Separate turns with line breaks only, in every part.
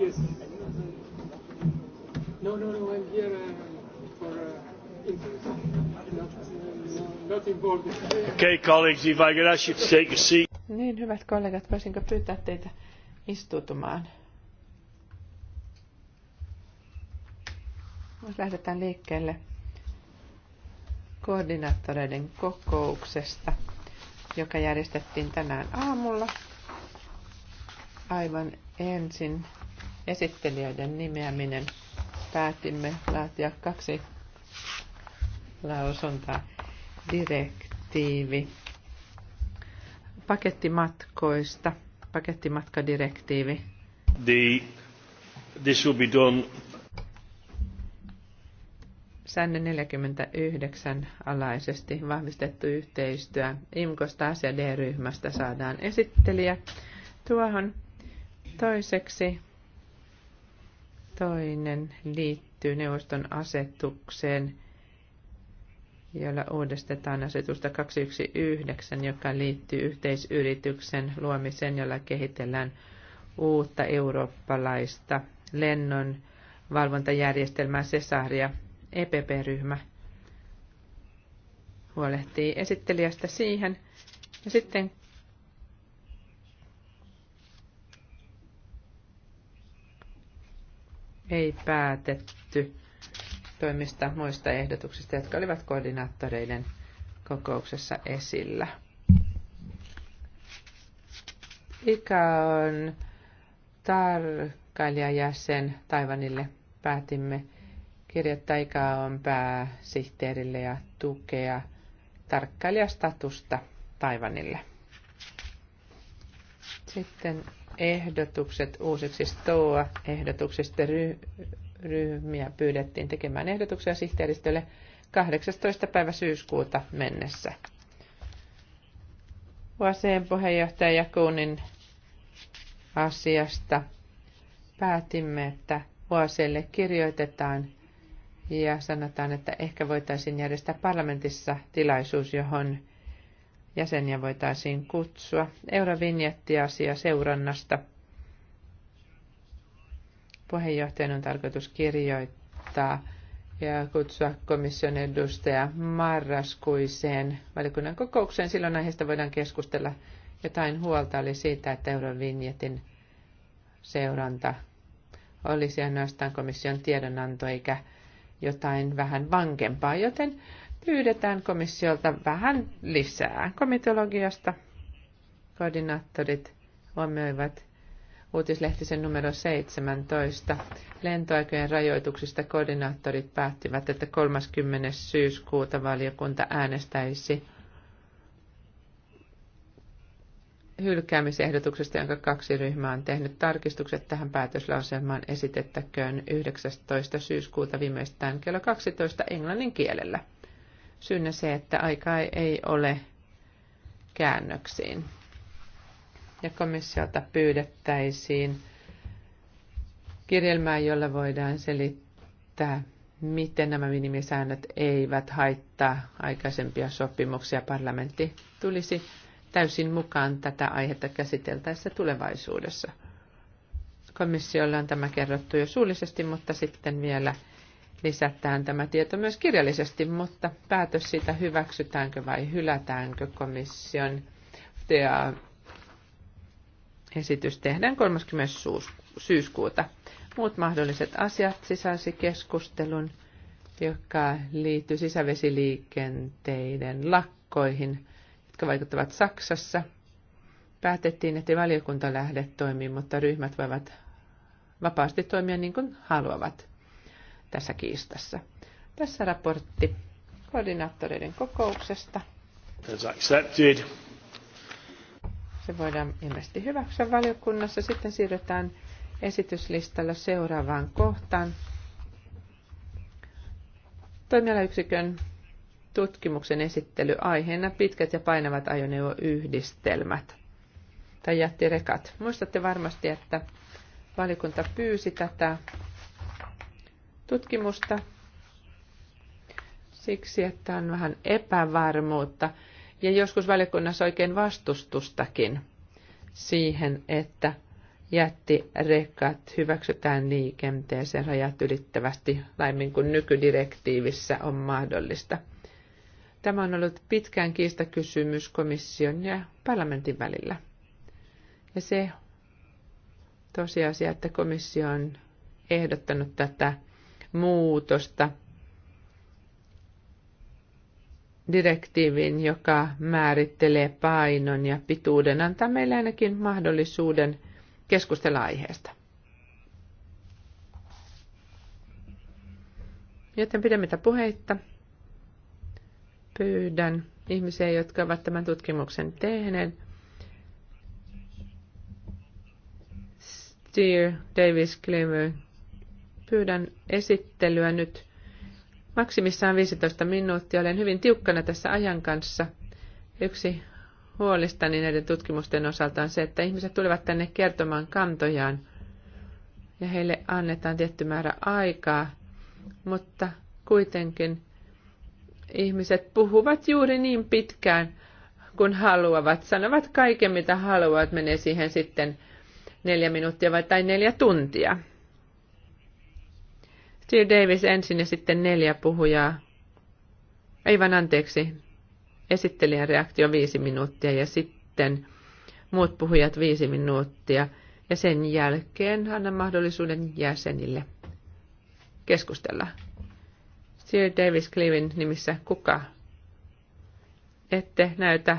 Yes. No, no, no, I'm here uh, for uh, interest. Not, uh, not involved. Okay, colleagues, if I could ask you to take a seat.
Niin, hyvät kollegat, voisinko pyytää teitä istutumaan? Nyt lähdetään liikkeelle koordinaattoreiden kokouksesta, joka järjestettiin tänään aamulla. Aivan ensin esittelijöiden nimeäminen. Päätimme laatia kaksi lausuntaa. Direktiivi. Pakettimatkoista. Pakettimatkadirektiivi.
The, this should be done.
Sänne 49 alaisesti vahvistettu yhteistyö IMKosta asia D-ryhmästä saadaan esittelijä. Tuohon toiseksi Toinen liittyy neuvoston asetukseen, jolla uudistetaan asetusta 219, joka liittyy yhteisyrityksen luomiseen, jolla kehitellään uutta eurooppalaista lennon valvontajärjestelmää Cesaria. EPP-ryhmä huolehtii esittelijästä siihen. Ja sitten ei päätetty toimista muista ehdotuksista, jotka olivat koordinaattoreiden kokouksessa esillä. Mikä on tarkkailijajäsen Taivanille. Päätimme kirjoittaa ikä on pääsihteerille ja tukea tarkkailijastatusta Taivanille. Sitten ehdotukset uusiksi STOA-ehdotuksista. ryhmiä pyydettiin tekemään ehdotuksia sihteeristölle 18. päivä syyskuuta mennessä. Vaseen puheenjohtaja Jakunin asiasta päätimme, että Vaseelle kirjoitetaan ja sanotaan, että ehkä voitaisiin järjestää parlamentissa tilaisuus, johon jäseniä voitaisiin kutsua. Eurovinjettiasia seurannasta. Puheenjohtajan on tarkoitus kirjoittaa ja kutsua komission edustaja marraskuiseen valiokunnan kokoukseen. Silloin aiheesta voidaan keskustella. Jotain huolta oli siitä, että Eurovinjetin seuranta olisi ainoastaan komission tiedonanto eikä jotain vähän vankempaa, joten pyydetään komissiolta vähän lisää komitologiasta. Koordinaattorit huomioivat uutislehtisen numero 17. Lentoaikojen rajoituksista koordinaattorit päättivät, että 30. syyskuuta valiokunta äänestäisi hylkäämisehdotuksesta, jonka kaksi ryhmää on tehnyt tarkistukset tähän päätöslauselmaan esitettäköön 19. syyskuuta viimeistään kello 12 englannin kielellä syynä se, että aikaa ei ole käännöksiin. Ja komissiolta pyydettäisiin kirjelmää, jolla voidaan selittää, miten nämä minimisäännöt eivät haittaa aikaisempia sopimuksia. Parlamentti tulisi täysin mukaan tätä aihetta käsiteltäessä tulevaisuudessa. Komissiolle on tämä kerrottu jo suullisesti, mutta sitten vielä – lisätään tämä tieto myös kirjallisesti, mutta päätös siitä hyväksytäänkö vai hylätäänkö komission ja esitys tehdään 30. syyskuuta. Muut mahdolliset asiat sisälsi keskustelun, joka liittyy sisävesiliikenteiden lakkoihin, jotka vaikuttavat Saksassa. Päätettiin, että valiokunta lähde toimimaan, mutta ryhmät voivat vapaasti toimia niin kuin haluavat tässä kiistassa. Tässä raportti koordinaattoreiden kokouksesta. Se voidaan ilmeisesti hyväksyä valiokunnassa. Sitten siirrytään esityslistalla seuraavaan kohtaan. Toimialayksikön tutkimuksen esittely aiheena pitkät ja painavat ajoneuvoyhdistelmät tai jättirekat. Muistatte varmasti, että valiokunta pyysi tätä tutkimusta siksi, että on vähän epävarmuutta ja joskus valiokunnassa oikein vastustustakin siihen, että jättirekat hyväksytään liikenteeseen rajat ylittävästi laimin kuin nykydirektiivissä on mahdollista. Tämä on ollut pitkään kiistakysymys komission ja parlamentin välillä. Ja se tosiasia, että komissio on ehdottanut tätä muutosta direktiivin, joka määrittelee painon ja pituuden, antaa meille ainakin mahdollisuuden keskustella aiheesta. Joten pidemmittä puheitta pyydän ihmisiä, jotka ovat tämän tutkimuksen tehneet. Dear Davis Cleaver Pyydän esittelyä nyt maksimissaan 15 minuuttia. Olen hyvin tiukkana tässä ajan kanssa. Yksi huolistani näiden tutkimusten osalta on se, että ihmiset tulevat tänne kertomaan kantojaan ja heille annetaan tietty määrä aikaa, mutta kuitenkin ihmiset puhuvat juuri niin pitkään kun haluavat, sanovat kaiken mitä haluavat, menee siihen sitten neljä minuuttia vai tai neljä tuntia. Sir Davis ensin ja sitten neljä puhujaa. Ei vaan anteeksi. Esittelijän reaktio viisi minuuttia ja sitten muut puhujat viisi minuuttia. Ja sen jälkeen annan mahdollisuuden jäsenille keskustella. Sir Davis Cleavin nimissä kuka? Ette näytä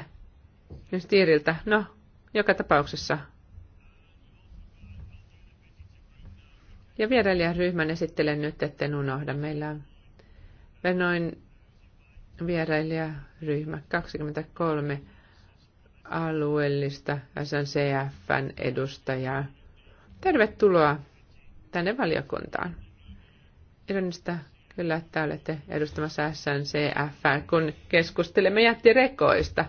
nyt tiiriltä. No, joka tapauksessa Ja vierailijaryhmän esittelen nyt, etten unohda. Meillä on Venoin vierailijaryhmä 23 alueellista SNCFn edustajaa. Tervetuloa tänne valiokuntaan. Ironista kyllä, että olette edustamassa SNCF, kun keskustelemme jättirekoista.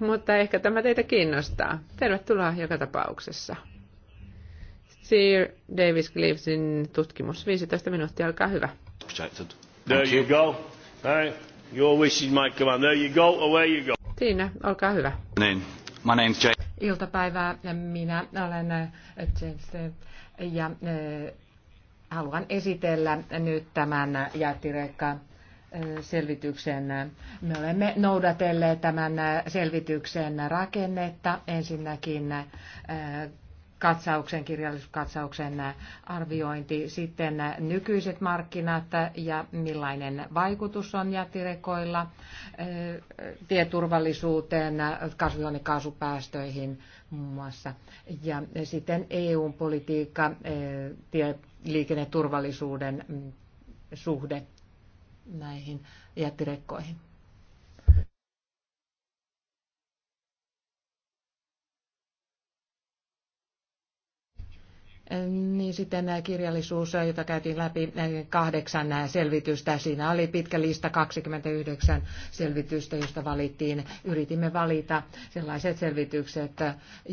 Mutta ehkä tämä teitä kiinnostaa. Tervetuloa joka tapauksessa. Sir Davis Cleavesin tutkimus. 15 minuuttia, olkaa hyvä.
There you go. Your wish is my command. There you go, away you go.
Siinä, olkaa hyvä.
Niin. My name's James.
Iltapäivää. Minä olen äh, James äh, ja äh, haluan esitellä nyt tämän jättirekka selvityksen. Me olemme noudatelleet tämän selvityksen rakennetta. Ensinnäkin katsauksen, kirjalliskatsauksen äh, arviointi, sitten äh, nykyiset markkinat äh, ja millainen vaikutus on jätirekoilla tieturvallisuuteen, kasvihuonekaasupäästöihin muun muassa. Ja sitten EU-politiikka, liikenneturvallisuuden mm, suhde näihin jätirekkoihin. Niin sitten kirjallisuus, jota käytiin läpi kahdeksan selvitystä. Siinä oli pitkä lista, 29 selvitystä, josta valittiin. Yritimme valita sellaiset selvitykset,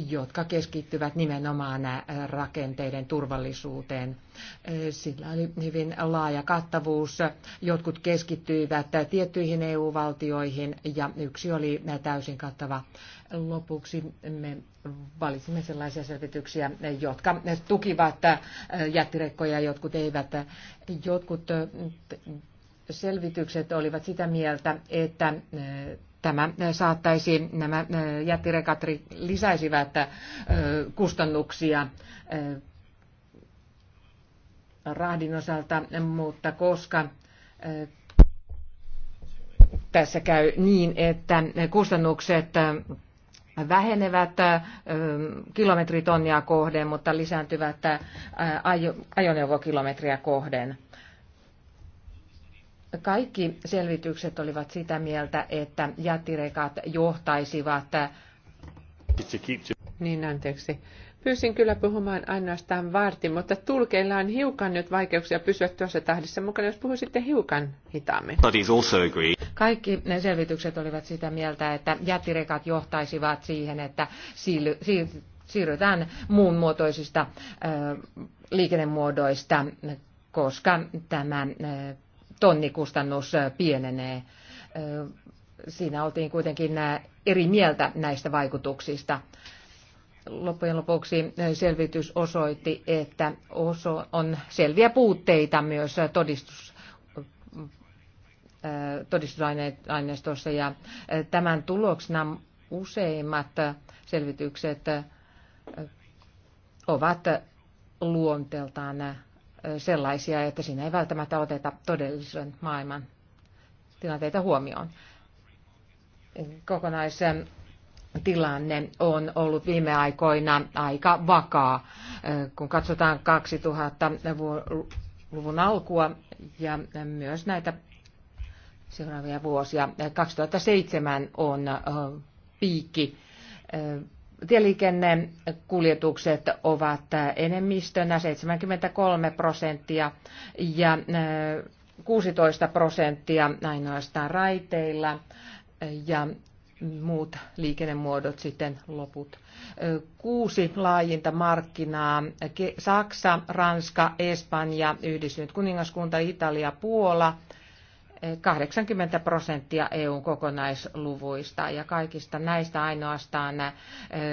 jotka keskittyvät nimenomaan rakenteiden turvallisuuteen. Sillä oli hyvin laaja kattavuus. Jotkut keskittyivät tiettyihin EU-valtioihin ja yksi oli täysin kattava lopuksi me valitsimme sellaisia selvityksiä, jotka tukivat äh, jättirekkoja, jotkut eivät. Jotkut äh, selvitykset olivat sitä mieltä, että äh, tämä saattaisi, nämä jättirekat lisäisivät kustannuksia rahdin osalta, mutta koska tässä käy niin, että kustannukset vähenevät kilometritonnia kohden, mutta lisääntyvät ajoneuvokilometriä kohden. Kaikki selvitykset olivat sitä mieltä, että jättirekat johtaisivat niin anteeksi.
Pyysin kyllä puhumaan ainoastaan vartin, mutta tulkeilla on hiukan nyt vaikeuksia pysyä tuossa
tahdissa mukana, jos puhuisitte hiukan hitaammin. Kaikki ne selvitykset olivat sitä mieltä, että jättirekat johtaisivat siihen, että siirrytään muun muotoisista liikennemuodoista, koska tämä tonnikustannus pienenee. Siinä oltiin kuitenkin eri mieltä näistä vaikutuksista loppujen lopuksi eh, selvitys osoitti, että oso on selviä puutteita myös eh, todistus, eh, todistusaineistossa ja tämän tuloksena useimmat selvitykset ovat luonteeltaan sellaisia, että siinä ei välttämättä oteta todellisen maailman tilanteita huomioon. Kokonaisen tilanne on ollut viime aikoina aika vakaa. Kun katsotaan 2000-luvun alkua ja myös näitä seuraavia vuosia, 2007 on piikki. Tieliikennekuljetukset ovat enemmistönä 73 prosenttia ja 16 prosenttia ainoastaan raiteilla ja muut liikennemuodot sitten loput. Kuusi laajinta markkinaa. Saksa, Ranska, Espanja, Yhdistynyt kuningaskunta, Italia, Puola. 80 prosenttia EUn kokonaisluvuista ja kaikista näistä ainoastaan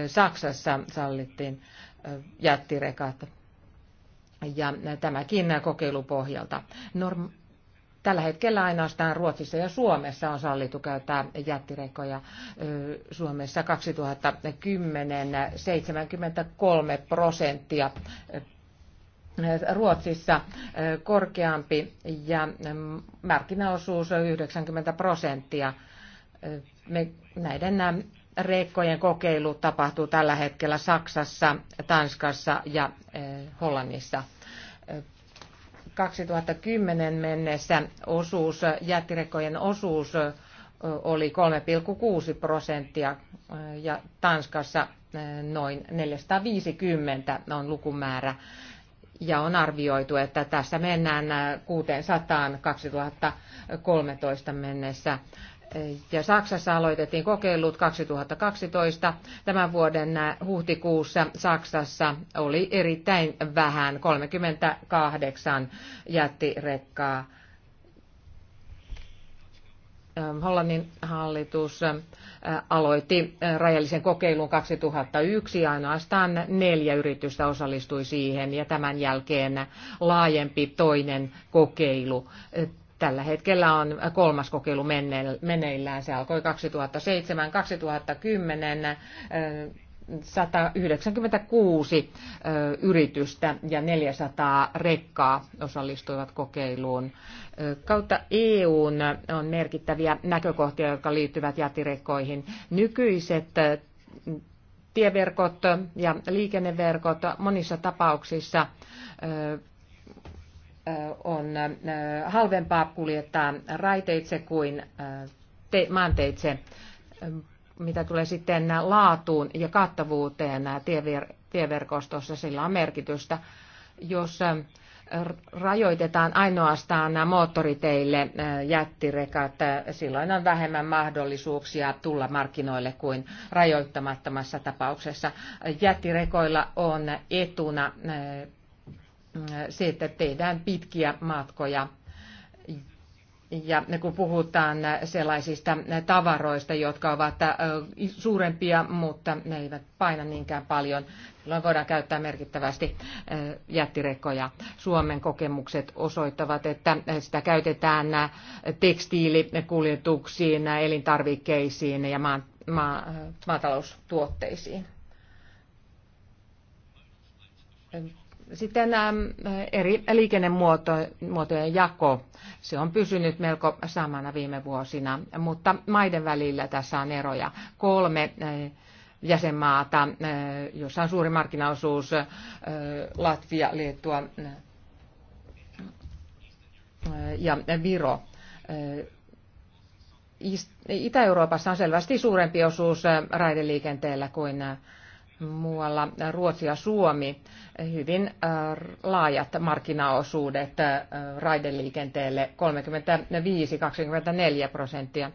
Saksassa sallittiin jättirekat ja tämäkin kokeilupohjalta. Norm- Tällä hetkellä ainoastaan Ruotsissa ja Suomessa on sallittu käyttää jättirekoja. Suomessa 2010 73 prosenttia Ruotsissa korkeampi ja markkinaosuus 90 prosenttia. Me näiden reikkojen kokeilu tapahtuu tällä hetkellä Saksassa, Tanskassa ja Hollannissa. 2010 mennessä osuus, jättirekojen osuus oli 3,6 prosenttia ja Tanskassa noin 450 on lukumäärä. Ja on arvioitu, että tässä mennään 600 2013 mennessä ja Saksassa aloitettiin kokeilut 2012. Tämän vuoden äh, huhtikuussa Saksassa oli erittäin vähän, 38 jättirekkaa. Ähm, Hollannin hallitus äh, aloitti äh, rajallisen kokeilun 2001 ja ainoastaan neljä yritystä osallistui siihen ja tämän jälkeen laajempi toinen kokeilu. Tällä hetkellä on kolmas kokeilu meneillään. Se alkoi 2007-2010. 196 yritystä ja 400 rekkaa osallistuivat kokeiluun. Kautta EUn on merkittäviä näkökohtia, jotka liittyvät jätirekkoihin. Nykyiset tieverkot ja liikenneverkot monissa tapauksissa on halvempaa kuljettaa raiteitse kuin te- maanteitse, mitä tulee sitten laatuun ja kattavuuteen tiever- tieverkostossa, sillä on merkitystä. Jos rajoitetaan ainoastaan moottoriteille jättirekat, silloin on vähemmän mahdollisuuksia tulla markkinoille kuin rajoittamattomassa tapauksessa. Jättirekoilla on etuna se, että tehdään pitkiä matkoja. Ja kun puhutaan sellaisista tavaroista, jotka ovat äh, suurempia, mutta ne eivät paina niinkään paljon, silloin voidaan käyttää merkittävästi äh, jättirekkoja. Suomen kokemukset osoittavat, että sitä käytetään äh, tekstiilikuljetuksiin, elintarvikkeisiin ja maataloustuotteisiin sitten ähm, eri liikennemuotojen jako, se on pysynyt melko samana viime vuosina, mutta maiden välillä tässä on eroja. Kolme äh, jäsenmaata, äh, jossa on suuri markkinaosuus, äh, Latvia, Liettua ja Viro. Itä-Euroopassa on selvästi suurempi osuus raideliikenteellä kuin muualla Ruotsi ja Suomi hyvin äh, laajat markkinaosuudet äh, raideliikenteelle 35-24 prosenttia.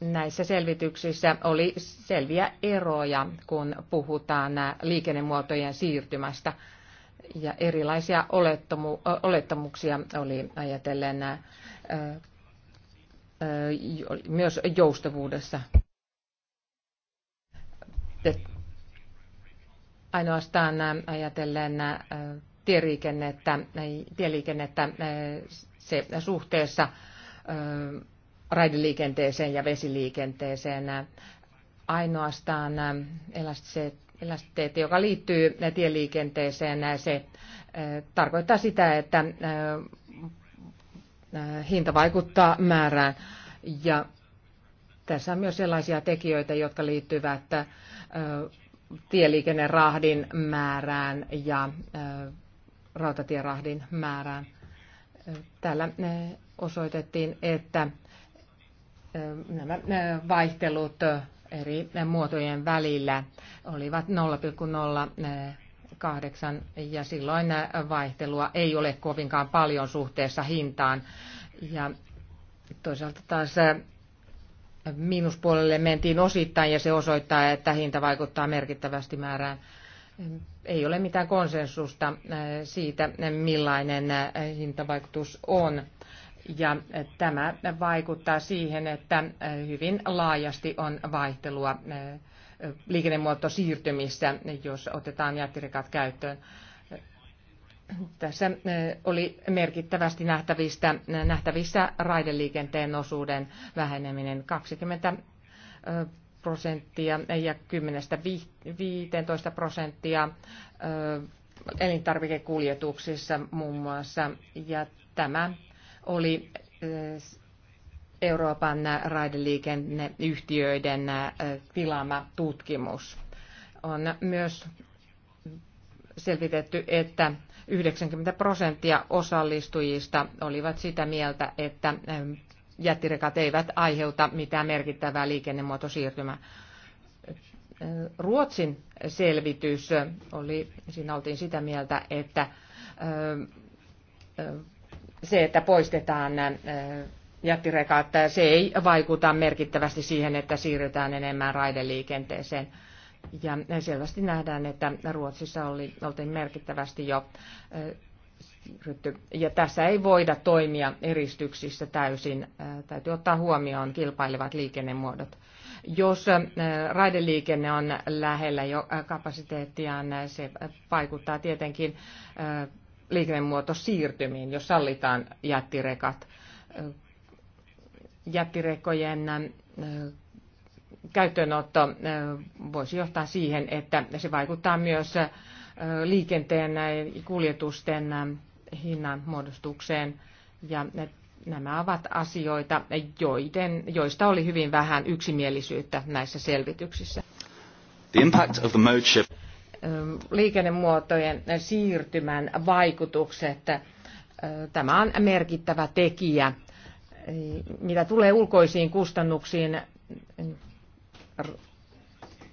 Näissä selvityksissä oli selviä eroja, kun puhutaan äh, liikennemuotojen siirtymästä ja erilaisia olettomu- olettamuksia oli ajatellen myös joustavuudessa ainoastaan äh, ajatellen äh, tieliikennettä, äh, tieliikennettä se suhteessa raideliikenteeseen ja vesiliikenteeseen. Ainoastaan elastisiteetti, joka liittyy tieliikenteeseen, se tarkoittaa sitä, että hinta vaikuttaa määrään. Ja tässä on myös sellaisia tekijöitä, jotka liittyvät tieliikennerahdin määrään ja rautatierahdin määrään. Täällä osoitettiin, että nämä vaihtelut eri muotojen välillä olivat 0,08 ja silloin vaihtelua ei ole kovinkaan paljon suhteessa hintaan. Ja toisaalta taas miinuspuolelle mentiin osittain ja se osoittaa, että hinta vaikuttaa merkittävästi määrään. Ei ole mitään konsensusta äh, siitä, millainen äh, hintavaikutus on. Ja äh, tämä vaikuttaa siihen, että hyvin laajasti on vaihtelua liikennemuoto siirtymissä, jos otetaan jättirekat käyttöön. Tässä oli merkittävästi nähtävistä, nähtävissä raideliikenteen osuuden väheneminen 20 prosenttia ja 10-15 prosenttia elintarvikekuljetuksissa muun muassa. Ja tämä oli Euroopan raideliikenneyhtiöiden tilaama tutkimus. On myös selvitetty, että 90 prosenttia osallistujista olivat sitä mieltä, että ähm, jättirekat eivät aiheuta mitään merkittävää liikennemuotosiirtymää. Äh, Ruotsin selvitys oli, siinä oltiin sitä mieltä, että äh, äh, se, että poistetaan jättirekat, se ei vaikuta merkittävästi siihen, että siirrytään enemmän raideliikenteeseen. Ja selvästi nähdään, että Ruotsissa oli, oltiin merkittävästi jo siirrytty. Ja tässä ei voida toimia eristyksissä täysin. Täytyy ottaa huomioon kilpailevat liikennemuodot. Jos raideliikenne on lähellä jo kapasiteettiaan, se vaikuttaa tietenkin liikennemuoto siirtymiin, jos sallitaan jättirekat. Jättirekojen käyttöönotto voisi johtaa siihen, että se vaikuttaa myös liikenteen kuljetusten hinnan muodostukseen. Ja nämä ovat asioita, joiden, joista oli hyvin vähän yksimielisyyttä näissä selvityksissä.
The impact of the mode shift.
Liikennemuotojen siirtymän vaikutukset. Tämä on merkittävä tekijä. Mitä tulee ulkoisiin kustannuksiin,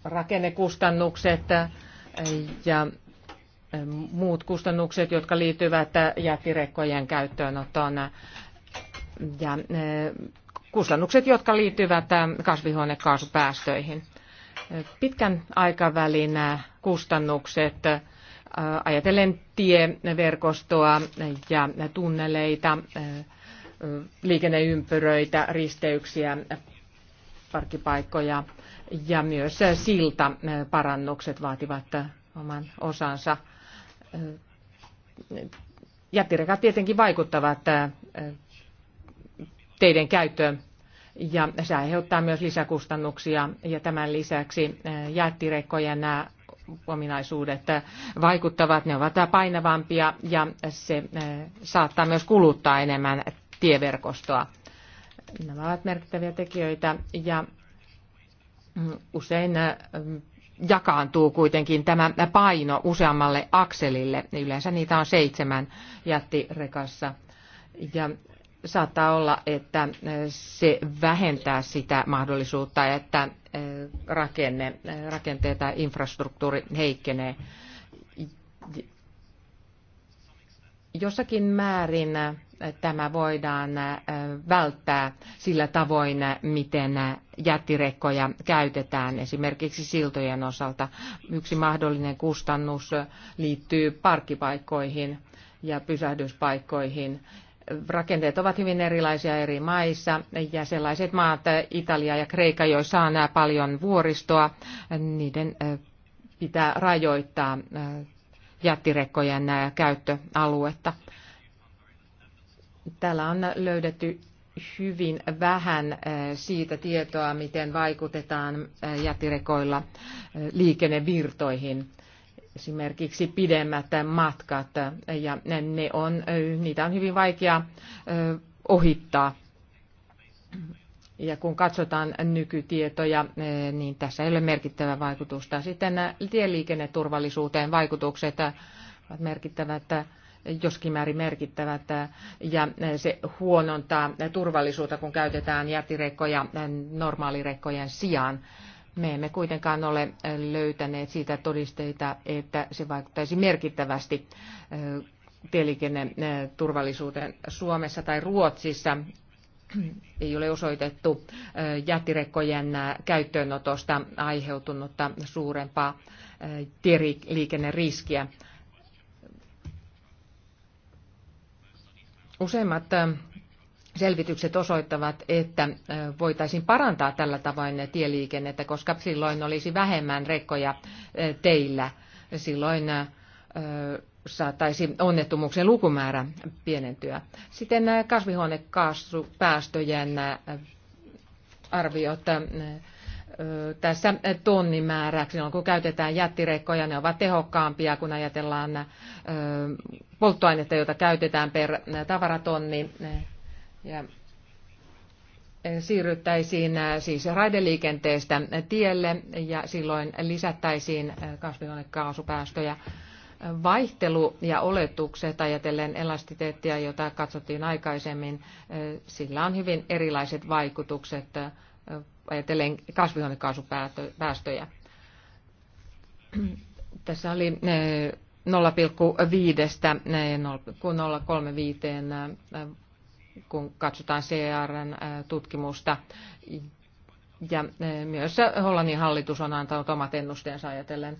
rakennekustannukset ja eh, muut kustannukset, jotka liittyvät jättirekkojen käyttöönottoon ja eh, kustannukset, jotka liittyvät eh, kasvihuonekaasupäästöihin. Pitkän aikavälin kustannukset ajatellen tieverkostoa ja tunneleita, liikenneympyröitä, risteyksiä, parkkipaikkoja – ja myös silta parannukset vaativat oman osansa. Jättirekat tietenkin vaikuttavat teidän käyttöön ja se aiheuttaa myös lisäkustannuksia ja tämän lisäksi jättirekkojen nämä ominaisuudet vaikuttavat, ne ovat painavampia ja se saattaa myös kuluttaa enemmän tieverkostoa. Nämä ovat merkittäviä tekijöitä ja usein jakaantuu kuitenkin tämä paino useammalle akselille. Yleensä niitä on seitsemän jättirekassa. Ja saattaa olla, että se vähentää sitä mahdollisuutta, että rakenne, rakenteet tai infrastruktuuri heikkenee jossakin määrin äh, tämä voidaan äh, välttää sillä tavoin, äh, miten jättirekkoja käytetään esimerkiksi siltojen osalta. Yksi mahdollinen kustannus liittyy parkkipaikkoihin ja pysähdyspaikkoihin. Rakenteet ovat hyvin erilaisia eri maissa ja sellaiset maat, Italia ja Kreikka, joissa on paljon vuoristoa, niiden pitää rajoittaa jättirekkojen käyttöaluetta. Täällä on löydetty hyvin vähän siitä tietoa, miten vaikutetaan jättirekoilla liikennevirtoihin. Esimerkiksi pidemmät matkat, ja ne on, niitä on hyvin vaikea ohittaa ja kun katsotaan nykytietoja, eh, niin tässä ei ole merkittävää vaikutusta. Sitten eh, tieliikenneturvallisuuteen vaikutukset eh, ovat merkittävät joskin määrin merkittävät ja se huonontaa turvallisuutta, kun käytetään jätirekkoja normaalirekkojen sijaan. Me emme kuitenkaan ole löytäneet siitä todisteita, että se vaikuttaisi merkittävästi tieliikenneturvallisuuteen Suomessa tai Ruotsissa ei ole osoitettu jättirekkojen käyttöönotosta aiheutunutta suurempaa tieliikenneriskiä. Useimmat selvitykset osoittavat, että voitaisiin parantaa tällä tavoin tieliikennettä, koska silloin olisi vähemmän rekkoja teillä. Silloin saataisi onnettomuuksien lukumäärä pienentyä. Sitten äh, kasvihuonekaasupäästöjen äh, arviot äh, tässä tonnimääräksi, kun käytetään jättirekkoja, ne ovat tehokkaampia, kun ajatellaan polttoainetta, jota käytetään per tavaratonni. Ja siirryttäisiin siis raideliikenteestä tielle ja silloin lisättäisiin kasvihuonekaasupäästöjä vaihtelu ja oletukset ajatellen elastiteettia, jota katsottiin aikaisemmin, sillä on hyvin erilaiset vaikutukset ajatellen kasvihuonekaasupäästöjä. Tässä oli 0,5-0,35, kun katsotaan CRn tutkimusta. Ja myös Hollannin hallitus on antanut omat ennusteensa ajatellen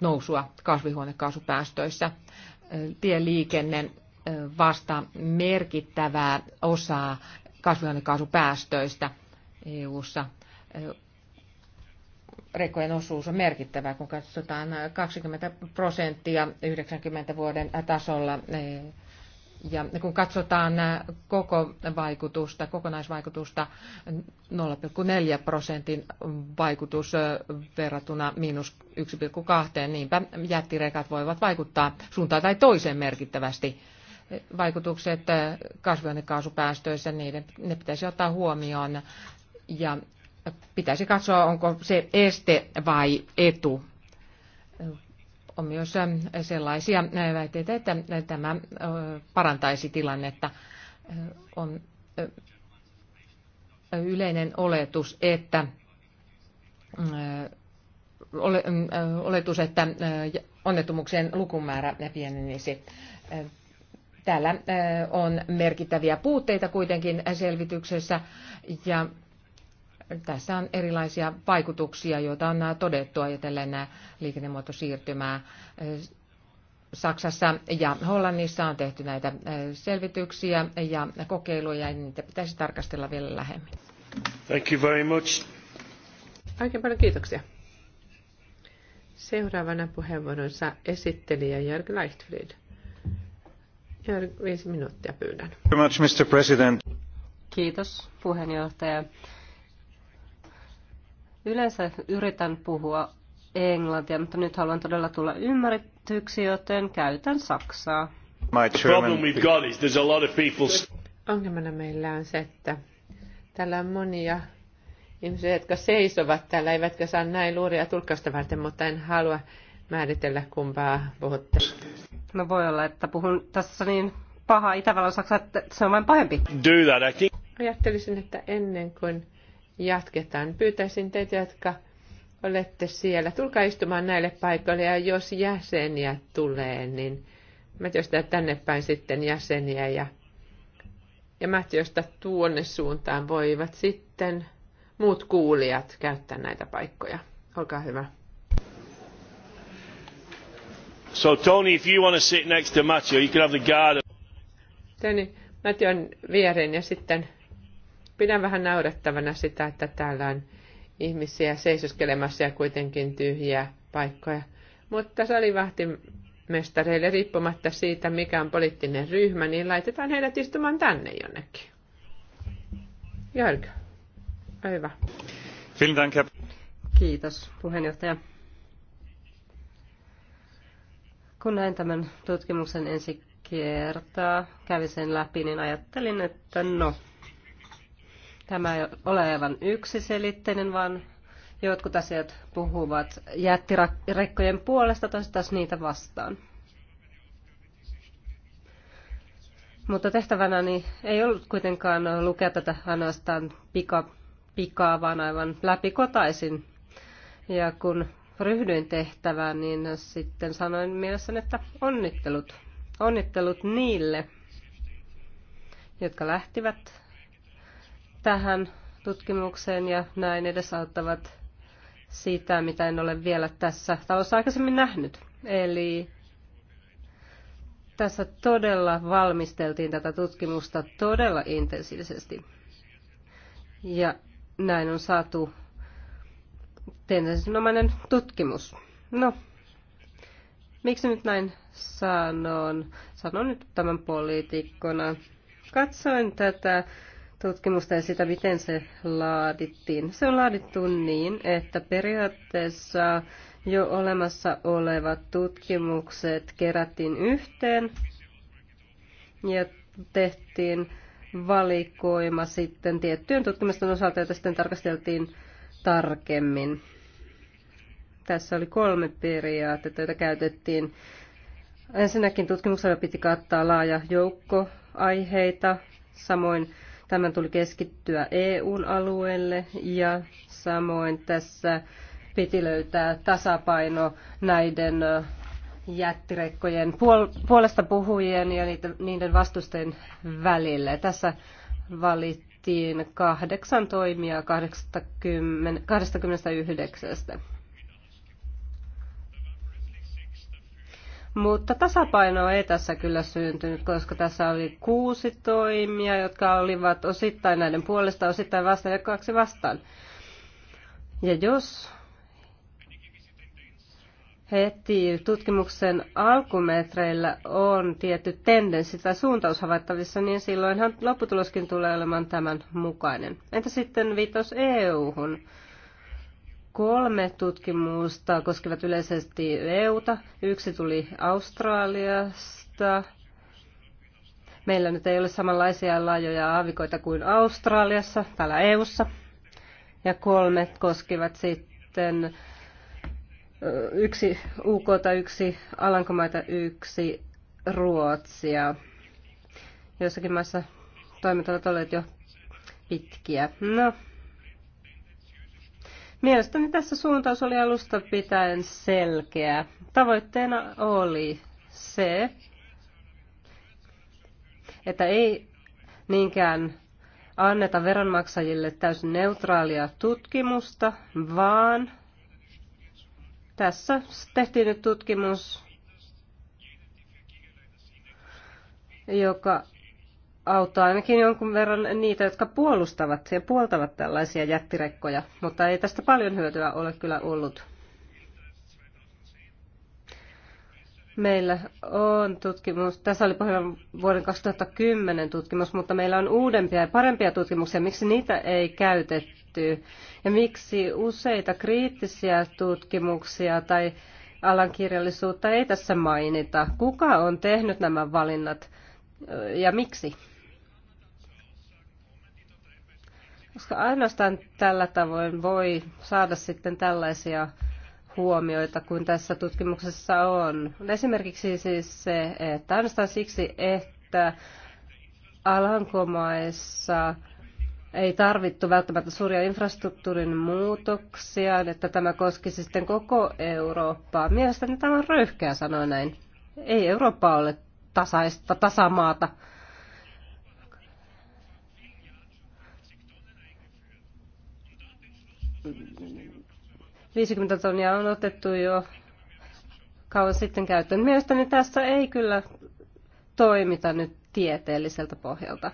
nousua kasvihuonekaasupäästöissä. Tieliikenne vasta merkittävää osaa kasvihuonekaasupäästöistä EU-ssa. Rekkojen osuus on merkittävä, kun katsotaan 20 prosenttia 90 vuoden tasolla ja kun katsotaan äh, koko vaikutusta, kokonaisvaikutusta, 0,4 prosentin vaikutus äh, verrattuna miinus 1,2, niinpä jättirekat voivat vaikuttaa suuntaan tai toiseen merkittävästi. Vaikutukset äh, kasvihuonekaasupäästöissä, niiden, ne pitäisi ottaa huomioon ja pitäisi katsoa, onko se este vai etu on myös sellaisia väitteitä, että tämä parantaisi tilannetta. On yleinen oletus, että oletus, että onnettomuuksien lukumäärä pienenisi. Täällä on merkittäviä puutteita kuitenkin selvityksessä ja tässä on erilaisia vaikutuksia, joita on äh, todettu ajatellen äh, liikennemuotosiirtymää. Äh, Saksassa ja Hollannissa on tehty näitä selvityksiä ja kokeiluja, ja niitä pitäisi tarkastella vielä lähemmin.
Thank you very much.
Oikein paljon kiitoksia. Seuraavana
puheenvuoronsa esittelijä Jörg Leichtfried. Jörg, viisi
minuuttia pyydän. Thank
Very much, Mr. President.
Kiitos puheenjohtaja. Yleensä yritän puhua englantia, mutta nyt haluan todella tulla ymmärretyksi, joten käytän saksaa. Ongelmana meillä on se, että täällä on monia
ihmisiä, jotka seisovat täällä, eivätkä saa näin luuria tulkkausta varten, mutta en halua
määritellä kumpaa puhutte. No voi olla, että puhun tässä niin paha Itävallan saksa, että se on vain pahempi. Do that, I think. Ajattelisin, että ennen kuin
jatketaan. Pyytäisin teitä, jotka olette siellä, tulkaa istumaan näille paikoille ja jos jäseniä tulee, niin Mätjöstä tänne päin sitten jäseniä ja, ja Mätjöstä tuonne suuntaan voivat sitten muut kuulijat käyttää näitä paikkoja. Olkaa hyvä.
So Tony, if you want to sit next to Matthew, you can have the guard.
Tony, Matthew on viereen ja sitten Pidän vähän naurettavana sitä, että täällä on ihmisiä seisoskelemassa ja kuitenkin tyhjiä paikkoja. Mutta salivahtimestareille riippumatta siitä, mikä on poliittinen ryhmä, niin laitetaan heidät istumaan tänne jonnekin. Jörg, hyvä.
Kiitos puheenjohtaja. Kun näin tämän tutkimuksen ensi kertaa, kävin sen läpi, niin ajattelin, että no, Tämä ei ole aivan yksiselitteinen, vaan jotkut asiat puhuvat jättirekkojen puolesta, toiset taas niitä vastaan. Mutta tehtävänäni ei ollut kuitenkaan lukea tätä ainoastaan pika, pikaa, vaan aivan läpikotaisin. Ja kun ryhdyin tehtävään, niin sitten sanoin mielessäni, että onnittelut. Onnittelut niille, jotka lähtivät tähän tutkimukseen ja näin edesauttavat sitä, mitä en ole vielä tässä talossa aikaisemmin nähnyt. Eli tässä todella valmisteltiin tätä tutkimusta todella intensiivisesti. Ja näin on saatu tendensinomainen tutkimus. No, miksi nyt näin sanon? Sanon nyt tämän poliitikkona. Katsoin tätä tutkimusta ja sitä, miten se laadittiin. Se on laadittu niin, että periaatteessa jo olemassa olevat tutkimukset kerättiin yhteen ja tehtiin valikoima sitten tiettyjen tutkimusten osalta, joita sitten tarkasteltiin tarkemmin. Tässä oli kolme periaatetta, joita käytettiin. Ensinnäkin tutkimuksella piti kattaa laaja joukko aiheita, samoin Tämän tuli keskittyä EUn alueelle ja samoin tässä piti löytää tasapaino näiden jättirekkojen puolesta puhujien ja niiden vastusten välille. Tässä valittiin kahdeksan toimia 29. Mutta tasapainoa ei tässä kyllä syntynyt, koska tässä oli kuusi toimia, jotka olivat osittain näiden puolesta, osittain vastaan ja kaksi vastaan. Ja jos heti tutkimuksen alkumetreillä on tietty tendenssi tai suuntaus havaittavissa, niin silloinhan lopputuloskin tulee olemaan tämän mukainen. Entä sitten viitos EU-hun? kolme tutkimusta koskevat yleisesti EUta. Yksi tuli Australiasta. Meillä nyt ei ole samanlaisia laajoja aavikoita kuin Australiassa, täällä EUssa. Ja kolme koskivat sitten yksi UK, yksi Alankomaita, yksi Ruotsia. Joissakin maissa toimet ovat olleet jo pitkiä. No, Mielestäni tässä suuntaus oli alusta pitäen selkeä. Tavoitteena oli se, että ei niinkään anneta veronmaksajille täysin neutraalia tutkimusta, vaan tässä tehtiin nyt tutkimus, joka auttaa ainakin jonkun verran niitä, jotka puolustavat ja puoltavat tällaisia jättirekkoja, mutta ei tästä paljon hyötyä ole kyllä ollut. Meillä on tutkimus, tässä oli pohjalla vuoden 2010 tutkimus, mutta meillä on uudempia ja parempia tutkimuksia. Miksi niitä ei käytetty? Ja miksi useita kriittisiä tutkimuksia tai alan kirjallisuutta ei tässä mainita? Kuka on tehnyt nämä valinnat ja miksi? Koska ainoastaan tällä tavoin voi saada sitten tällaisia huomioita kuin tässä tutkimuksessa on. Esimerkiksi siis se, että ainoastaan siksi, että Alankomaissa ei tarvittu välttämättä suuria infrastruktuurin muutoksia, niin että tämä koskisi sitten koko Eurooppaa. Mielestäni tämä on röyhkeä sanoa näin. Ei Eurooppa ole tasaista tasamaata. 50 tonnia on otettu jo kauan sitten käyttöön. Mielestäni tässä ei kyllä toimita nyt tieteelliseltä pohjalta.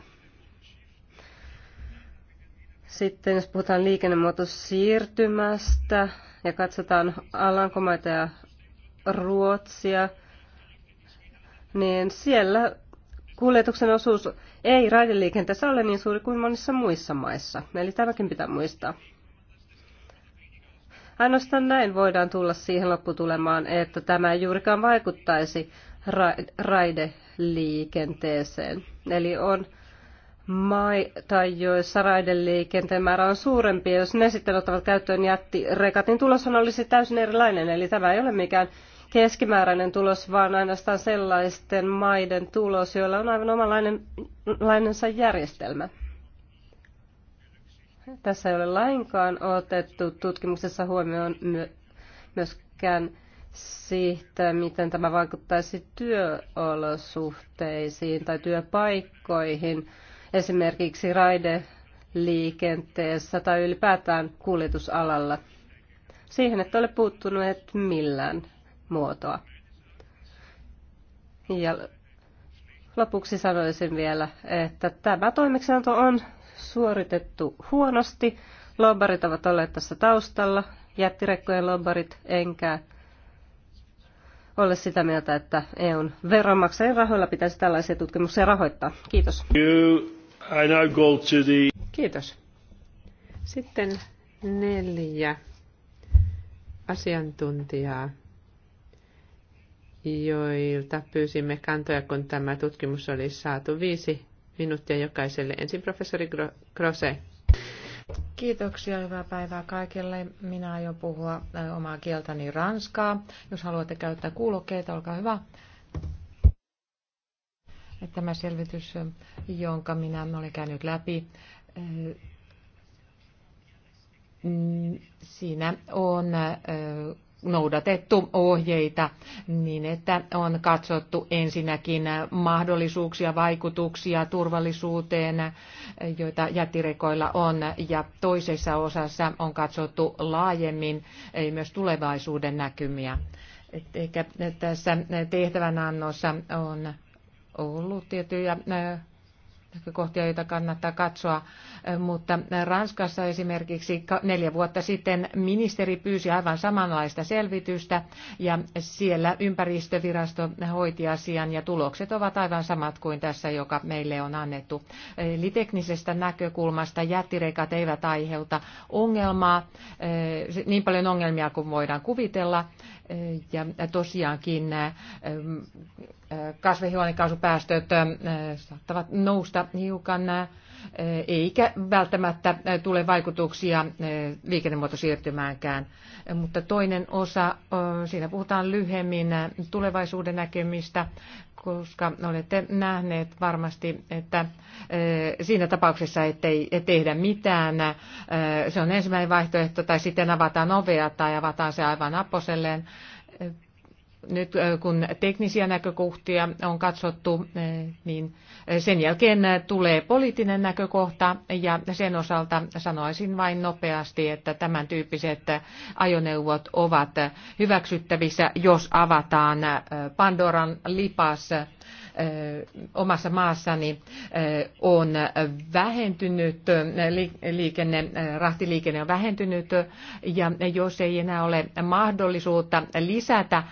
Sitten jos puhutaan liikennemuotosiirtymästä ja katsotaan Alankomaita ja Ruotsia, niin siellä kuljetuksen osuus ei raideliikenteessä ole niin suuri kuin monissa muissa maissa. Eli tämäkin pitää muistaa. Ainoastaan näin voidaan tulla siihen lopputulemaan, että tämä ei juurikaan vaikuttaisi ra- raideliikenteeseen. Eli on tai joissa raideliikenteen määrä on suurempi, ja jos ne sitten ottavat käyttöön jättirekat, niin tuloshan olisi täysin erilainen. Eli tämä ei ole mikään keskimääräinen tulos, vaan ainoastaan sellaisten maiden tulos, joilla on aivan omanlainen järjestelmä. Tässä ei ole lainkaan otettu tutkimuksessa huomioon myöskään siitä, miten tämä vaikuttaisi työolosuhteisiin tai työpaikkoihin, esimerkiksi raideliikenteessä tai ylipäätään kuljetusalalla. Siihen et ole puuttunut millään muotoa. Ja lopuksi sanoisin vielä, että tämä toimeksianto on suoritettu huonosti. Lobbarit ovat olleet tässä taustalla, jättirekkojen lobbarit, enkä ole sitä mieltä, että EUn veronmaksajien rahoilla pitäisi tällaisia tutkimuksia rahoittaa. Kiitos. Kiitos. Sitten
neljä asiantuntijaa, joilta pyysimme kantoja, kun tämä tutkimus oli saatu. Viisi minuuttia jokaiselle. Ensin professori Grose.
Kiitoksia, hyvää päivää kaikille. Minä aion puhua äh, omaa kieltäni ranskaa. Jos haluatte käyttää kuulokkeita, olkaa hyvä. Tämä selvitys, jonka minä olen käynyt läpi, äh, siinä on äh, noudatettu ohjeita niin, että on katsottu ensinnäkin mahdollisuuksia, vaikutuksia turvallisuuteen, joita jättirekoilla on, ja toisessa osassa on katsottu laajemmin myös tulevaisuuden näkymiä. Ehkä tässä tehtävänannossa on ollut tiettyjä näkökohtia, joita kannattaa katsoa, äh, mutta Ranskassa esimerkiksi neljä vuotta sitten ministeri pyysi aivan samanlaista selvitystä ja siellä ympäristövirasto hoiti asian ja tulokset ovat aivan samat kuin tässä, joka meille on annettu. Eli teknisestä näkökulmasta jättirekat eivät aiheuta ongelmaa, äh, niin paljon ongelmia kuin voidaan kuvitella äh, ja tosiaankin kasvihuonekaasupäästöt saattavat nousta hiukan, eikä välttämättä tule vaikutuksia liikennemuotosiirtymäänkään. Mutta toinen osa, siinä puhutaan lyhyemmin, tulevaisuuden näkemistä, koska olette nähneet varmasti, että siinä tapauksessa, ettei tehdä mitään, se on ensimmäinen vaihtoehto, tai sitten avataan ovea tai avataan se aivan apposelleen nyt äh, kun teknisiä näkökohtia on katsottu, äh, niin äh, sen jälkeen tulee poliittinen näkökohta ja sen osalta sanoisin vain nopeasti, että tämän tyyppiset ajoneuvot ovat hyväksyttävissä, jos avataan Pandoran lipas omassa maassani on vähentynyt, liikenne, rahtiliikenne on vähentynyt ja jos ei enää ole mahdollisuutta lisätä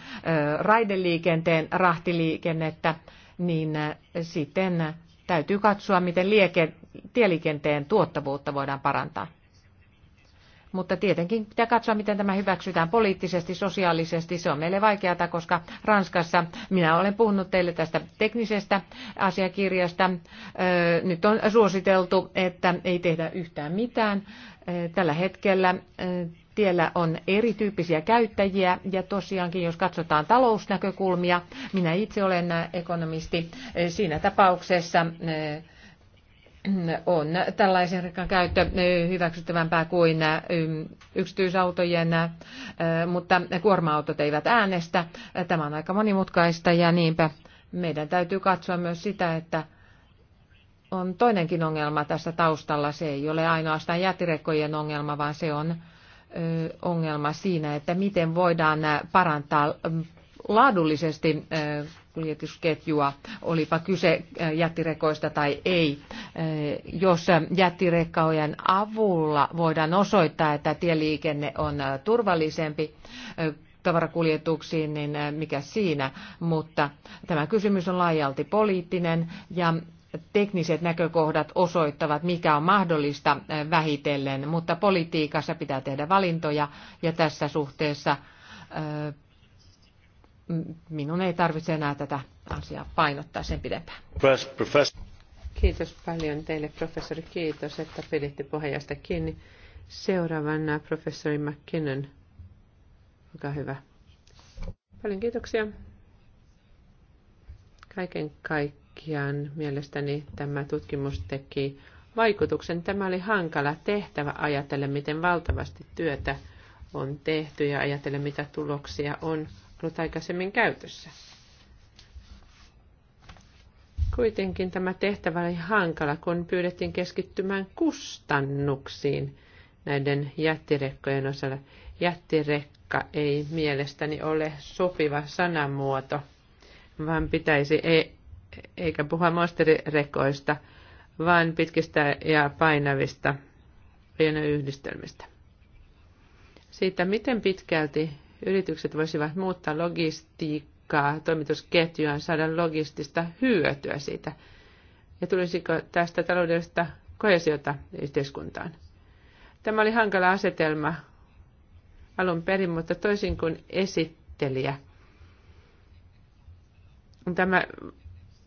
raideliikenteen rahtiliikennettä, niin sitten täytyy katsoa, miten liike, tieliikenteen tuottavuutta voidaan parantaa mutta tietenkin pitää katsoa, miten tämä hyväksytään poliittisesti, sosiaalisesti. Se on meille vaikeata, koska Ranskassa minä olen puhunut teille tästä teknisestä asiakirjasta. Nyt on suositeltu, että ei tehdä yhtään mitään. Tällä hetkellä tiellä on erityyppisiä käyttäjiä ja tosiaankin jos katsotaan talousnäkökulmia, minä itse olen ekonomisti, siinä tapauksessa on tällaisen rekan käyttö eh, hyväksyttävämpää kuin eh, yksityisautojen, eh, mutta kuorma-autot eivät äänestä. Tämä on aika monimutkaista ja niinpä meidän täytyy katsoa myös sitä, että on toinenkin ongelma tässä taustalla. Se ei ole ainoastaan jätirekkojen ongelma, vaan se on ongelma siinä, että miten voidaan parantaa laadullisesti kuljetusketjua, olipa kyse äh, jättirekoista tai ei. Äh, jos äh, jättirekkojen avulla voidaan osoittaa, että tieliikenne on turvallisempi tavarakuljetuksiin, niin mikä siinä, mutta tämä kysymys on laajalti poliittinen ja tekniset näkökohdat osoittavat, mikä on mahdollista vähitellen, mutta politiikassa pitää tehdä valintoja ja tässä suhteessa minun ei tarvitse enää tätä asiaa painottaa sen pidempään.
Kiitos paljon teille professori, kiitos, että piditte puheenjohtajasta kiinni. Seuraavana professori McKinnon, olkaa hyvä. Paljon kiitoksia. Kaiken kaikkiaan mielestäni tämä tutkimus teki vaikutuksen. Tämä oli hankala tehtävä ajatellen, miten valtavasti työtä on tehty ja ajatellen, mitä tuloksia on ollut aikaisemmin käytössä. Kuitenkin tämä tehtävä oli hankala, kun pyydettiin keskittymään kustannuksiin näiden jättirekkojen osalla. Jättirekka ei mielestäni ole sopiva sanamuoto, vaan pitäisi ei, eikä puhua monsterirekoista, vaan pitkistä ja painavista pienoyhdistelmistä. Siitä, miten pitkälti yritykset voisivat muuttaa logistiikkaa, toimitusketjua, saada logistista hyötyä siitä? Ja tulisiko tästä taloudellista koesiota yhteiskuntaan? Tämä oli hankala asetelma alun perin, mutta toisin kuin esittelijä. Tämä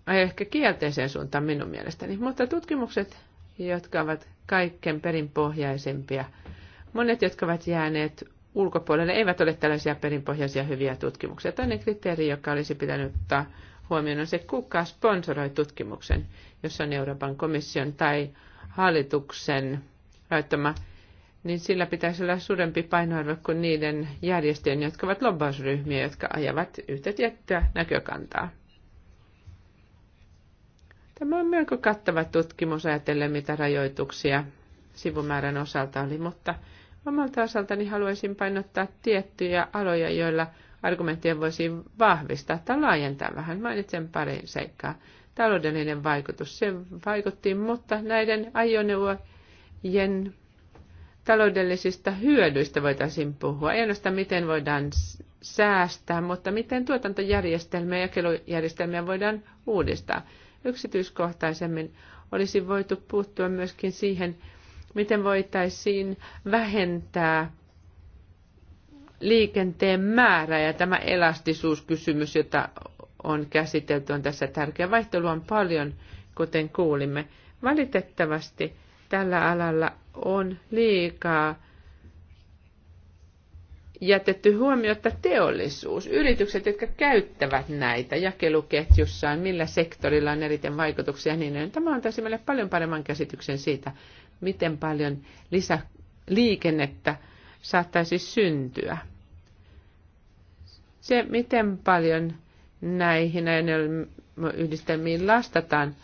ei ehkä kielteiseen suuntaan minun mielestäni, mutta tutkimukset, jotka ovat kaikkein perinpohjaisempia, monet, jotka ovat jääneet ulkopuolelle eivät ole tällaisia perinpohjaisia hyviä tutkimuksia. Toinen kriteeri, joka olisi pitänyt ottaa huomioon, on se, kuka sponsoroi tutkimuksen, jos on Euroopan komission tai hallituksen laittama, niin sillä pitäisi olla suurempi painoarvo kuin niiden järjestöjen, jotka ovat lobbausryhmiä, jotka ajavat yhtä tiettyä näkökantaa. Tämä on melko kattava tutkimus ajatellen, mitä rajoituksia sivumäärän osalta oli, mutta Omalta osaltani haluaisin painottaa tiettyjä aloja, joilla argumenttien voisi vahvistaa tai laajentaa vähän. Mainitsen pari seikkaa. Taloudellinen vaikutus, se vaikutti, mutta näiden ajoneuvojen taloudellisista hyödyistä voitaisiin puhua. Ei ainoastaan miten voidaan säästää, mutta miten tuotantojärjestelmiä ja jakelujärjestelmiä voidaan uudistaa. Yksityiskohtaisemmin olisi voitu puuttua myöskin siihen, miten voitaisiin vähentää liikenteen määrää ja tämä elastisuuskysymys, jota on käsitelty, on tässä tärkeä. Vaihtelu on paljon, kuten kuulimme. Valitettavasti tällä alalla on liikaa jätetty huomiota teollisuus, yritykset, jotka käyttävät näitä jakeluketjussaan, millä sektorilla on eriten vaikutuksia, niin tämä antaisi meille paljon paremman käsityksen siitä, miten paljon lisäliikennettä saattaisi syntyä. Se, miten paljon näihin yhdistelmiin lastataan,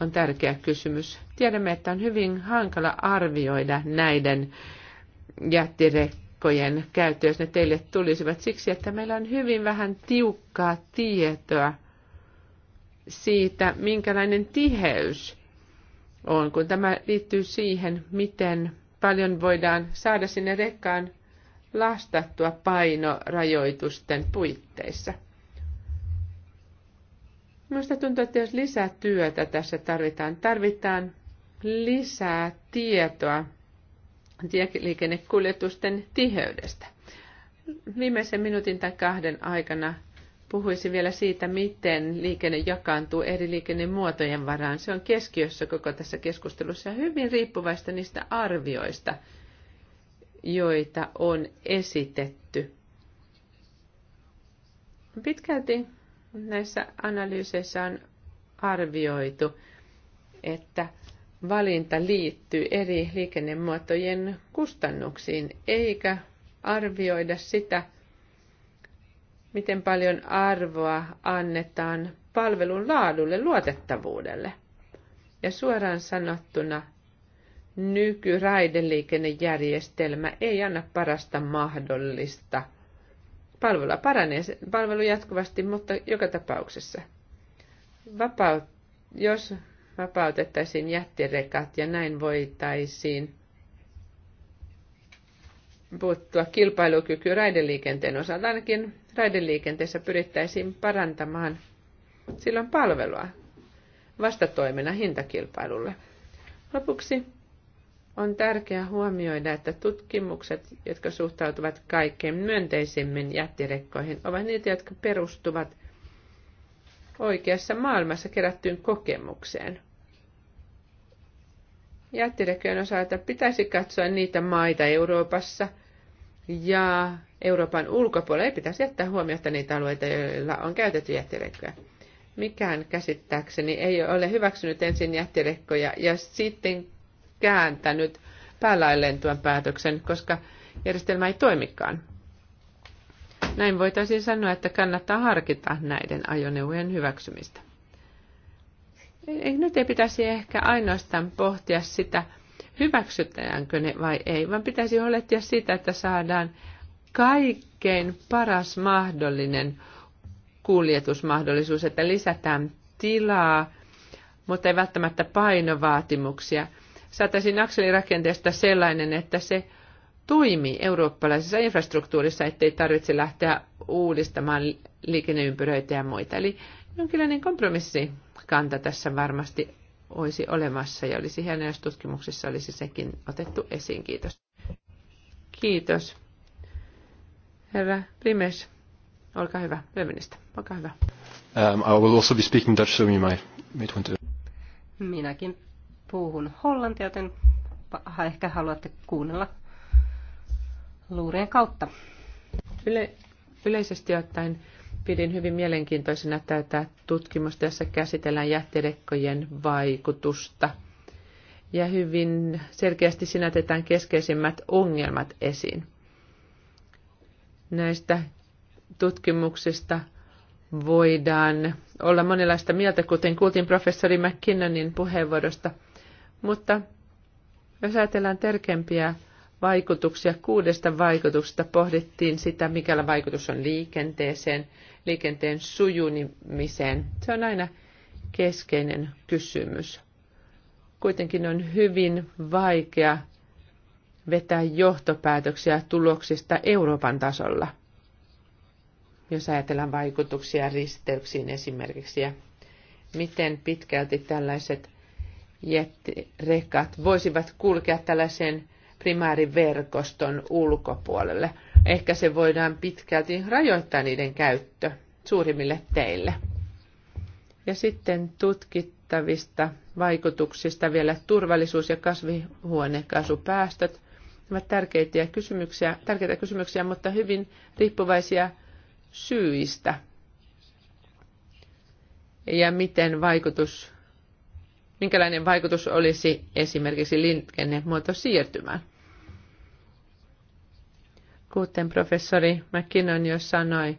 on tärkeä kysymys. Tiedämme, että on hyvin hankala arvioida näiden jättirekkojen paikkojen käyttö, jos ne teille tulisivat siksi, että meillä on hyvin vähän tiukkaa tietoa siitä, minkälainen tiheys on, kun tämä liittyy siihen, miten paljon voidaan saada sinne rekkaan lastattua painorajoitusten puitteissa. Minusta tuntuu, että jos lisää työtä tässä tarvitaan, tarvitaan lisää tietoa tieliikennekuljetusten tiheydestä. Viimeisen minuutin tai kahden aikana puhuisin vielä siitä, miten liikenne jakaantuu eri liikennemuotojen varaan. Se on keskiössä koko tässä keskustelussa ja hyvin riippuvaista niistä arvioista, joita on esitetty. Pitkälti näissä analyyseissä on arvioitu, että valinta liittyy eri liikennemuotojen kustannuksiin, eikä arvioida sitä, miten paljon arvoa annetaan palvelun laadulle, luotettavuudelle. Ja suoraan sanottuna nykyraideliikennejärjestelmä ei anna parasta mahdollista. Palvelua paranee, palvelu jatkuvasti, mutta joka tapauksessa. Vapaut, jos vapautettaisiin jättirekat ja näin voitaisiin puuttua kilpailukyky raideliikenteen osalta. Ainakin raideliikenteessä pyrittäisiin parantamaan silloin palvelua vastatoimena hintakilpailulle. Lopuksi on tärkeää huomioida, että tutkimukset, jotka suhtautuvat kaikkein myönteisimmin jättirekkoihin, ovat niitä, jotka perustuvat oikeassa maailmassa kerättyyn kokemukseen jättirekiön osalta pitäisi katsoa niitä maita Euroopassa ja Euroopan ulkopuolella. Ei pitäisi jättää huomiota niitä alueita, joilla on käytetty jättirekkoja. Mikään käsittääkseni ei ole hyväksynyt ensin jättirekkoja ja sitten kääntänyt päälailleen tuon päätöksen, koska järjestelmä ei toimikaan. Näin voitaisiin sanoa, että kannattaa harkita näiden ajoneuvojen hyväksymistä ei, nyt ei pitäisi ehkä ainoastaan pohtia sitä, hyväksytäänkö ne vai ei, vaan pitäisi huolehtia siitä, että saadaan kaikkein paras mahdollinen kuljetusmahdollisuus, että lisätään tilaa, mutta ei välttämättä painovaatimuksia. Saataisiin akselirakenteesta sellainen, että se toimii eurooppalaisessa infrastruktuurissa, ettei tarvitse lähteä uudistamaan liikenneympyröitä ja muita. Eli jonkinlainen kompromissi kanta tässä varmasti olisi olemassa ja olisi hienoa, jos tutkimuksessa olisi sekin otettu esiin. Kiitos. Kiitos. Herra Primes, olkaa hyvä, Löministä,
olkaa hyvä.
Um, I will also be speaking Dutch, so you might, might want to...
Minäkin puhun hollantia, joten ehkä haluatte kuunnella luurien kautta. Yle, yleisesti ottaen pidin
hyvin mielenkiintoisena tätä tutkimusta, jossa käsitellään jättirekkojen vaikutusta. Ja hyvin selkeästi sinätetään keskeisimmät ongelmat esiin. Näistä tutkimuksista voidaan olla monenlaista mieltä, kuten kuultiin professori McKinnonin puheenvuorosta. Mutta jos ajatellaan tärkeimpiä vaikutuksia. Kuudesta vaikutuksesta pohdittiin sitä, mikä vaikutus on liikenteeseen, liikenteen sujunimiseen. Se on aina keskeinen kysymys. Kuitenkin on hyvin vaikea vetää johtopäätöksiä tuloksista Euroopan tasolla, jos ajatellaan vaikutuksia risteyksiin esimerkiksi ja miten pitkälti tällaiset jettirekat voisivat kulkea tällaiseen primääriverkoston ulkopuolelle. Ehkä se voidaan pitkälti rajoittaa niiden käyttö suurimmille teille. Ja sitten tutkittavista vaikutuksista vielä turvallisuus- ja kasvihuonekaasupäästöt ovat tärkeitä kysymyksiä, tärkeitä kysymyksiä, mutta hyvin riippuvaisia syistä. Ja miten vaikutus, minkälainen vaikutus olisi esimerkiksi liikennemuoto siirtymään. Kuten professori McKinnon jo sanoi,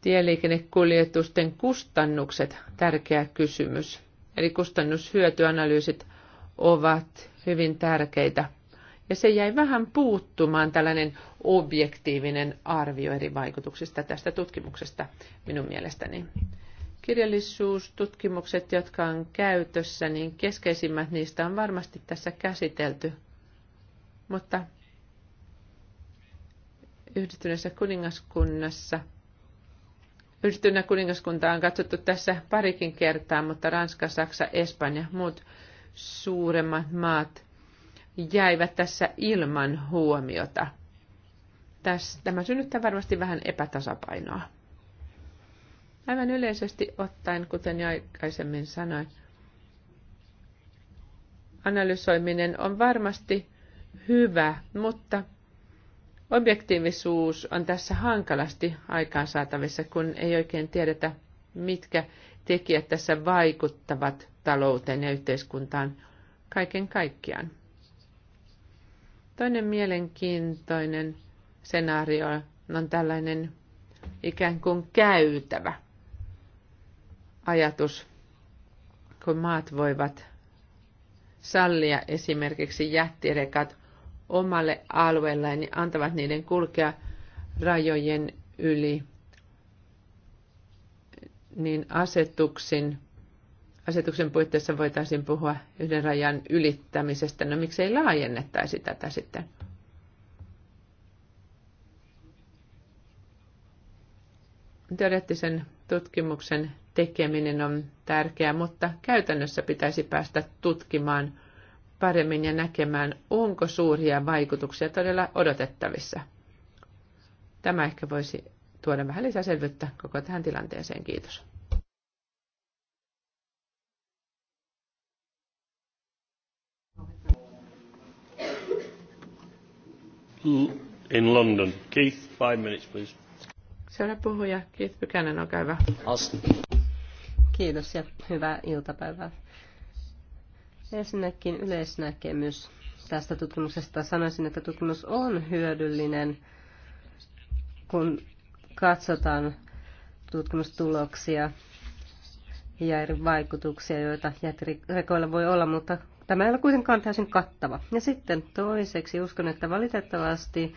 tieliikennekuljetusten kustannukset, tärkeä kysymys. Eli kustannushyötyanalyysit ovat hyvin tärkeitä. Ja se jäi vähän puuttumaan tällainen objektiivinen arvio eri vaikutuksista tästä tutkimuksesta minun mielestäni. Kirjallisuustutkimukset, jotka on käytössä, niin keskeisimmät niistä on varmasti tässä käsitelty. Mutta yhdistyneessä kuningaskunnassa. Yhdistynä kuningaskunta on katsottu tässä parikin kertaa, mutta Ranska, Saksa, Espanja, muut suuremmat maat jäivät tässä ilman huomiota. Tämä synnyttää varmasti vähän epätasapainoa. Aivan yleisesti ottaen, kuten jo aikaisemmin sanoin, analysoiminen on varmasti hyvä, mutta Objektiivisuus on tässä hankalasti aikaansaatavissa, kun ei oikein tiedetä, mitkä tekijät tässä vaikuttavat talouteen ja yhteiskuntaan kaiken kaikkiaan. Toinen mielenkiintoinen skenaario on tällainen ikään kuin käytävä ajatus, kun maat voivat sallia esimerkiksi jättirekat omalle alueelle, niin antavat niiden kulkea rajojen yli, niin asetuksin, asetuksen puitteissa voitaisiin puhua yhden rajan ylittämisestä. No miksei laajennettaisi tätä sitten? Teoreettisen tutkimuksen tekeminen on tärkeää, mutta käytännössä pitäisi päästä tutkimaan paremmin ja näkemään, onko suuria vaikutuksia todella odotettavissa. Tämä ehkä voisi tuoda vähän lisää koko tähän tilanteeseen. Kiitos.
in London. Keith, five minutes, please.
Seuraava puhuja, Keith Pykänen, olkaa hyvä. Kiitos ja hyvää iltapäivää. Ensinnäkin yleisnäkemys tästä tutkimuksesta. Sanoisin, että tutkimus on hyödyllinen, kun katsotaan tutkimustuloksia ja eri vaikutuksia, joita jätirekoilla voi olla, mutta tämä ei ole kuitenkaan täysin kattava. Ja sitten toiseksi uskon, että valitettavasti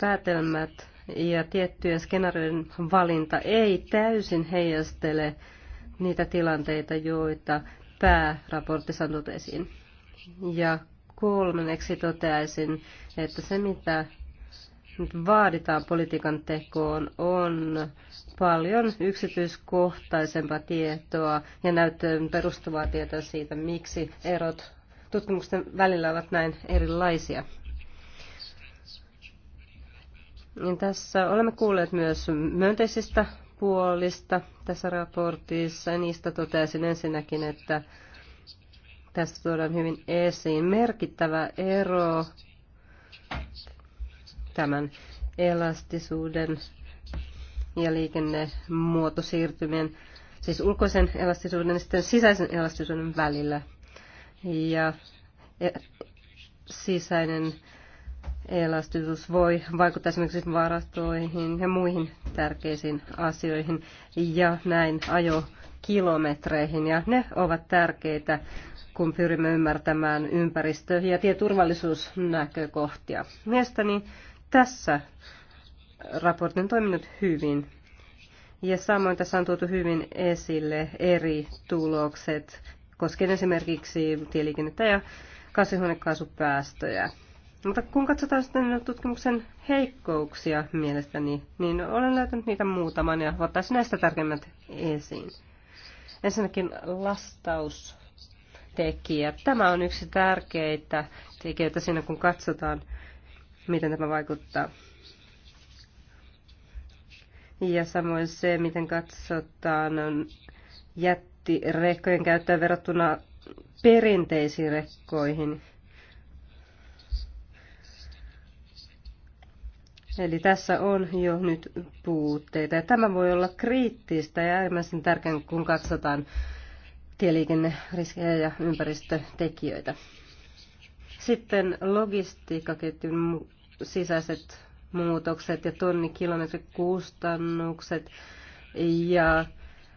päätelmät ja tiettyjen skenaarioiden valinta ei täysin heijastele niitä tilanteita, joita pääraportissa totesiin. Ja kolmanneksi toteaisin, että se mitä nyt vaaditaan politiikan tekoon on paljon yksityiskohtaisempaa tietoa ja näyttöön perustuvaa tietoa siitä, miksi erot tutkimusten välillä ovat näin erilaisia. Niin tässä olemme kuulleet myös myönteisistä puolista tässä raportissa. Niistä totesin ensinnäkin, että tässä tuodaan hyvin esiin merkittävä ero tämän elastisuuden ja liikennemuotosiirtymien, siis ulkoisen elastisuuden ja sitten sisäisen elastisuuden välillä. Ja e, sisäinen elastisuus voi vaikuttaa esimerkiksi varastoihin ja muihin tärkeisiin asioihin ja näin ajo kilometreihin ja ne ovat tärkeitä, kun pyrimme ymmärtämään ympäristö- ja tieturvallisuusnäkökohtia. Mielestäni tässä raportin toiminut hyvin ja samoin tässä on tuotu hyvin esille eri tulokset koskien esimerkiksi tieliikennettä ja kasvihuonekaasupäästöjä. Mutta kun katsotaan sitten tutkimuksen heikkouksia mielestäni, niin olen löytänyt niitä muutaman ja ottaisin näistä tärkeimmät esiin. Ensinnäkin lastaustekijä. Tämä on yksi tärkeitä tekijöitä siinä, kun katsotaan, miten tämä vaikuttaa. Ja samoin se, miten katsotaan jättirekkojen käyttöä verrattuna perinteisiin rekkoihin – Eli tässä on jo nyt puutteita. Ja tämä voi olla kriittistä ja äärimmäisen tärkeää, kun katsotaan tieliikenneriskejä ja ympäristötekijöitä. Sitten logistiikkaketjun sisäiset muutokset ja tonnikilometrikustannukset ja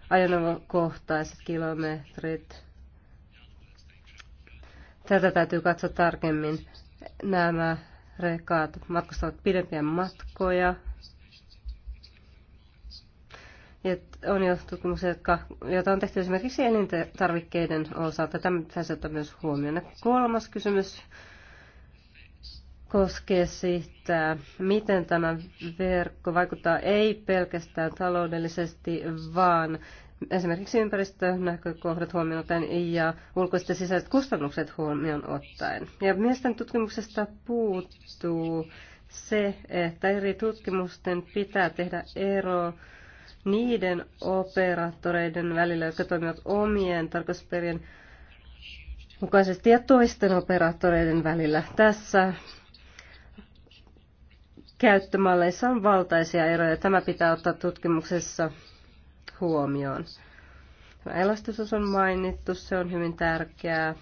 ajoneuvokohtaiset kilometrit. Tätä täytyy katsoa tarkemmin. Nämä rekat matkustavat pidempiä matkoja. Ja on jo tutkimuksia, jotka, joita on tehty esimerkiksi elintarvikkeiden osalta. Tämä pitäisi ottaa myös huomioon. Ja kolmas kysymys koskee sitä, miten tämä verkko vaikuttaa ei pelkästään taloudellisesti, vaan esimerkiksi ympäristönäkökohdat huomioon ottaen ja ulkoiset ja sisäiset kustannukset huomioon ottaen. Ja miesten tutkimuksesta puuttuu se, että eri tutkimusten pitää tehdä ero niiden operaattoreiden välillä, jotka toimivat omien tarkoitusperien mukaisesti ja toisten operaattoreiden välillä. Tässä käyttömalleissa on valtaisia eroja. Tämä pitää ottaa tutkimuksessa huomioon. Tämä elastisuus on mainittu, se on hyvin tärkeää.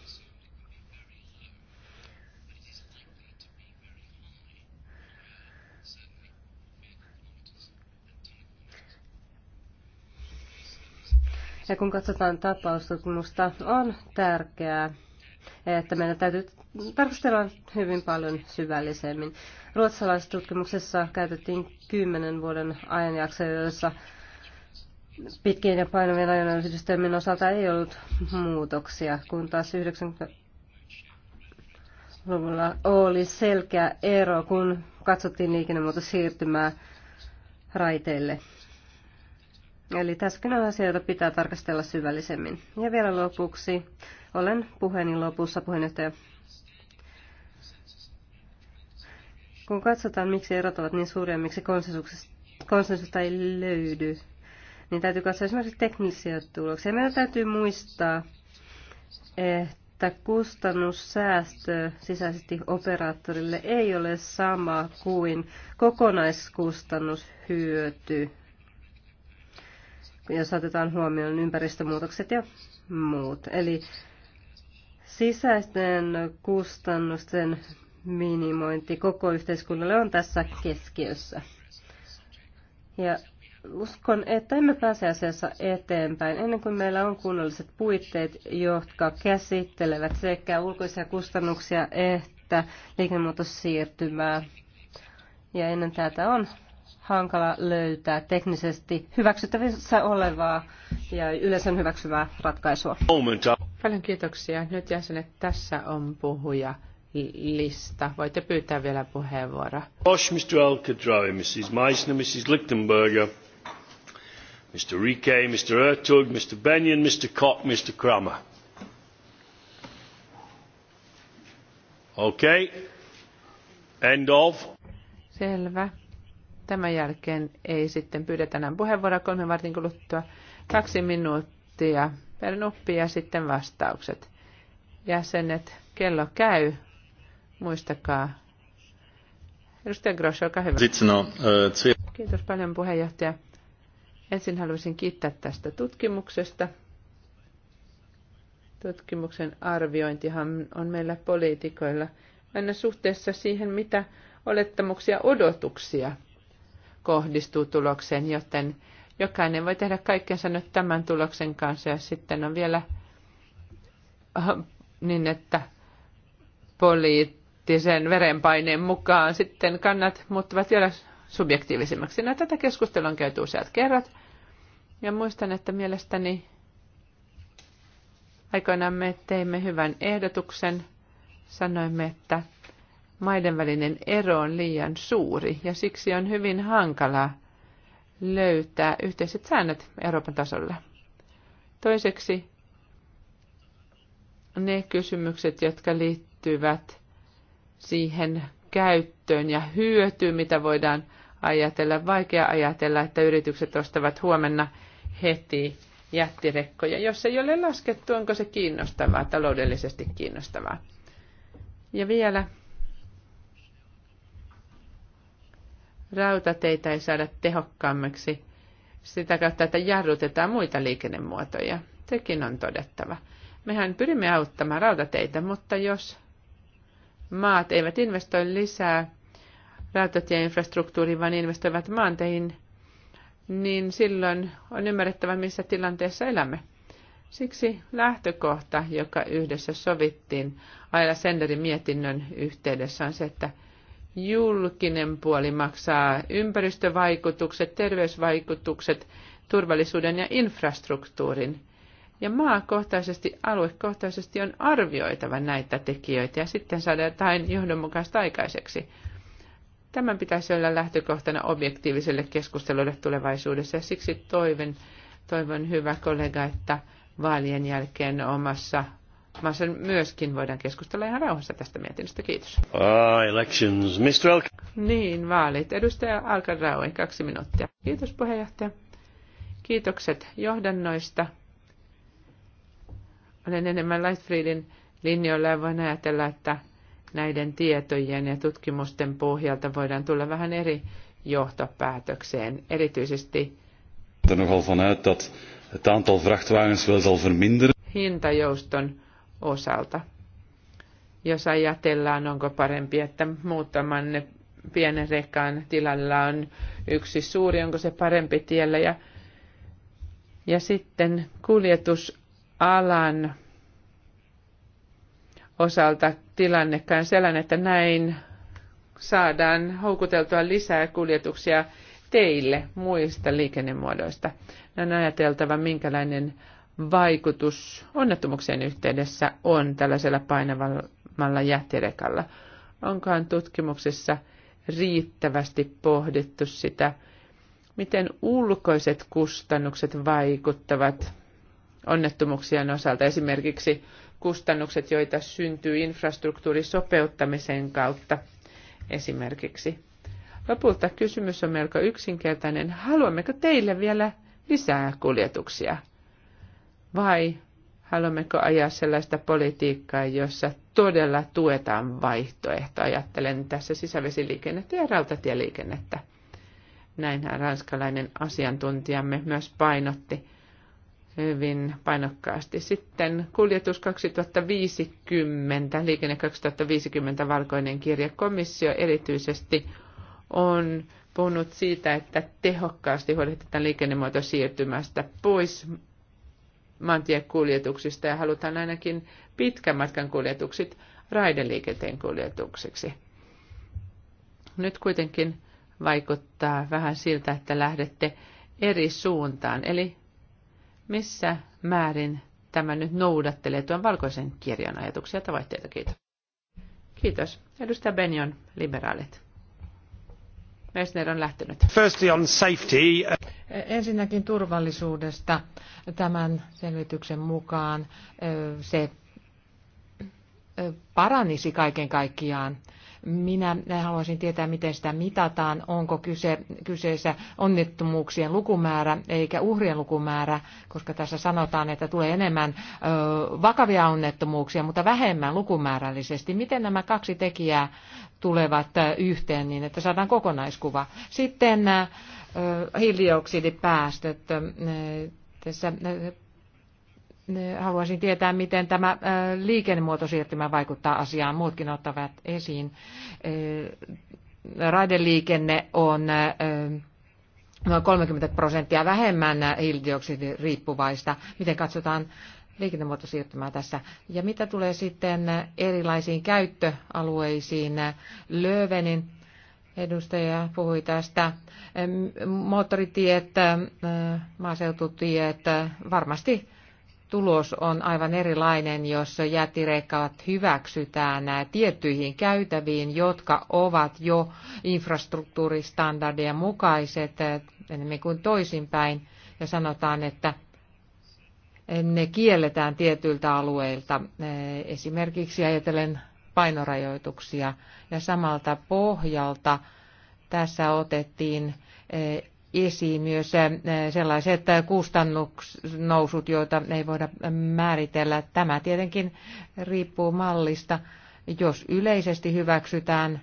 Ja kun katsotaan tapaustutkimusta, on tärkeää, että meidän täytyy tarkastella hyvin paljon syvällisemmin. Ruotsalaisessa tutkimuksessa käytettiin kymmenen vuoden ajanjaksoja, joissa pitkien ja painavien ajoneuvosysteemien osalta ei ollut muutoksia, kun taas 90-luvulla oli selkeä ero, kun katsottiin liikennemuoto siirtymää raiteille. Eli tässäkin on asioita pitää tarkastella syvällisemmin. Ja vielä lopuksi, olen puheeni lopussa puheenjohtaja. Kun katsotaan, miksi erot ovat niin suuria, miksi konsensusta ei löydy, niin täytyy katsoa esimerkiksi teknisiä tuloksia. Meidän täytyy muistaa, että kustannussäästö sisäisesti operaattorille ei ole sama kuin kokonaiskustannushyöty, jos otetaan huomioon ympäristömuutokset ja muut. Eli sisäisten kustannusten minimointi koko yhteiskunnalle on tässä keskiössä. Ja Uskon, että emme pääse asiassa eteenpäin ennen kuin meillä on kunnolliset puitteet, jotka käsittelevät sekä ulkoisia kustannuksia että liikennemuutossiirtymää. Ja ennen tätä on hankala löytää teknisesti hyväksyttävissä olevaa ja yleisön hyväksyvää ratkaisua. Paljon kiitoksia.
Nyt jäsenet, tässä on puhuja lista. Voitte pyytää vielä puheenvuoroa.
Mr. Mrs. Meissner, Mrs. Lichtenberger, Mr riquet Mr Ertug, Mr bennion Mr Cock, Mr krahmer. Okei. End of.
Selvä. Tämän jälkeen ei sitten pyydetä enää puheenvuoroa kolmen vartin kuluttua. Kaksi minuuttia per nuppi ja sitten vastaukset. Jäsenet, kello käy. Muistakaa. Edustaja Grosch, olkaa hyvä. No, Kiitos paljon puheenjohtaja. Ensin haluaisin kiittää tästä tutkimuksesta. Tutkimuksen arviointihan on meillä poliitikoilla aina suhteessa siihen, mitä olettamuksia odotuksia kohdistuu tulokseen, joten jokainen voi tehdä kaikkensa nyt tämän tuloksen kanssa ja sitten on vielä niin, että poliittisen verenpaineen mukaan sitten kannat muuttuvat vielä subjektiivisemmaksi. No, tätä keskustelua on käyty useat kerrat. Ja muistan, että mielestäni aikoinaan me teimme hyvän ehdotuksen. Sanoimme, että maiden välinen ero on liian suuri ja siksi on hyvin hankalaa löytää yhteiset säännöt Euroopan tasolla. Toiseksi ne kysymykset, jotka liittyvät siihen käyttöön ja hyötyyn, mitä voidaan ajatella, vaikea ajatella, että yritykset ostavat huomenna heti jättirekkoja, jos ei ole laskettu, onko se kiinnostavaa, taloudellisesti kiinnostavaa. Ja vielä rautateitä ei saada tehokkaammaksi sitä kautta, että jarrutetaan muita liikennemuotoja. Sekin on todettava. Mehän pyrimme auttamaan rautateitä, mutta jos maat eivät investoi lisää rautatieinfrastruktuuriin, vaan investoivat maanteihin, niin silloin on ymmärrettävä, missä tilanteessa elämme. Siksi lähtökohta, joka yhdessä sovittiin Aila Senderin mietinnön yhteydessä, on se, että julkinen puoli maksaa ympäristövaikutukset, terveysvaikutukset, turvallisuuden ja infrastruktuurin. Ja maakohtaisesti, aluekohtaisesti on arvioitava näitä tekijöitä ja sitten saada jotain johdonmukaista aikaiseksi. Tämän pitäisi olla lähtökohtana objektiiviselle keskustelulle tulevaisuudessa ja siksi toivon, toivon hyvä kollega, että vaalien jälkeen omassa maassa myöskin voidaan keskustella ihan rauhassa tästä mietinnöstä. Kiitos.
Uh, elections. Mr. Al-
niin, vaalit. Edustaja Alka Rauen, kaksi minuuttia. Kiitos puheenjohtaja. Kiitokset johdannoista. Olen enemmän Lightfriedin linjoilla ja voin ajatella, että näiden tietojen ja tutkimusten pohjalta voidaan tulla vähän eri johtopäätökseen. Erityisesti er hintajouston osalta. Jos ajatellaan, onko parempi, että muutaman pienen rekan tilalla on yksi suuri, onko se parempi tiellä. Ja, ja sitten kuljetusalan osalta tilannekaan sellainen, että näin saadaan houkuteltua lisää kuljetuksia teille muista liikennemuodoista. On ajateltava, minkälainen vaikutus onnettomuuksien yhteydessä on tällaisella painavalla jättirekalla. Onkaan tutkimuksessa riittävästi pohdittu sitä, miten ulkoiset kustannukset vaikuttavat onnettomuuksien osalta, esimerkiksi kustannukset, joita syntyy infrastruktuurisopeuttamisen kautta esimerkiksi. Lopulta kysymys on melko yksinkertainen. Haluammeko teille vielä lisää kuljetuksia? Vai haluammeko ajaa sellaista politiikkaa, jossa todella tuetaan vaihtoehtoa? Ajattelen tässä sisävesiliikennettä ja rautatieliikennettä. Näinhän ranskalainen asiantuntijamme myös painotti hyvin painokkaasti. Sitten kuljetus 2050, liikenne 2050 valkoinen kirja. Komissio erityisesti on puhunut siitä, että tehokkaasti huolehditaan liikennemuoto siirtymästä pois maantiekuljetuksista ja halutaan ainakin pitkän matkan kuljetukset raideliikenteen kuljetukseksi. Nyt kuitenkin vaikuttaa vähän siltä, että lähdette eri suuntaan, eli missä määrin tämä nyt noudattelee tuon valkoisen kirjan ajatuksia ja tavoitteita. Kiitos. Kiitos. Edustaja Benjon, liberaalit.
Messner on lähtenyt.
Firstly on safety.
Ensinnäkin turvallisuudesta. Tämän selvityksen mukaan se paranisi kaiken kaikkiaan minä haluaisin tietää, miten sitä mitataan. Onko kyse, kyseessä onnettomuuksien lukumäärä eikä uhrien lukumäärä, koska tässä sanotaan, että tulee enemmän ö, vakavia onnettomuuksia, mutta vähemmän lukumäärällisesti. Miten nämä kaksi tekijää tulevat yhteen niin, että saadaan kokonaiskuva? Sitten ö, hiilidioksidipäästöt. Tässä haluaisin tietää, miten tämä liikennemuotosiirtymä vaikuttaa asiaan. Muutkin ottavat esiin. Raideliikenne on noin 30 prosenttia vähemmän hiilidioksidiriippuvaista. Miten katsotaan liikennemuotosiirtymää tässä. Ja mitä tulee sitten erilaisiin käyttöalueisiin, Löövenin edustaja puhui tästä, moottoritiet, maaseututiet, varmasti tulos on aivan erilainen, jos jätirekat hyväksytään tiettyihin käytäviin, jotka ovat jo infrastruktuuristandardien mukaiset, eh, enemmän kuin toisinpäin, ja sanotaan, että ne kielletään tietyiltä alueilta, eh, esimerkiksi ajatellen painorajoituksia, ja samalta pohjalta tässä otettiin eh, esiin myös äh, sellaiset äh, kustannusnousut, joita ei voida määritellä. Tämä tietenkin riippuu mallista. Jos yleisesti hyväksytään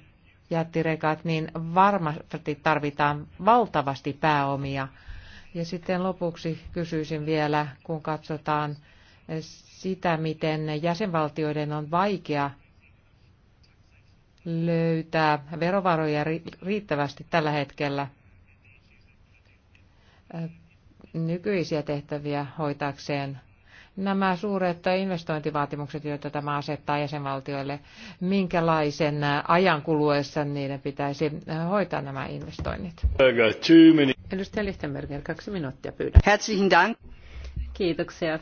jättirekat, niin varmasti tarvitaan valtavasti pääomia. Ja sitten lopuksi kysyisin vielä, kun katsotaan sitä, miten jäsenvaltioiden on vaikea löytää verovaroja riittävästi tällä hetkellä nykyisiä tehtäviä hoitaakseen nämä suuret investointivaatimukset, joita tämä asettaa jäsenvaltioille, minkälaisen ajan kuluessa niiden pitäisi
hoitaa nämä investoinnit? Edustaja Lichtenberger, kaksi minuuttia pyydän. Herzlichen Dank. Kiitoksia.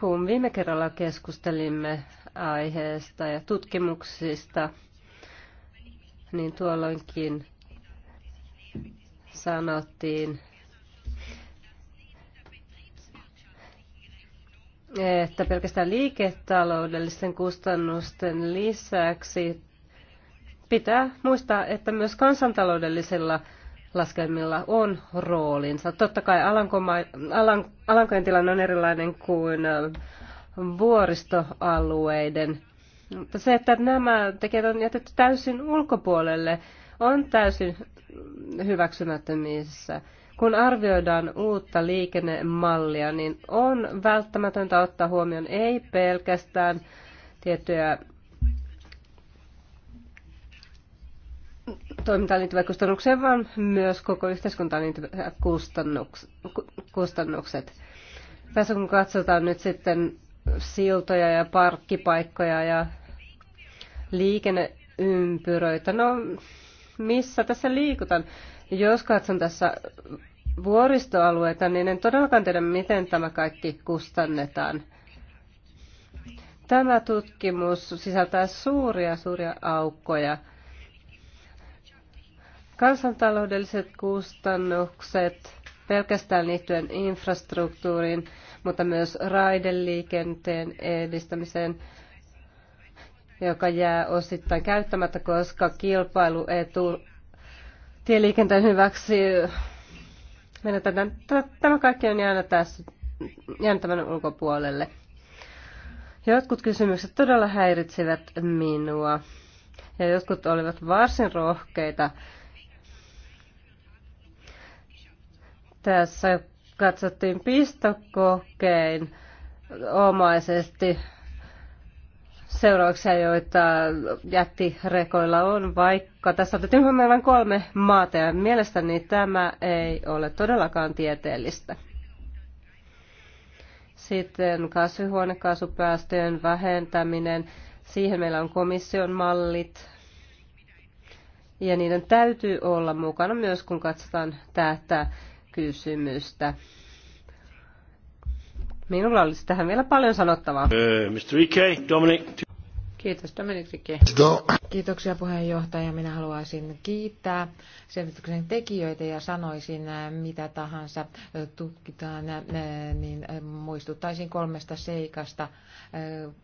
Kun viime kerralla keskustelimme aiheesta ja tutkimuksista, niin tuolloinkin sanottiin, että pelkästään liiketaloudellisten kustannusten lisäksi pitää muistaa, että myös kansantaloudellisilla laskelmilla on roolinsa. Totta kai Alankoma- Alan- Alankojen tilanne on erilainen kuin äh, vuoristoalueiden. Mutta se, että nämä tekijät on jätetty täysin ulkopuolelle, on täysin hyväksymättömissä. Kun arvioidaan uutta liikennemallia, niin on välttämätöntä ottaa huomioon ei pelkästään tiettyjä toimintaan liittyviä kustannuksia, vaan myös koko yhteiskuntaan liittyvät kustannukset. Tässä kun katsotaan nyt sitten siltoja ja parkkipaikkoja ja liikenneympyröitä, no missä tässä liikutaan? Jos katson tässä vuoristoalueita, niin en todellakaan tiedä, miten tämä kaikki kustannetaan. Tämä tutkimus sisältää suuria, suuria aukkoja. Kansantaloudelliset kustannukset pelkästään liittyen infrastruktuuriin, mutta myös raideliikenteen edistämiseen, joka jää osittain käyttämättä, koska kilpailuetu tieliikenteen hyväksi. Menetetään. Tämä kaikki on jäänyt, tässä, jäänyt tämän ulkopuolelle. Jotkut kysymykset todella häiritsivät minua ja jotkut olivat varsin rohkeita. Tässä katsottiin pistokokein omaisesti seurauksia, joita jättirekoilla on, vaikka tässä otettiin huomioon vain kolme maata, ja mielestäni tämä ei ole todellakaan tieteellistä. Sitten kasvihuonekaasupäästöjen vähentäminen, siihen meillä on komission mallit, ja niiden täytyy olla mukana myös, kun katsotaan tätä kysymystä. Minulla olisi tähän vielä paljon sanottavaa.
Mr. K., Dominic.
Kiitos,
Dominik Rikki. Kiitoksia puheenjohtaja. Minä haluaisin
kiittää selvityksen tekijöitä ja sanoisin äh, mitä tahansa äh, tutkitaan, äh, niin muistuttaisin kolmesta seikasta.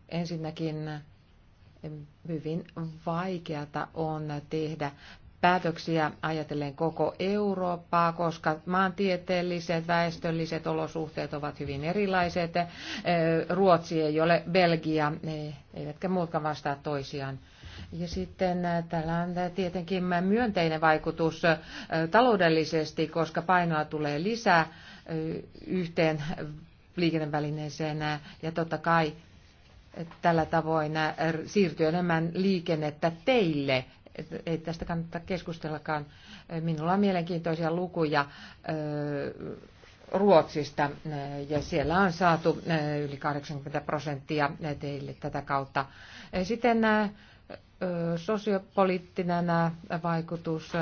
Ensinnäkin hyvin vaikeata on tehdä päätöksiä ajatellen koko Eurooppaa, koska maantieteelliset, väestölliset olosuhteet ovat hyvin erilaiset. Ruotsi ei ole Belgia, eivätkä muutkaan vastaa toisiaan. Ja sitten äh, täällä on äh, tietenkin myönteinen vaikutus äh, taloudellisesti, koska painoa tulee lisää yhteen liikennevälineeseen ja totta kai tällä tavoin siirtyy enemmän liikennettä teille ei tästä kannata keskustellakaan. Minulla on mielenkiintoisia lukuja Ruotsista ja siellä on saatu yli 80 prosenttia teille tätä kautta. E, sitten sosiopoliittinen vaikutus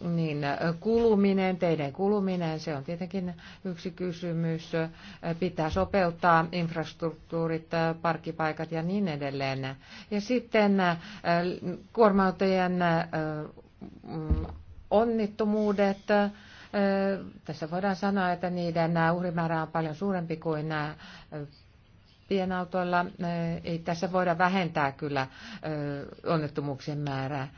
niin äh, kuluminen, teiden kuluminen, se on tietenkin yksi kysymys. Äh, pitää sopeuttaa infrastruktuurit, äh, parkkipaikat ja niin edelleen. Ja sitten kuormautajien mm, onnittomuudet. Tässä voidaan sanoa, että niiden uhrimäärä on paljon suurempi kuin nämä pienautoilla. Ei tässä voida vähentää kyllä onnettomuuksien määrää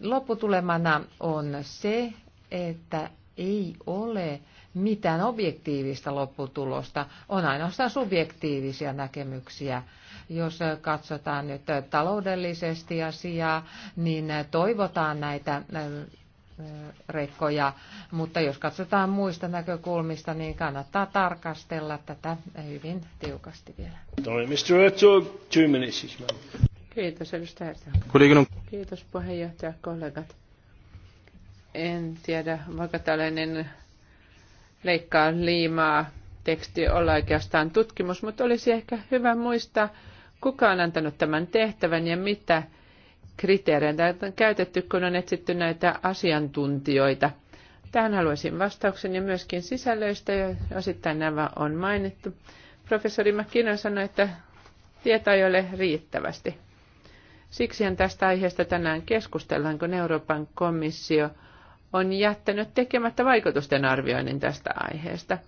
lopputulemana on se, että ei ole mitään objektiivista lopputulosta, on ainoastaan subjektiivisia näkemyksiä. Jos katsotaan nyt taloudellisesti asiaa, niin toivotaan näitä äh, äh, rekkoja, mutta jos katsotaan muista näkökulmista, niin kannattaa tarkastella tätä hyvin tiukasti vielä.
Mr. Ertug, two minutes, siis,
Kiitos edustaja Herta. Kiitos
puheenjohtaja kollegat. En tiedä, vaikka tällainen leikkaa liimaa teksti olla oikeastaan tutkimus, mutta olisi ehkä hyvä muistaa, kuka on antanut tämän tehtävän ja mitä kriteereitä on käytetty, kun on etsitty näitä asiantuntijoita. Tähän haluaisin vastauksen ja myöskin sisällöistä, ja osittain nämä on mainittu. Professori McKinnon sanoi, että tietoa ei ole riittävästi. Siksi en tästä aiheesta tänään keskustellaan, kun Euroopan komissio on jättänyt tekemättä vaikutusten arvioinnin tästä aiheesta.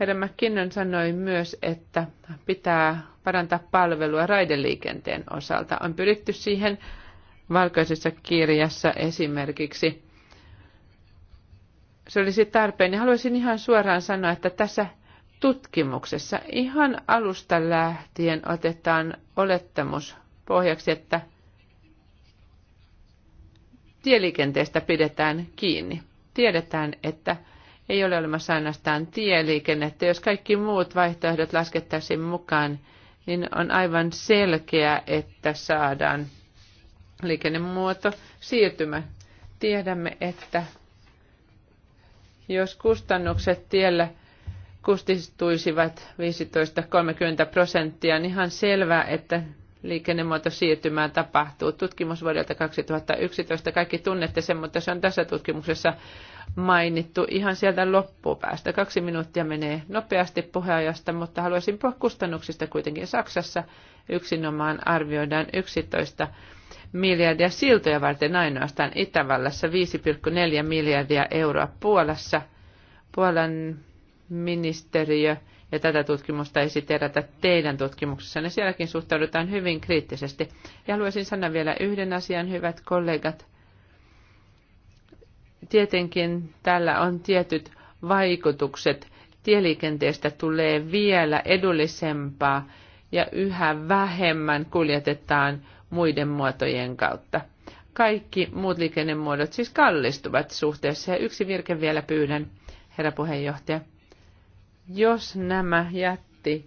Herra McKinnon sanoi myös, että pitää parantaa palvelua raideliikenteen osalta. On pyritty siihen valkoisessa kirjassa esimerkiksi. Se olisi tarpeen. Ja haluaisin ihan suoraan sanoa, että tässä tutkimuksessa ihan alusta lähtien otetaan olettamus pohjaksi, että tieliikenteestä pidetään kiinni. Tiedetään, että ei ole olemassa ainoastaan tieliikennettä. Jos kaikki muut vaihtoehdot laskettaisiin mukaan, niin on aivan selkeää, että saadaan liikennemuoto siirtymä. Tiedämme, että jos kustannukset tiellä kustistuisivat 15-30 prosenttia, niin ihan selvää, että liikennemuoto siirtymään tapahtuu. Tutkimus vuodelta 2011, kaikki tunnette sen, mutta se on tässä tutkimuksessa mainittu ihan sieltä loppupäästä. Kaksi minuuttia menee nopeasti puheajasta, mutta haluaisin puhua kustannuksista kuitenkin. Saksassa yksinomaan arvioidaan 11 miljardia siltoja varten ainoastaan Itävallassa 5,4 miljardia euroa Puolassa. Puolan ministeriö ja tätä tutkimusta ei siteerata teidän tutkimuksessanne. Sielläkin suhtaudutaan hyvin kriittisesti. Ja haluaisin sanoa vielä yhden asian, hyvät kollegat. Tietenkin tällä on tietyt vaikutukset. Tieliikenteestä tulee vielä edullisempaa ja yhä vähemmän kuljetetaan muiden muotojen kautta. Kaikki muut liikennemuodot siis kallistuvat suhteessa. Ja yksi virke vielä pyydän, herra puheenjohtaja jos nämä jätti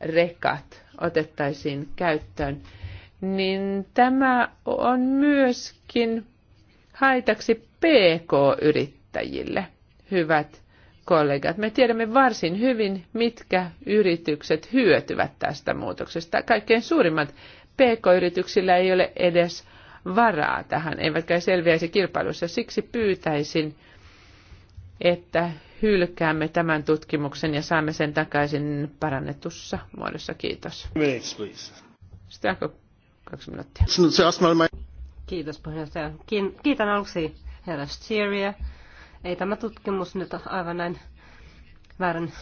rekat otettaisiin käyttöön, niin tämä on myöskin haitaksi PK-yrittäjille, hyvät kollegat. Me tiedämme varsin hyvin, mitkä yritykset hyötyvät tästä muutoksesta. Kaikkein suurimmat PK-yrityksillä ei ole edes varaa tähän, eivätkä selviäisi kilpailussa. Siksi pyytäisin, että hylkäämme tämän tutkimuksen ja saamme sen takaisin parannetussa muodossa. Kiitos. Sitä kaksi minuuttia.
Kiitos puheenjohtaja. Kiitän aluksi herra Stieria. Ei tämä tutkimus nyt aivan näin väärän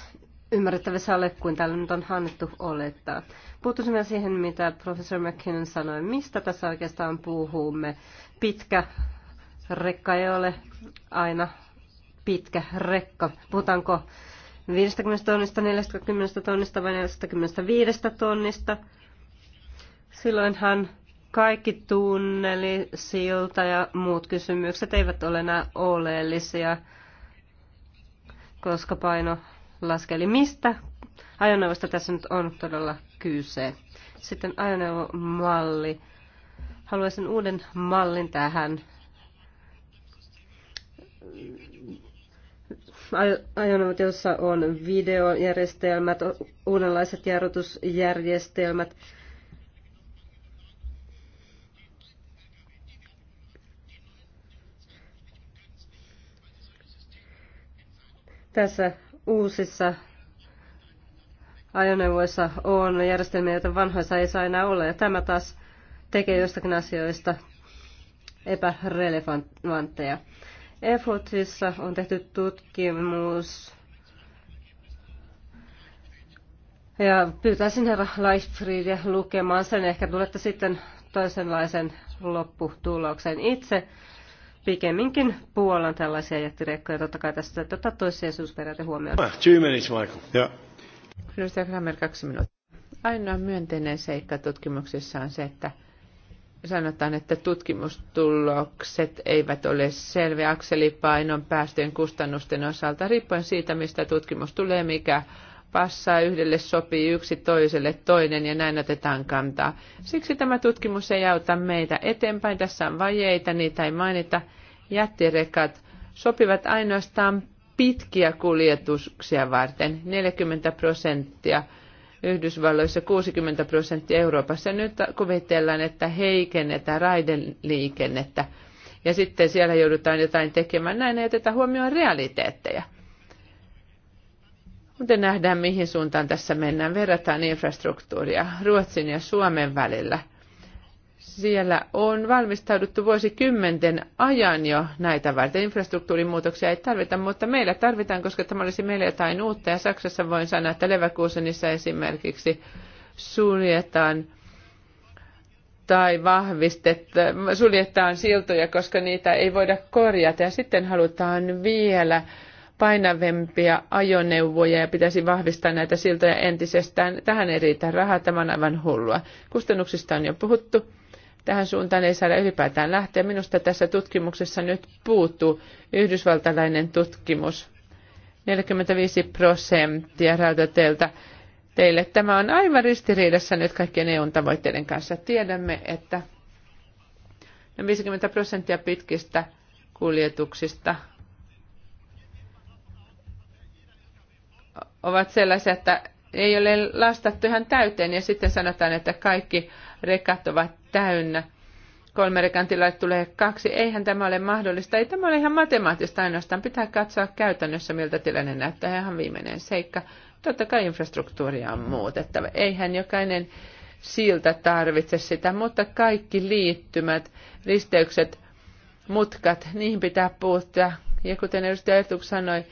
ymmärrettävissä ole kuin täällä nyt on annettu olettaa. Puuttuisin vielä siihen, mitä professori McKinnon sanoi, mistä tässä oikeastaan puhumme. Pitkä rekka ei ole aina pitkä rekka. Puhutaanko 50 tonnista, 40 tonnista vai 45 tonnista? Silloinhan kaikki tunneli, silta ja muut kysymykset eivät ole enää oleellisia, koska paino laskeli. Mistä ajoneuvosta tässä nyt on todella kyse? Sitten ajoneuvomalli. Haluaisin uuden mallin tähän ajoneuvot, joissa on videojärjestelmät, uudenlaiset jarrutusjärjestelmät. Tässä uusissa ajoneuvoissa on järjestelmiä, joita vanhoissa ei saa enää olla. Ja tämä taas tekee jostakin asioista epärelevantteja. Erfurtissa on tehty tutkimus ja pyytäisin herra Leichtfriedia lukemaan sen. Ehkä tulette sitten toisenlaisen lopputuloksen. Itse pikemminkin puolan tällaisia jättirekkoja. Totta kai tässä tätä toissijaisuusperiaate huomioon. Ah,
two minutes, Michael.
Yeah. Kramer, kaksi minuuttia.
Ainoa myönteinen seikka tutkimuksessa on se, että sanotaan, että tutkimustulokset eivät ole selviä akselipainon päästöjen kustannusten osalta, riippuen siitä, mistä tutkimus tulee, mikä passaa yhdelle sopii yksi toiselle toinen ja näin otetaan kantaa. Siksi tämä tutkimus ei auta meitä eteenpäin. Tässä on vajeita, niitä ei mainita. Jättirekat sopivat ainoastaan pitkiä kuljetuksia varten, 40 prosenttia Yhdysvalloissa 60 prosenttia Euroopassa. Nyt kuvitellaan, että heikennetään raideliikennettä ja sitten siellä joudutaan jotain tekemään. Näin ei oteta huomioon realiteetteja. Mutta nähdään, mihin suuntaan tässä mennään? Verrataan infrastruktuuria Ruotsin ja Suomen välillä – siellä on valmistauduttu vuosikymmenten ajan jo näitä varten. Infrastruktuurin muutoksia ei tarvita, mutta meillä tarvitaan, koska tämä olisi meillä jotain uutta. Ja Saksassa voin sanoa, että Leverkusenissa esimerkiksi suljetaan tai vahvistetaan, suljetaan siltoja, koska niitä ei voida korjata. Ja sitten halutaan vielä painavempia ajoneuvoja ja pitäisi vahvistaa näitä siltoja entisestään. Tähän ei riitä rahaa, tämä on aivan hullua. Kustannuksista on jo puhuttu tähän suuntaan ei saada ylipäätään lähteä. Minusta tässä tutkimuksessa nyt puuttuu yhdysvaltalainen tutkimus. 45 prosenttia rautateiltä teille. Tämä on aivan ristiriidassa nyt kaikkien EUn tavoitteiden kanssa. Tiedämme, että 50 prosenttia pitkistä kuljetuksista ovat sellaisia, että ei ole lastattu ihan täyteen ja sitten sanotaan, että kaikki rekat ovat täynnä. Kolme tulee kaksi. Eihän tämä ole mahdollista. Ei tämä ole ihan matemaattista ainoastaan. Pitää katsoa käytännössä, miltä tilanne näyttää. Ihan viimeinen seikka. Totta kai infrastruktuuria on muutettava. Eihän jokainen siltä tarvitse sitä, mutta kaikki liittymät, risteykset, mutkat, niihin pitää puuttua. Ja kuten edustaja Ertuk sanoi,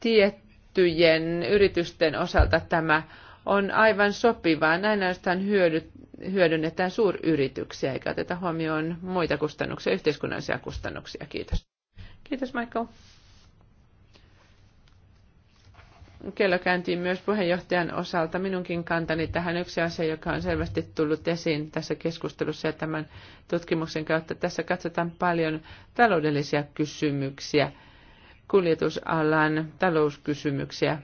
tiettyjen yritysten osalta tämä on aivan sopivaa. Näin ainoastaan hyödyt, hyödynnetään suuryrityksiä eikä oteta huomioon muita kustannuksia, yhteiskunnallisia kustannuksia. Kiitos. Kiitos Michael. Kello kääntiin myös puheenjohtajan osalta. Minunkin kantani tähän yksi asia, joka on selvästi tullut esiin tässä keskustelussa ja tämän tutkimuksen kautta. Tässä katsotaan paljon taloudellisia kysymyksiä, kuljetusalan talouskysymyksiä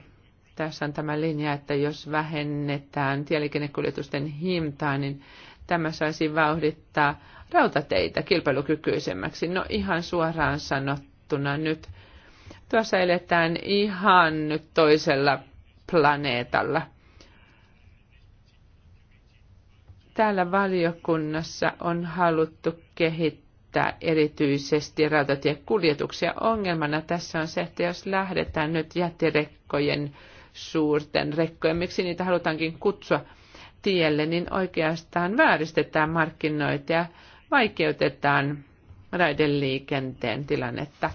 tässä on tämä linja, että jos vähennetään tieliikennekuljetusten hintaa, niin tämä saisi vauhdittaa rautateitä kilpailukykyisemmäksi. No ihan suoraan sanottuna nyt tuossa eletään ihan nyt toisella planeetalla. Täällä valiokunnassa on haluttu kehittää erityisesti rautatiekuljetuksia. Ongelmana tässä on se, että jos lähdetään nyt jättirekkojen suurten rekkojen, miksi niitä halutaankin kutsua tielle, niin oikeastaan vääristetään markkinoita ja vaikeutetaan raideliikenteen tilannetta.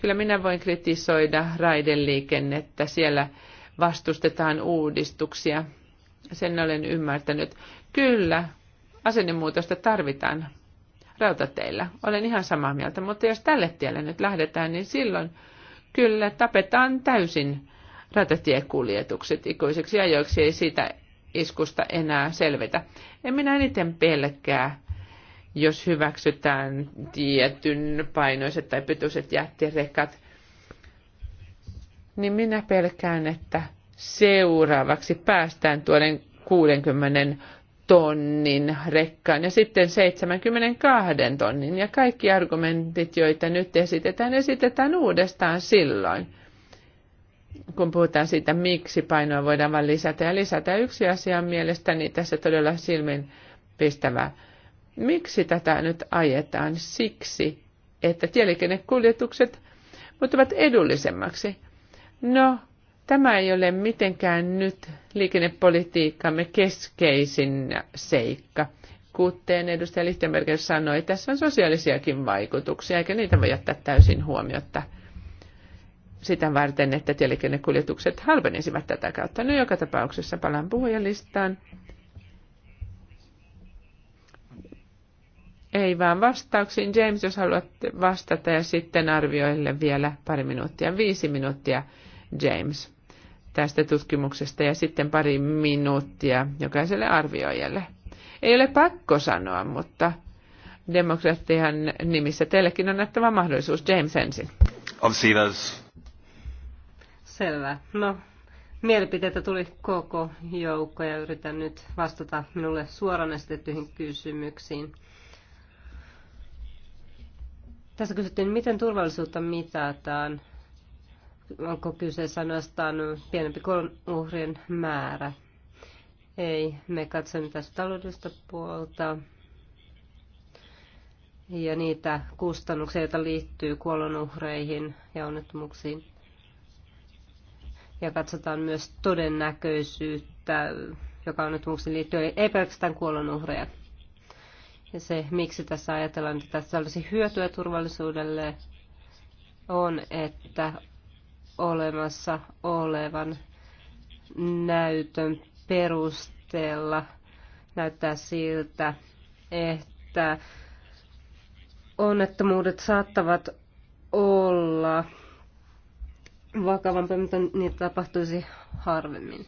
Kyllä minä voin kritisoida raideliikennettä, siellä vastustetaan uudistuksia. Sen olen ymmärtänyt. Kyllä, asennemuutosta tarvitaan rautateillä. Olen ihan samaa mieltä, mutta jos tälle tielle nyt lähdetään, niin silloin kyllä tapetaan täysin ratatiekuljetukset ikuiseksi ajoiksi, ei siitä iskusta enää selvitä. En minä eniten pelkää, jos hyväksytään tietyn painoiset tai pituiset jättirekat, niin minä pelkään, että seuraavaksi päästään tuoden 60 tonnin rekkaan ja sitten 72 tonnin. Ja kaikki argumentit, joita nyt esitetään, esitetään uudestaan silloin kun puhutaan siitä, miksi painoa voidaan vain lisätä ja lisätä. Yksi asia on mielestäni tässä todella silmin pistävä. Miksi tätä nyt ajetaan? Siksi, että tieliikennekuljetukset muuttuvat edullisemmaksi. No, tämä ei ole mitenkään nyt liikennepolitiikkamme keskeisin seikka. Kuten edustaja Lichtenberger sanoi, tässä on sosiaalisiakin vaikutuksia, eikä niitä voi jättää täysin huomiotta sitä varten, että tieliikennekuljetukset halvenisivat tätä kautta. No joka tapauksessa palaan puhujalistaan. Ei vaan vastauksiin. James, jos haluat vastata ja sitten arvioille vielä pari minuuttia, viisi minuuttia, James, tästä tutkimuksesta ja sitten pari minuuttia jokaiselle arvioijalle. Ei ole pakko sanoa, mutta demokratian
nimissä teillekin on näyttävä mahdollisuus. James ensin.
Obviously there's
Selvä. No, mielipiteitä tuli koko joukko ja yritän nyt vastata minulle suoraan esitettyihin kysymyksiin. Tässä kysyttiin, miten turvallisuutta mitataan. Onko kyseessä ainoastaan pienempi uhrien määrä? Ei, me katsomme tässä taloudellista puolta ja niitä kustannuksia, joita liittyy kuolonuhreihin ja onnettomuuksiin ja katsotaan myös todennäköisyyttä, joka on nyt muuksi liittyy, ei pelkästään kuolonuhreja. Ja se, miksi tässä ajatellaan, että tässä olisi hyötyä turvallisuudelle, on, että olemassa olevan näytön perusteella näyttää siltä, että onnettomuudet saattavat olla vakavampi, mutta niitä tapahtuisi harvemmin.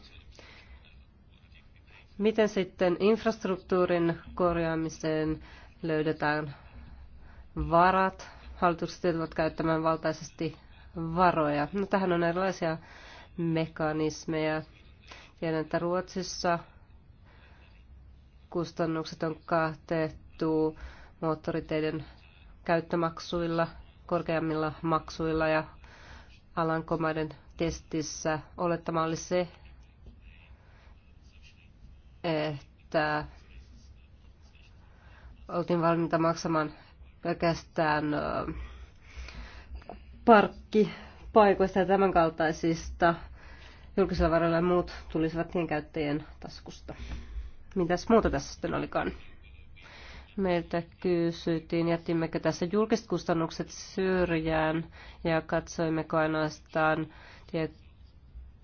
Miten sitten infrastruktuurin korjaamiseen löydetään varat? Hallitukset joutuvat käyttämään valtaisesti varoja. No, tähän on erilaisia mekanismeja. Tiedän, että Ruotsissa kustannukset on katettu moottoriteiden käyttömaksuilla, korkeammilla maksuilla ja Alankomaiden testissä olettama oli se, että oltiin valmiita maksamaan pelkästään parkkipaikoista ja tämän kaltaisista julkisilla ja muut tulisivat tienkäyttäjien taskusta. Mitäs muuta tässä sitten olikaan? Meiltä kysyttiin, jättimmekö tässä julkiset kustannukset syrjään ja katsoimmeko ainoastaan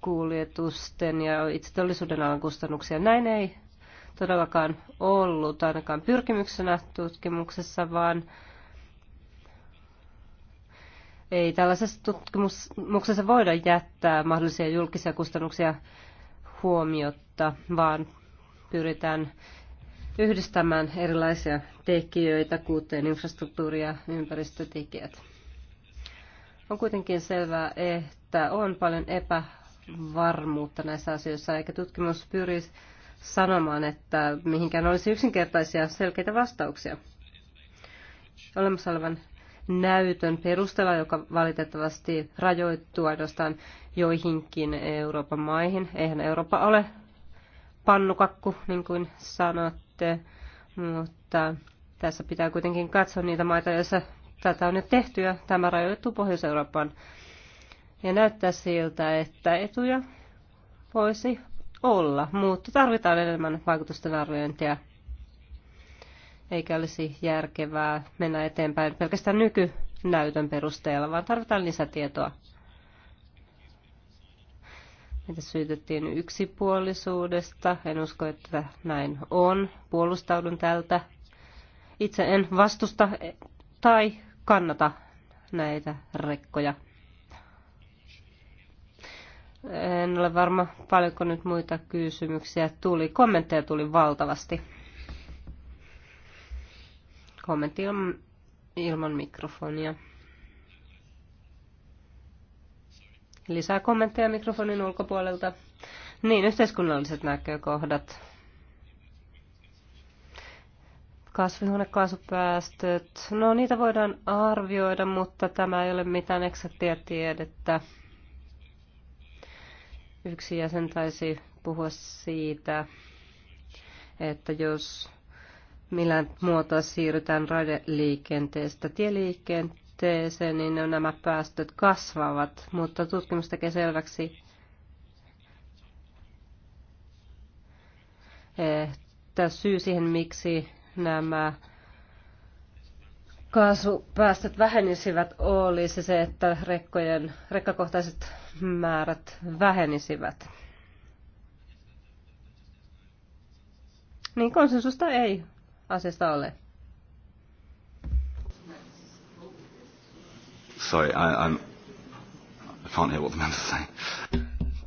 kuljetusten ja itse teollisuuden alan kustannuksia. Näin ei todellakaan ollut ainakaan pyrkimyksenä tutkimuksessa, vaan ei tällaisessa tutkimuksessa voida jättää mahdollisia julkisia kustannuksia huomiotta, vaan pyritään yhdistämään erilaisia tekijöitä, kuten infrastruktuuri- ja ympäristötekijät. On kuitenkin selvää, että on paljon epävarmuutta näissä asioissa, eikä tutkimus pyri sanomaan, että mihinkään olisi yksinkertaisia selkeitä vastauksia. Olemassa olevan näytön perusteella, joka valitettavasti rajoittuu ainoastaan joihinkin Euroopan maihin. Eihän Eurooppa ole pannukakku, niin kuin sanot, puhuitte, mutta tässä pitää kuitenkin katsoa niitä maita, joissa tätä on jo tehty ja tämä rajoittuu Pohjois-Eurooppaan. Ja näyttää siltä, että etuja voisi olla, mutta tarvitaan enemmän vaikutusten arviointia. Eikä olisi järkevää mennä eteenpäin pelkästään nykynäytön perusteella, vaan tarvitaan lisätietoa. Meitä syytettiin yksipuolisuudesta. En usko, että näin on. Puolustaudun tältä. Itse en vastusta tai kannata näitä rekkoja. En ole varma, paljonko nyt muita kysymyksiä tuli. Kommentteja tuli valtavasti. Kommentti ilman mikrofonia. Lisää kommentteja mikrofonin ulkopuolelta. Niin, yhteiskunnalliset näkökohdat. Kasvihuonekaasupäästöt. No, niitä voidaan arvioida, mutta tämä ei ole mitään eksaktia tiedettä. Yksi jäsen taisi puhua siitä, että jos millään muotoa siirrytään raideliikenteestä tieliikenteeseen, tavoitteeseen, niin nämä päästöt kasvavat, mutta tutkimus tekee selväksi, että syy siihen, miksi nämä kaasupäästöt vähenisivät, olisi se, että rekkojen, rekkakohtaiset määrät vähenisivät. Niin konsensusta ei asiasta ole.
Sorry, I, I'm, I can't hear what the is saying.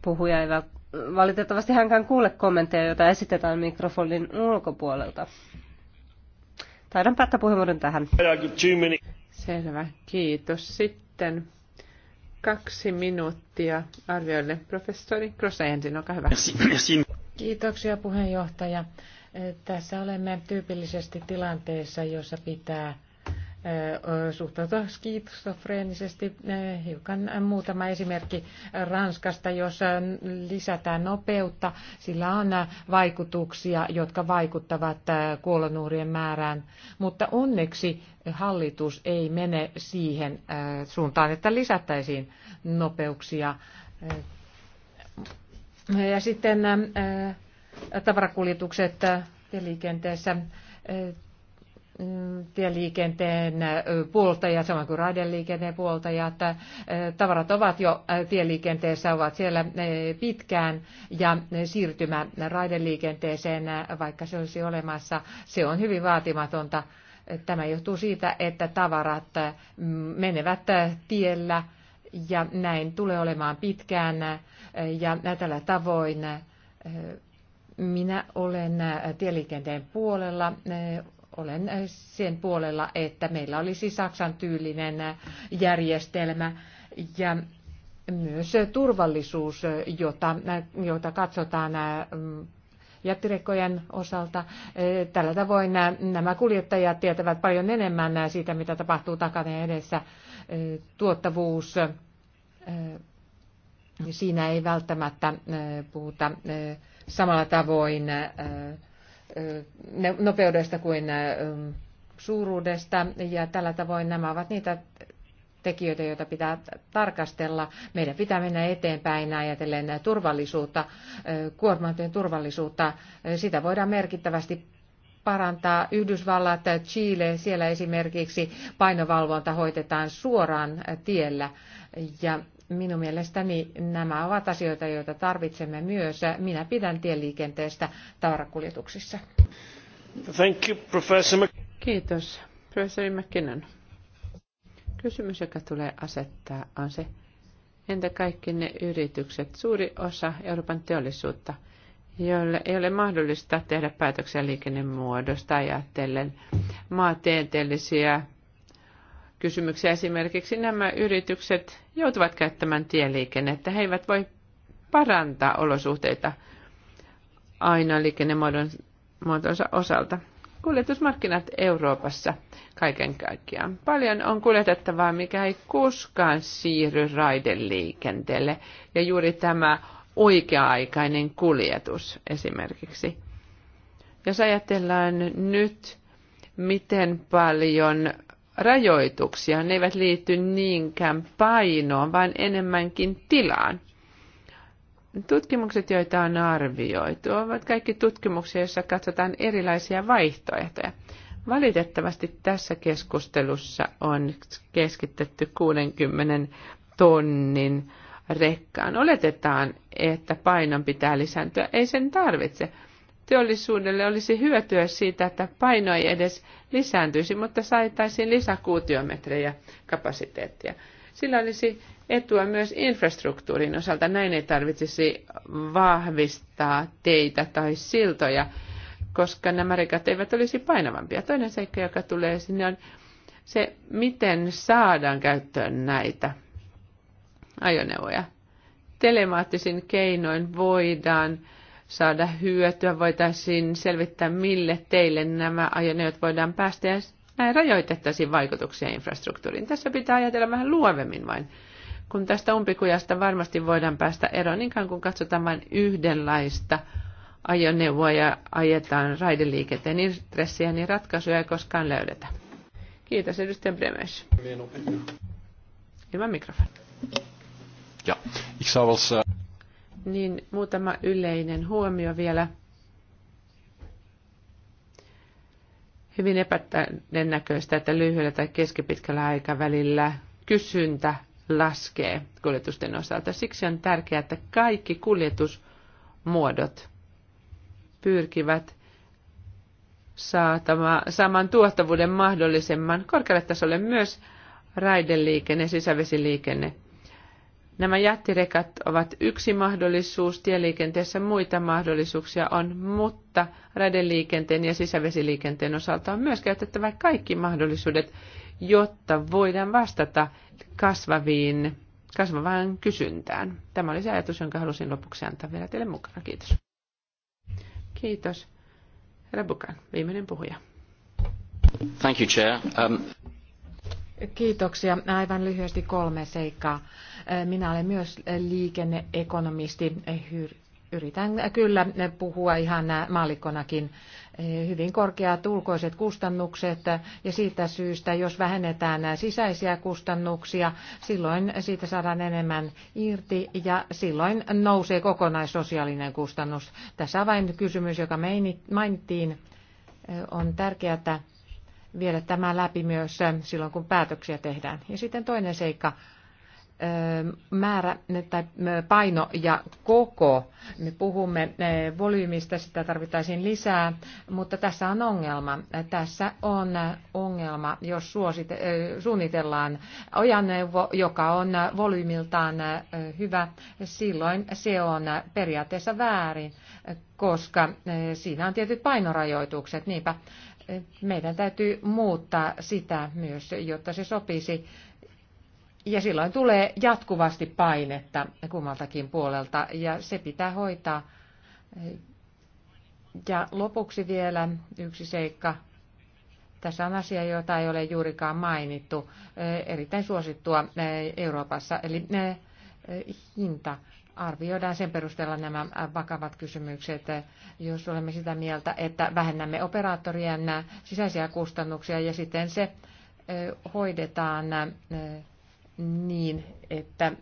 Puhuja ei valitettavasti hänkään kuule kommentteja, joita esitetään mikrofonin ulkopuolelta. Taidan päättää puheenvuoron tähän.
Selvä, kiitos. Sitten kaksi minuuttia arvioille. Professori Grosse ensin, olkaa hyvä.
Kiitoksia puheenjohtaja. Tässä olemme tyypillisesti tilanteessa, jossa pitää suhtautua skitsofreenisesti. Hiukan muutama esimerkki Ranskasta, jos lisätään nopeutta, sillä on vaikutuksia, jotka vaikuttavat kuolonuhrien määrään, mutta onneksi hallitus ei mene siihen suuntaan, että lisättäisiin nopeuksia. Ja sitten tavarakuljetukset liikenteessä tieliikenteen puolta ja samoin kuin raideliikenteen puolta että Tavarat ovat jo tieliikenteessä, ovat siellä pitkään ja siirtymä raideliikenteeseen, vaikka se olisi olemassa, se on hyvin vaatimatonta. Tämä johtuu siitä, että tavarat menevät tiellä ja näin tulee olemaan pitkään ja tällä tavoin minä olen tieliikenteen puolella olen sen puolella, että meillä olisi Saksan tyylinen järjestelmä ja myös turvallisuus, jota, jota katsotaan mm, jättirekkojen osalta. Tällä tavoin nämä kuljettajat tietävät paljon enemmän siitä, mitä tapahtuu takana ja edessä. Tuottavuus, siinä ei välttämättä puhuta samalla tavoin nopeudesta kuin suuruudesta. Ja tällä tavoin nämä ovat niitä tekijöitä, joita pitää tarkastella. Meidän pitää mennä eteenpäin ajatellen turvallisuutta, kuormantojen turvallisuutta. Sitä voidaan merkittävästi parantaa. Yhdysvallat, Chile, siellä esimerkiksi painovalvonta hoitetaan suoraan tiellä ja minun mielestäni nämä ovat asioita, joita tarvitsemme myös. Minä pidän tieliikenteestä tavarakuljetuksissa.
Thank you, professor
Kiitos, professori McKinnon.
Kysymys, joka tulee asettaa, on se, entä kaikki ne yritykset, suuri osa Euroopan teollisuutta, joille ei ole mahdollista tehdä päätöksiä liikennemuodosta ajatellen maantieteellisiä kysymyksiä. Esimerkiksi nämä yritykset joutuvat käyttämään tieliikennettä. He eivät voi parantaa olosuhteita aina liikennemuotonsa osalta. Kuljetusmarkkinat Euroopassa kaiken kaikkiaan. Paljon on kuljetettavaa, mikä ei koskaan siirry raideliikenteelle. Ja juuri tämä oikea-aikainen kuljetus esimerkiksi. Jos ajatellaan nyt, miten paljon rajoituksia. Ne eivät liity niinkään painoon, vaan enemmänkin tilaan. Tutkimukset, joita on arvioitu, ovat kaikki tutkimuksia, joissa katsotaan erilaisia vaihtoehtoja. Valitettavasti tässä keskustelussa on keskitetty 60 tonnin rekkaan. Oletetaan, että painon pitää lisääntyä. Ei sen tarvitse teollisuudelle olisi hyötyä siitä, että paino ei edes lisääntyisi, mutta saitaisiin kuutiometrejä kapasiteettia. Sillä olisi etua myös infrastruktuurin osalta. Näin ei tarvitsisi vahvistaa teitä tai siltoja, koska nämä rekat eivät olisi painavampia. Toinen seikka, joka tulee sinne, on se, miten saadaan käyttöön näitä ajoneuvoja. Telemaattisin keinoin voidaan saada hyötyä, voitaisiin selvittää, mille teille nämä ajoneuvot voidaan päästä ja näin rajoitettaisiin vaikutuksia infrastruktuuriin. Tässä pitää ajatella vähän luovemmin vain. Kun tästä umpikujasta varmasti voidaan päästä eroon, niin kuin katsotaan vain yhdenlaista ajoneuvoa ja ajetaan raideliikenteen intressiä, niin ratkaisuja ei koskaan löydetä. Kiitos edustaja Bremes. Ilman mikrofonia.
Ja, als... Uh
niin muutama yleinen huomio vielä. Hyvin epätodennäköistä, että lyhyellä tai keskipitkällä aikavälillä kysyntä laskee kuljetusten osalta. Siksi on tärkeää, että kaikki kuljetusmuodot pyrkivät saamaan tuottavuuden mahdollisimman korkealle tasolle myös raideliikenne, sisävesiliikenne – Nämä jättirekat ovat yksi mahdollisuus, tieliikenteessä muita mahdollisuuksia on, mutta raideliikenteen ja sisävesiliikenteen osalta on myös käytettävä kaikki mahdollisuudet, jotta voidaan vastata kasvaviin, kasvavaan kysyntään. Tämä oli se ajatus, jonka halusin lopuksi antaa vielä teille mukana. Kiitos. Kiitos.
Herra Bukan, viimeinen puhuja.
Thank you, Chair. Um...
Kiitoksia. Aivan lyhyesti kolme seikkaa. Minä olen myös liikenneekonomisti. Yritän kyllä puhua ihan maallikkonakin. Hyvin korkeat ulkoiset kustannukset ja siitä syystä, jos vähennetään sisäisiä kustannuksia, silloin siitä saadaan enemmän irti ja silloin nousee kokonaissosiaalinen kustannus. Tässä vain kysymys, joka mainittiin, on tärkeää, viedä tämä läpi myös ähm, silloin, kun päätöksiä tehdään. Ja sitten toinen seikka, ähm, määrä tai äh, paino ja koko. Me puhumme äh, volyymista, sitä tarvittaisiin lisää, mutta tässä on ongelma. Tässä on äh, ongelma, jos suosite, suunnitellaan ojanneuvo, joka on volyymiltaan hyvä, silloin se on periaatteessa väärin, koska siinä on tietyt painorajoitukset. Niinpä meidän täytyy muuttaa sitä myös, jotta se sopisi. Ja silloin tulee jatkuvasti painetta kummaltakin puolelta ja se pitää hoitaa. Ja lopuksi vielä yksi seikka. Tässä on asia, jota ei ole juurikaan mainittu, erittäin suosittua Euroopassa, eli hinta arvioidaan sen perusteella nämä vakavat kysymykset, jos olemme sitä mieltä, että vähennämme operaattorien sisäisiä kustannuksia ja sitten se hoidetaan niin, että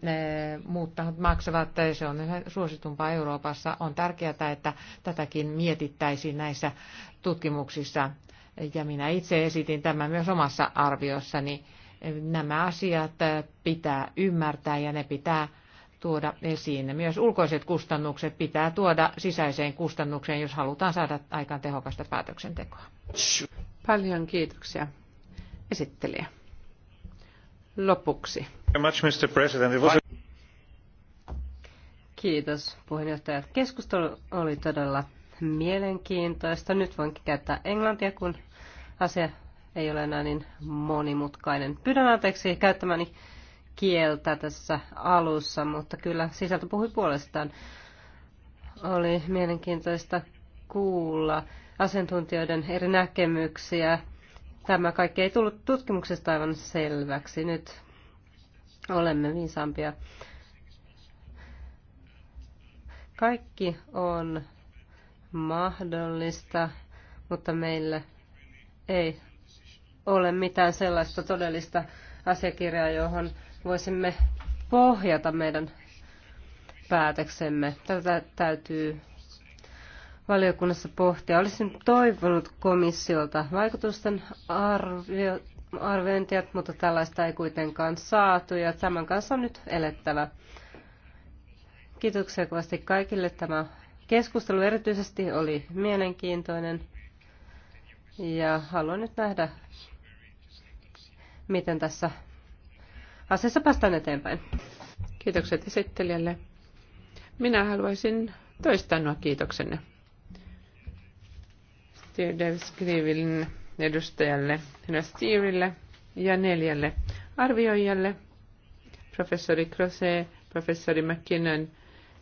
muut tahot maksavat. Se on yhä suositumpaa Euroopassa. On tärkeää, että tätäkin mietittäisiin näissä tutkimuksissa. Ja minä itse esitin tämän myös omassa arviossani. Nämä asiat pitää ymmärtää ja ne pitää tuoda esiin. Myös ulkoiset kustannukset pitää tuoda sisäiseen kustannukseen, jos halutaan saada aikaan tehokasta päätöksentekoa. Paljon kiitoksia esittelijä.
Lopuksi. Kiitos puheenjohtaja. Keskustelu oli todella mielenkiintoista. Nyt voinkin käyttää englantia, kun asia ei ole enää niin monimutkainen. Pyydän anteeksi käyttämäni kieltä tässä alussa, mutta kyllä sisältö puhui puolestaan. Oli mielenkiintoista kuulla asiantuntijoiden eri näkemyksiä. Tämä kaikki ei tullut tutkimuksesta aivan selväksi. Nyt olemme viisaampia. Kaikki on mahdollista, mutta meillä ei ole mitään sellaista todellista asiakirjaa, johon voisimme pohjata meidän päätöksemme. Tätä täytyy valiokunnassa pohtia. Olisin toivonut komissiolta vaikutusten arvio, arviointia, mutta tällaista ei kuitenkaan saatu ja tämän kanssa on nyt elettävä. Kiitoksia kovasti kaikille. Tämä keskustelu erityisesti oli mielenkiintoinen ja haluan nyt nähdä, miten tässä asiassa päästään eteenpäin. Kiitokset esittelijälle.
Minä haluaisin toistaa nuo kiitoksenne. Stirdevskrivin edustajalle, Steerille ja neljälle arvioijalle, professori Crosse, professori McKinnon,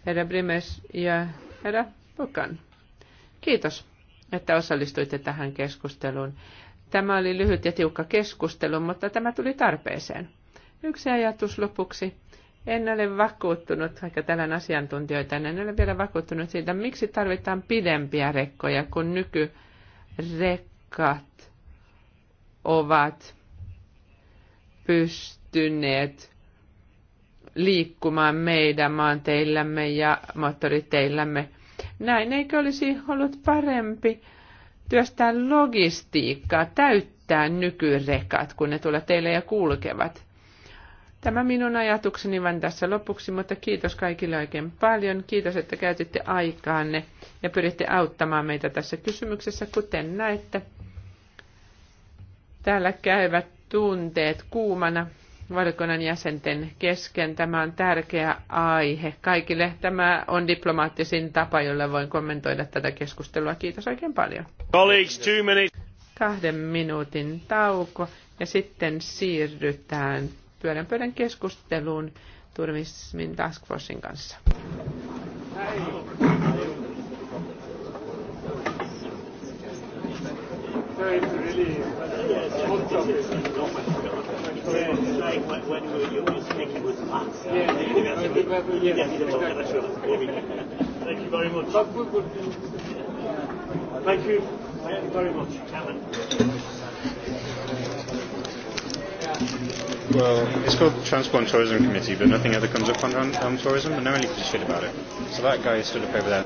herra Brimes ja herra Pukan. Kiitos, että osallistuitte tähän keskusteluun. Tämä oli lyhyt ja tiukka keskustelu, mutta tämä tuli tarpeeseen. Yksi ajatus lopuksi. En ole vakuuttunut, vaikka tällään asiantuntijoita, en ole vielä vakuuttunut siitä, miksi tarvitaan pidempiä rekkoja, kun nykyrekkat ovat pystyneet liikkumaan meidän maanteillämme ja moottoriteillämme. Näin eikö olisi ollut parempi työstää logistiikkaa, täyttää nykyrekat, kun ne tulee teille ja kulkevat? Tämä minun ajatukseni vain tässä lopuksi, mutta kiitos kaikille oikein paljon. Kiitos, että käytitte aikaanne ja pyritte auttamaan meitä tässä kysymyksessä. Kuten näette, täällä käyvät tunteet kuumana valkoinen jäsenten kesken. Tämä on tärkeä aihe kaikille. Tämä on diplomaattisin tapa, jolla voin kommentoida tätä keskustelua. Kiitos oikein paljon. Kahden minuutin tauko ja sitten siirrytään pyörän pöydän keskusteluun Turismin Task Forcein kanssa.
Thank you very much. Thank you very much, Cameron.
Well, it's called Transport and Tourism Committee, but nothing ever comes up on, on tourism, and no one really gives a shit about it. So that guy stood up over there.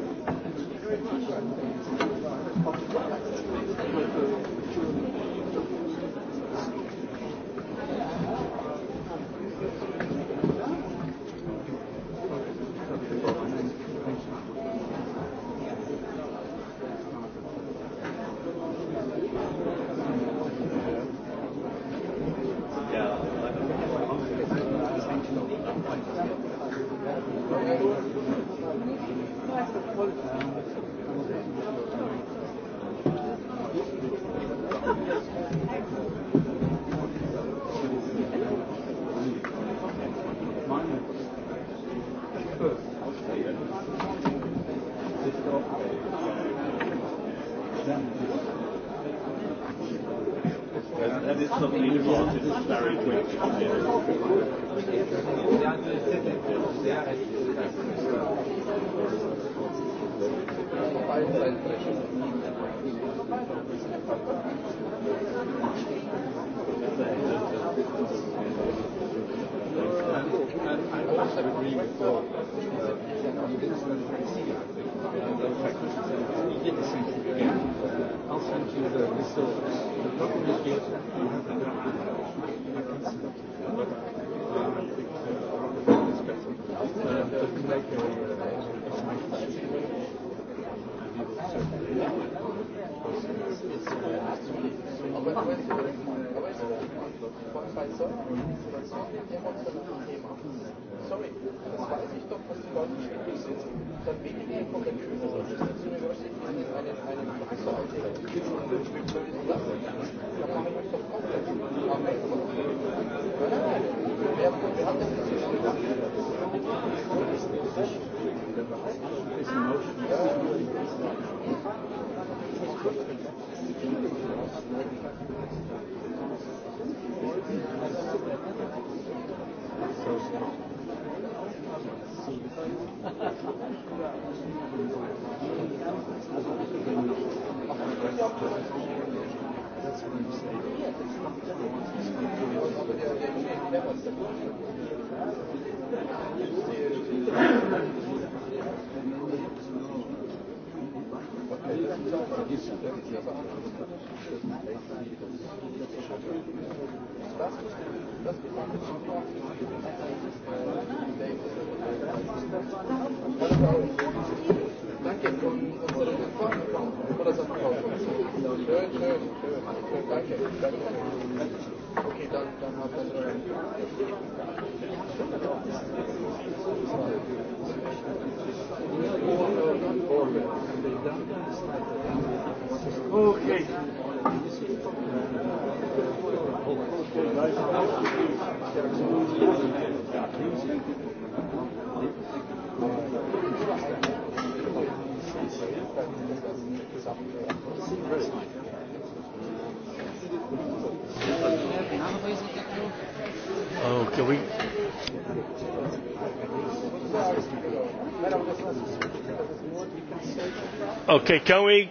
Okay, can we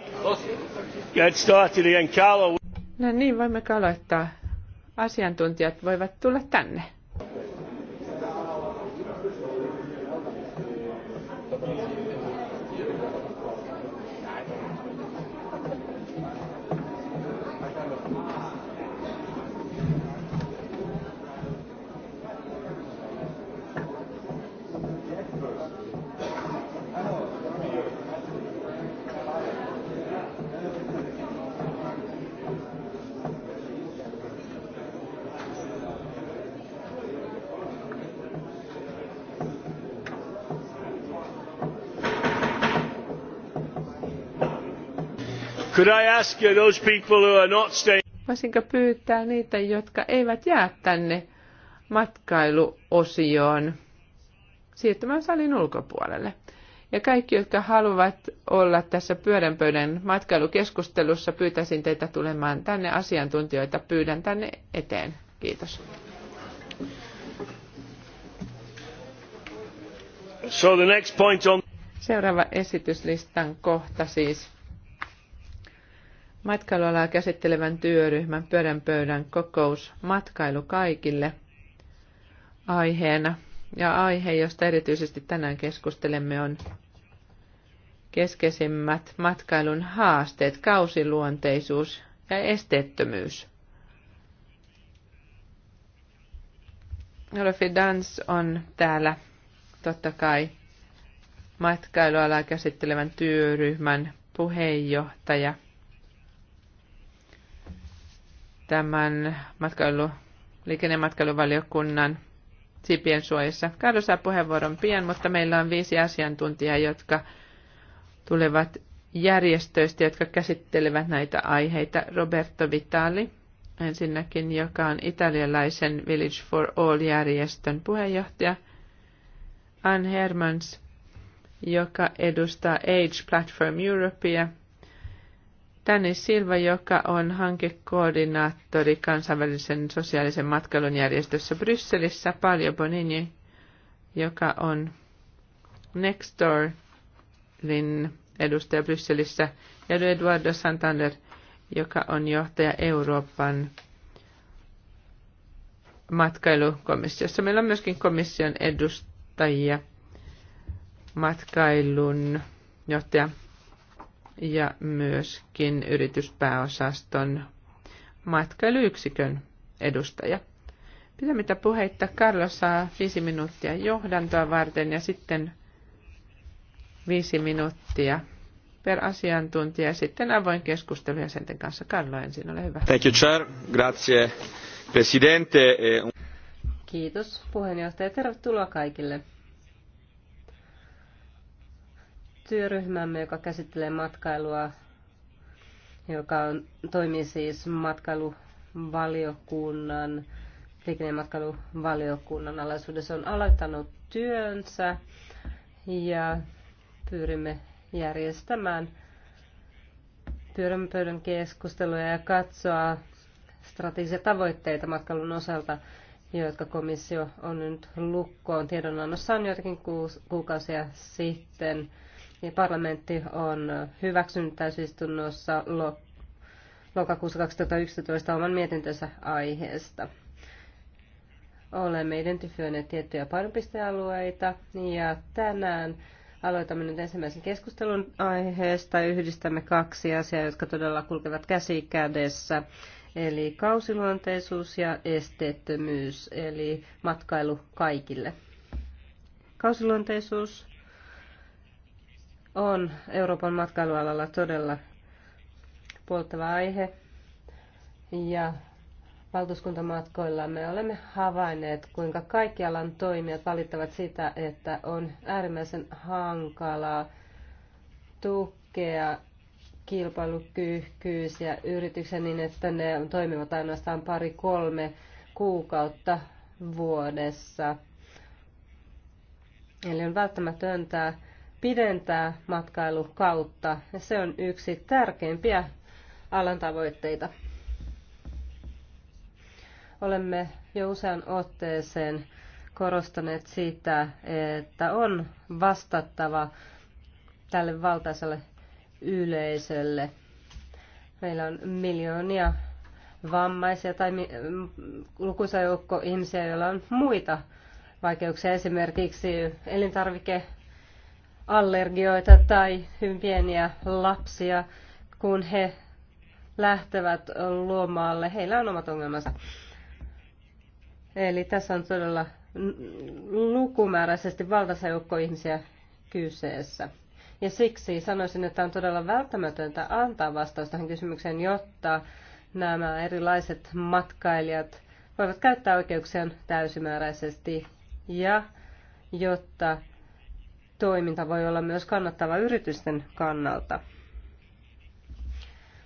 get started again? Carlo?
No niin, voimmeko aloittaa? Asiantuntijat voivat tulla tänne.
Could I ask you, those people who are not staying...
Voisinko pyytää niitä, jotka eivät jää tänne matkailuosioon siirtymään salin ulkopuolelle. Ja kaikki, jotka haluavat olla tässä pyöränpöydän matkailukeskustelussa, pyytäisin teitä tulemaan tänne asiantuntijoita. Pyydän tänne eteen. Kiitos.
So the next point on...
Seuraava esityslistan kohta siis Matkailualaa käsittelevän työryhmän pyörän pöydän kokous Matkailu kaikille aiheena. Ja aihe, josta erityisesti tänään keskustelemme, on keskeisimmät matkailun haasteet, kausiluonteisuus ja esteettömyys. Rofi Dans on täällä totta kai matkailualaa käsittelevän työryhmän puheenjohtaja – tämän matkailu, liikennematkailuvaliokunnan sipien suojassa. Kaado saa puheenvuoron pian, mutta meillä on viisi asiantuntijaa, jotka tulevat järjestöistä, jotka käsittelevät näitä aiheita. Roberto Vitali, ensinnäkin, joka on italialaisen Village for All-järjestön puheenjohtaja. Anne Hermans, joka edustaa Age Platform Europea – Tänne Silva, joka on hankekoordinaattori kansainvälisen sosiaalisen matkailun järjestössä Brysselissä, Paljo Bonini, joka on Nextdoorin edustaja Brysselissä, ja Eduardo Santander, joka on johtaja Euroopan matkailukomissiossa. Meillä on myöskin komission edustajia matkailun johtaja ja myöskin yrityspääosaston matkailuyksikön edustaja. Pitämättä puheitta Carlos saa viisi minuuttia johdantoa varten ja sitten viisi minuuttia per asiantuntija ja sitten avoin keskustelu
jäsenten kanssa. Carlo ensin, ole hyvä.
Thank you, Chair. Grazie, Presidente. E
Kiitos puheenjohtaja. Tervetuloa kaikille. työryhmämme, joka käsittelee matkailua, joka on, toimii siis matkailuvaliokunnan, liikenne- ja matkailuvaliokunnan alaisuudessa, on aloittanut työnsä ja pyrimme järjestämään pyörän keskusteluja ja katsoa strategisia tavoitteita matkailun osalta, jotka komissio on nyt lukkoon. Tiedonannossa on joitakin kuukausia sitten ja parlamentti on hyväksynyt täysistunnossa lokakuussa 2011 oman mietintönsä aiheesta. Olemme identifioineet tiettyjä painopistealueita ja tänään aloitamme nyt ensimmäisen keskustelun aiheesta. Yhdistämme kaksi asiaa, jotka todella kulkevat käsi kädessä, eli kausiluonteisuus ja esteettömyys, eli matkailu kaikille. Kausiluonteisuus on Euroopan matkailualalla todella polttava aihe. Ja valtuuskuntamatkoilla me olemme havainneet, kuinka kaikki alan toimijat valittavat sitä, että on äärimmäisen hankalaa tukea kilpailukyhkyisiä yrityksiä niin, että ne toimivat ainoastaan pari-kolme kuukautta vuodessa. Eli on välttämätöntä pidentää matkailukautta. Ja se on yksi tärkeimpiä alan tavoitteita. Olemme jo usean otteeseen korostaneet sitä, että on vastattava tälle valtaiselle yleisölle. Meillä on miljoonia vammaisia tai lukuisa joukko ihmisiä, joilla on muita vaikeuksia, esimerkiksi elintarvike- allergioita tai hyvin pieniä lapsia, kun he lähtevät luomaalle. Heillä on omat ongelmansa. Eli tässä on todella lukumääräisesti valtaisa joukko ihmisiä kyseessä. Ja siksi sanoisin, että on todella välttämätöntä antaa vastaus tähän kysymykseen, jotta nämä erilaiset matkailijat voivat käyttää oikeuksiaan täysimääräisesti ja jotta toiminta voi olla myös kannattava yritysten kannalta.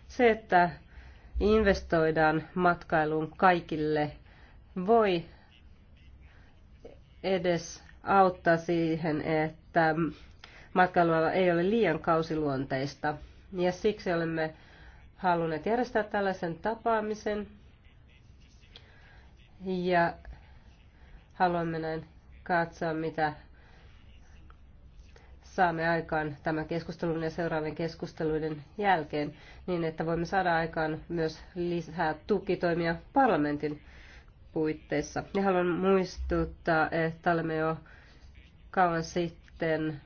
Se, että investoidaan matkailuun kaikille, voi edes auttaa siihen, että matkailuala ei ole liian kausiluonteista. Ja siksi olemme halunneet järjestää tällaisen tapaamisen. Ja haluamme näin katsoa, mitä saamme aikaan tämän keskustelun ja seuraavien keskusteluiden jälkeen, niin että voimme saada aikaan myös lisää tukitoimia parlamentin puitteissa. Ja haluan muistuttaa, että olemme jo kauan sitten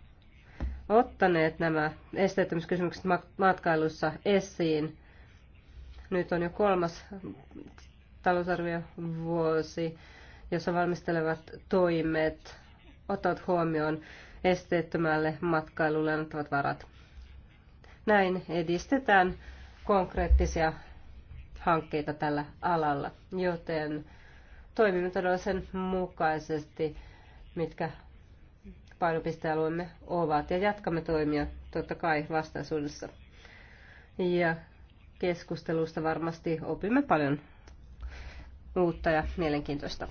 ottaneet nämä esteettömyyskysymykset matkailussa esiin. Nyt on jo kolmas talousarviovuosi, jossa valmistelevat toimet ottavat huomioon esteettömälle matkailulle annettavat varat. Näin edistetään konkreettisia hankkeita tällä alalla, joten toimimme todella sen mukaisesti, mitkä painopistealueemme ovat, ja jatkamme toimia totta kai vastaisuudessa. Ja keskustelusta varmasti opimme paljon uutta ja mielenkiintoista.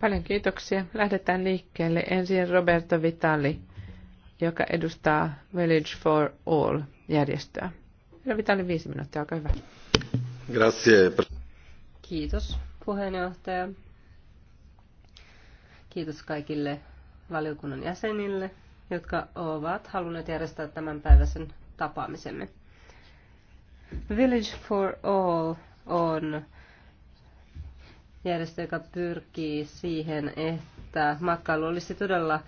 Paljon kiitoksia. Lähdetään liikkeelle. Ensin Roberto Vitali, joka edustaa Village for All-järjestöä. Herra Vitali, viisi minuuttia, olkaa
hyvä. Grazie. Kiitos puheenjohtaja. Kiitos kaikille valiokunnan jäsenille, jotka ovat halunneet järjestää tämän päiväisen tapaamisemme. Village for All on järjestö, joka pyrkii siihen, että matkailu olisi todella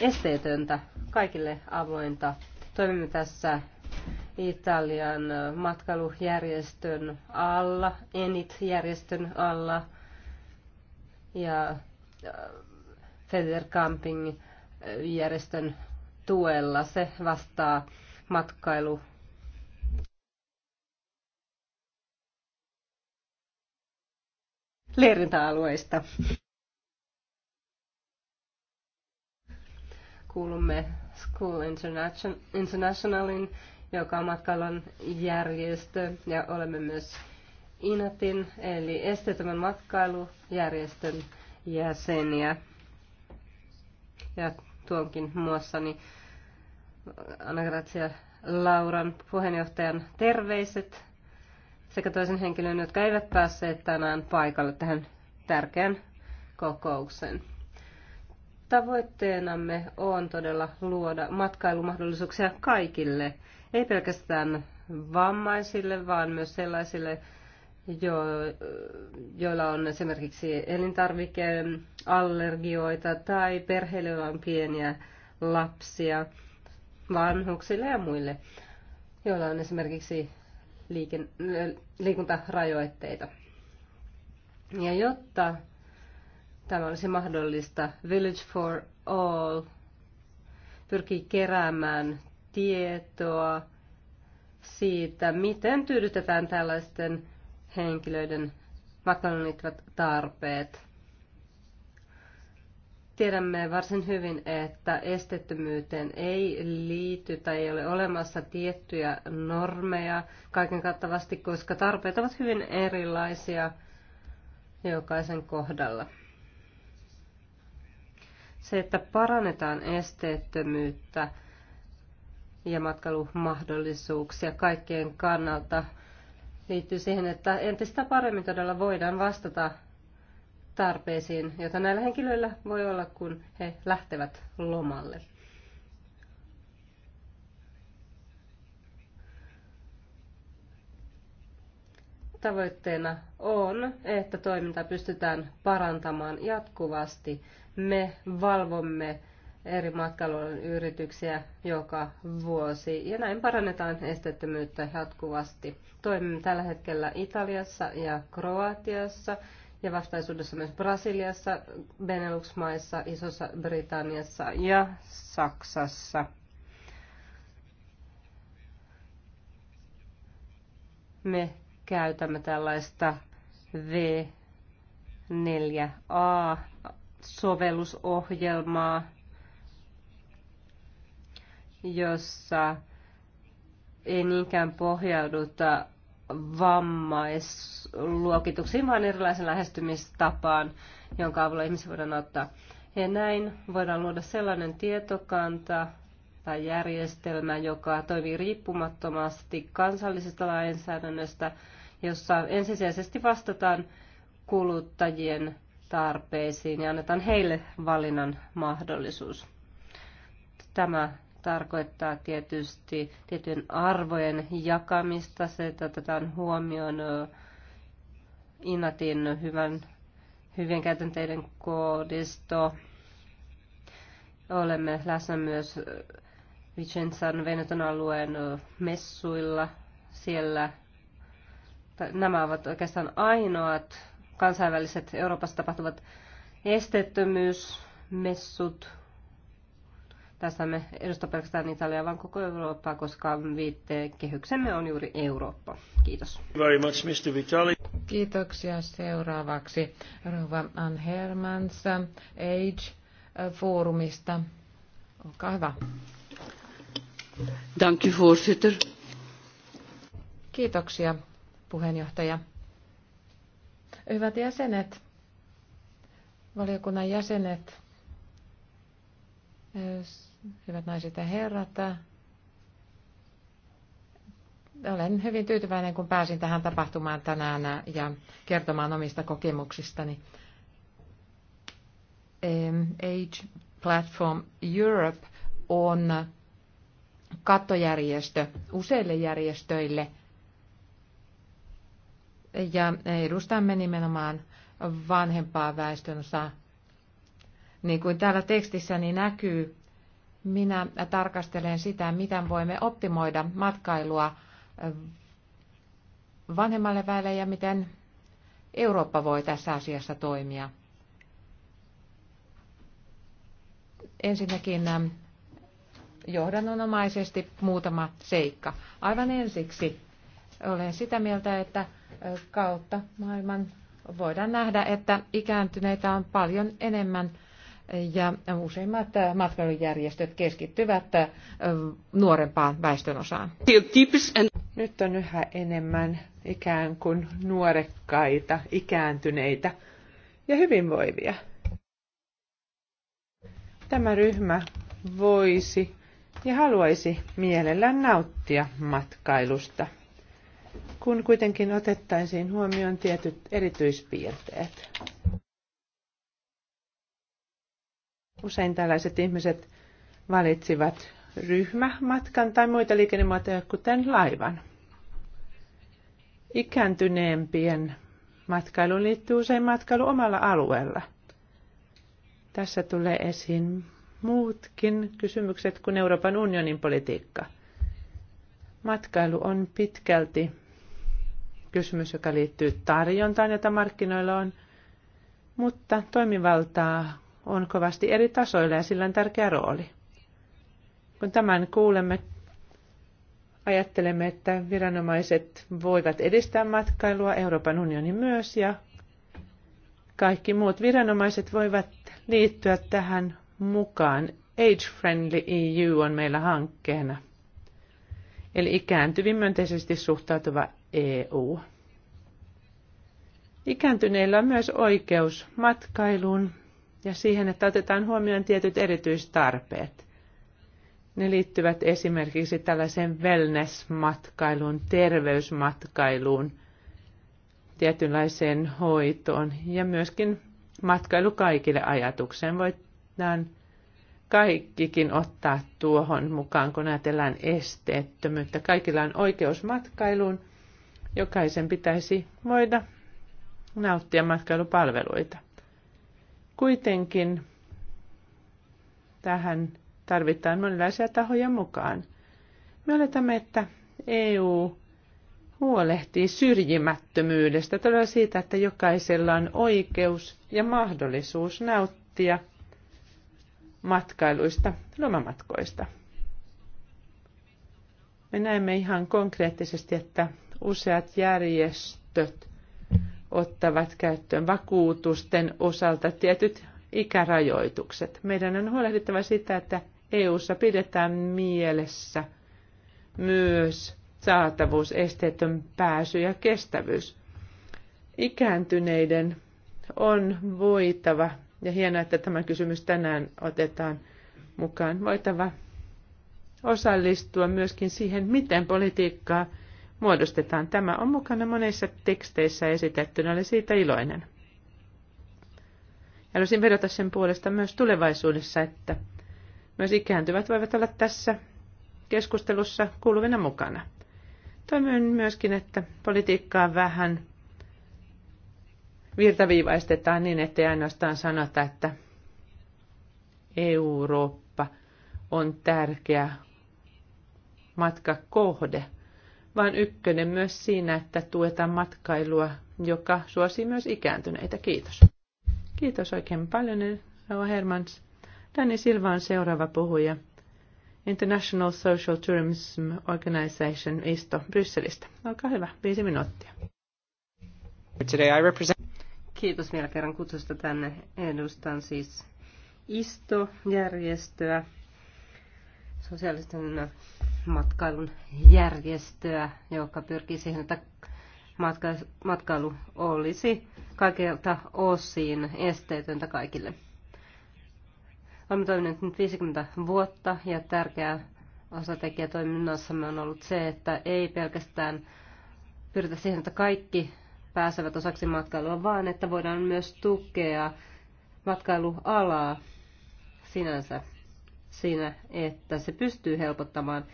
esteetöntä, kaikille avointa. Toimimme tässä Italian matkailujärjestön alla, ENIT-järjestön alla ja äh, Feather Camping-järjestön tuella. Se vastaa matkailu leirintäalueista. Kuulumme School Internationalin, joka on matkailun järjestö, ja olemme myös INATin, eli esteettömän matkailujärjestön jäseniä. Ja tuonkin muassani Anna Grazia Lauran puheenjohtajan terveiset sekä toisen henkilön, jotka eivät päässeet tänään paikalle tähän tärkeän kokouksen. Tavoitteenamme on todella luoda matkailumahdollisuuksia kaikille, ei pelkästään vammaisille, vaan myös sellaisille, jo, joilla on esimerkiksi elintarvikeallergioita tai perheille, joilla on pieniä lapsia, vanhuksille ja muille, joilla on esimerkiksi liiken, äh, liikuntarajoitteita. Ja jotta tämä olisi mahdollista, Village for All pyrkii keräämään tietoa siitä, miten tyydytetään tällaisten henkilöiden matkaan liittyvät tarpeet. Tiedämme varsin hyvin, että esteettömyyteen ei liity tai ei ole olemassa tiettyjä normeja kaiken kattavasti, koska tarpeet ovat hyvin erilaisia jokaisen kohdalla. Se, että parannetaan esteettömyyttä ja matkailumahdollisuuksia kaikkien kannalta, liittyy siihen, että entistä paremmin todella voidaan vastata tarpeisiin, joita näillä henkilöillä voi olla, kun he lähtevät lomalle. Tavoitteena on, että toiminta pystytään parantamaan jatkuvasti. Me valvomme eri matkailualan yrityksiä joka vuosi. Ja näin parannetaan esteettömyyttä jatkuvasti. Toimimme tällä hetkellä Italiassa ja Kroatiassa ja vastaisuudessa myös Brasiliassa, Benelux-maissa, Isossa Britanniassa ja Saksassa. Me käytämme tällaista V4A-sovellusohjelmaa, jossa ei niinkään pohjauduta vammaisluokituksiin, vaan erilaisen lähestymistapaan, jonka avulla ihmisiä voidaan ottaa. Ja näin voidaan luoda sellainen tietokanta tai järjestelmä, joka toimii riippumattomasti kansallisesta lainsäädännöstä, jossa ensisijaisesti vastataan kuluttajien tarpeisiin ja annetaan heille valinnan mahdollisuus. Tämä tarkoittaa tietysti tietyn arvojen jakamista, se, että otetaan huomioon Inatin hyvän, hyvien käytänteiden koodisto. Olemme läsnä myös Vicenzan Veneton alueen messuilla siellä. Nämä ovat oikeastaan ainoat kansainväliset Euroopassa tapahtuvat esteettömyysmessut, tässä me edusta pelkästään Italiaa, vaan koko Eurooppaa, koska kehyksemme on juuri Eurooppa. Kiitos.
Very much, Mr. Vitali.
Kiitoksia seuraavaksi. Rova Anhermans
Age-foorumista. Olkaa hyvä.
Dank u, voorzitter.
Kiitoksia, puheenjohtaja. Hyvät jäsenet, valiokunnan jäsenet, Hyvät naiset ja herrat, olen hyvin tyytyväinen, kun pääsin tähän tapahtumaan tänään ja kertomaan omista kokemuksistani. Age Platform Europe on kattojärjestö useille järjestöille ja edustamme nimenomaan vanhempaa väestönsä. Niin kuin täällä tekstissä niin näkyy, minä tarkastelen sitä, miten voimme optimoida matkailua vanhemmalle väelle ja miten Eurooppa voi tässä asiassa toimia. Ensinnäkin johdannonomaisesti muutama seikka. Aivan ensiksi olen sitä mieltä, että kautta maailman voidaan nähdä, että ikääntyneitä on paljon enemmän ja useimmat matkailujärjestöt keskittyvät äh, nuorempaan väestönosaan. Nyt on yhä enemmän
ikään kuin nuorekkaita, ikääntyneitä ja hyvinvoivia. Tämä ryhmä voisi ja haluaisi mielellään nauttia matkailusta, kun kuitenkin otettaisiin huomioon tietyt erityispiirteet. Usein tällaiset ihmiset valitsivat ryhmämatkan tai muita liikennemuotoja, kuten laivan. Ikääntyneempien matkailuun liittyy usein matkailu omalla alueella. Tässä tulee esiin muutkin kysymykset kuin Euroopan unionin politiikka. Matkailu on pitkälti kysymys, joka liittyy tarjontaan, jota markkinoilla on, mutta toimivaltaa on kovasti eri tasoilla ja sillä on tärkeä rooli. Kun tämän kuulemme, ajattelemme, että viranomaiset voivat edistää matkailua, Euroopan unionin myös ja kaikki muut viranomaiset voivat liittyä tähän mukaan. Age Friendly EU on meillä hankkeena. Eli ikääntyvin myönteisesti suhtautuva EU. Ikääntyneillä on myös oikeus matkailuun, ja siihen, että otetaan huomioon tietyt erityistarpeet. Ne liittyvät esimerkiksi tällaiseen wellness-matkailuun, terveysmatkailuun, tietynlaiseen hoitoon ja myöskin matkailu kaikille ajatukseen. Voidaan kaikkikin ottaa tuohon mukaan, kun ajatellaan esteettömyyttä. Kaikilla on oikeus matkailuun. Jokaisen pitäisi voida nauttia matkailupalveluita. Kuitenkin tähän tarvitaan monenlaisia tahoja mukaan. Me oletamme, että EU huolehtii syrjimättömyydestä, todella siitä, että jokaisella on oikeus ja mahdollisuus nauttia matkailuista, lomamatkoista. Me näemme ihan konkreettisesti, että useat järjestöt ottavat käyttöön vakuutusten osalta tietyt ikärajoitukset. Meidän on huolehdittava sitä, että EU:ssa pidetään mielessä myös saatavuus, esteetön pääsy ja kestävyys. Ikääntyneiden on voitava, ja hienoa, että tämä kysymys tänään otetaan mukaan, voitava osallistua myöskin siihen, miten politiikkaa – muodostetaan. Tämä on mukana monissa teksteissä esitettynä, olen siitä iloinen. Haluaisin vedota sen puolesta myös tulevaisuudessa, että myös ikääntyvät voivat olla tässä keskustelussa kuuluvina mukana. Toivon myöskin, että politiikkaa vähän virtaviivaistetaan niin, ettei ainoastaan sanota, että Eurooppa on tärkeä matkakohde – vaan ykkönen myös siinä, että tuetaan matkailua, joka suosii myös ikääntyneitä. Kiitos. Kiitos oikein paljon, Rauha Hermans. Dani Silva on seuraava puhuja. International Social Tourism Organization Isto Brysselistä. Olkaa hyvä, viisi minuuttia.
Today I represent... Kiitos vielä kerran kutsusta tänne. Edustan siis Isto-järjestöä sosiaalisten matkailun järjestöä, joka pyrkii siihen, että matkailu olisi kaikilta osin esteetöntä kaikille. Olemme toimineet nyt 50 vuotta ja tärkeä osatekijä toiminnassamme on ollut se, että ei pelkästään pyritä siihen, että kaikki pääsevät osaksi matkailua, vaan että voidaan myös tukea matkailualaa sinänsä siinä, että se pystyy helpottamaan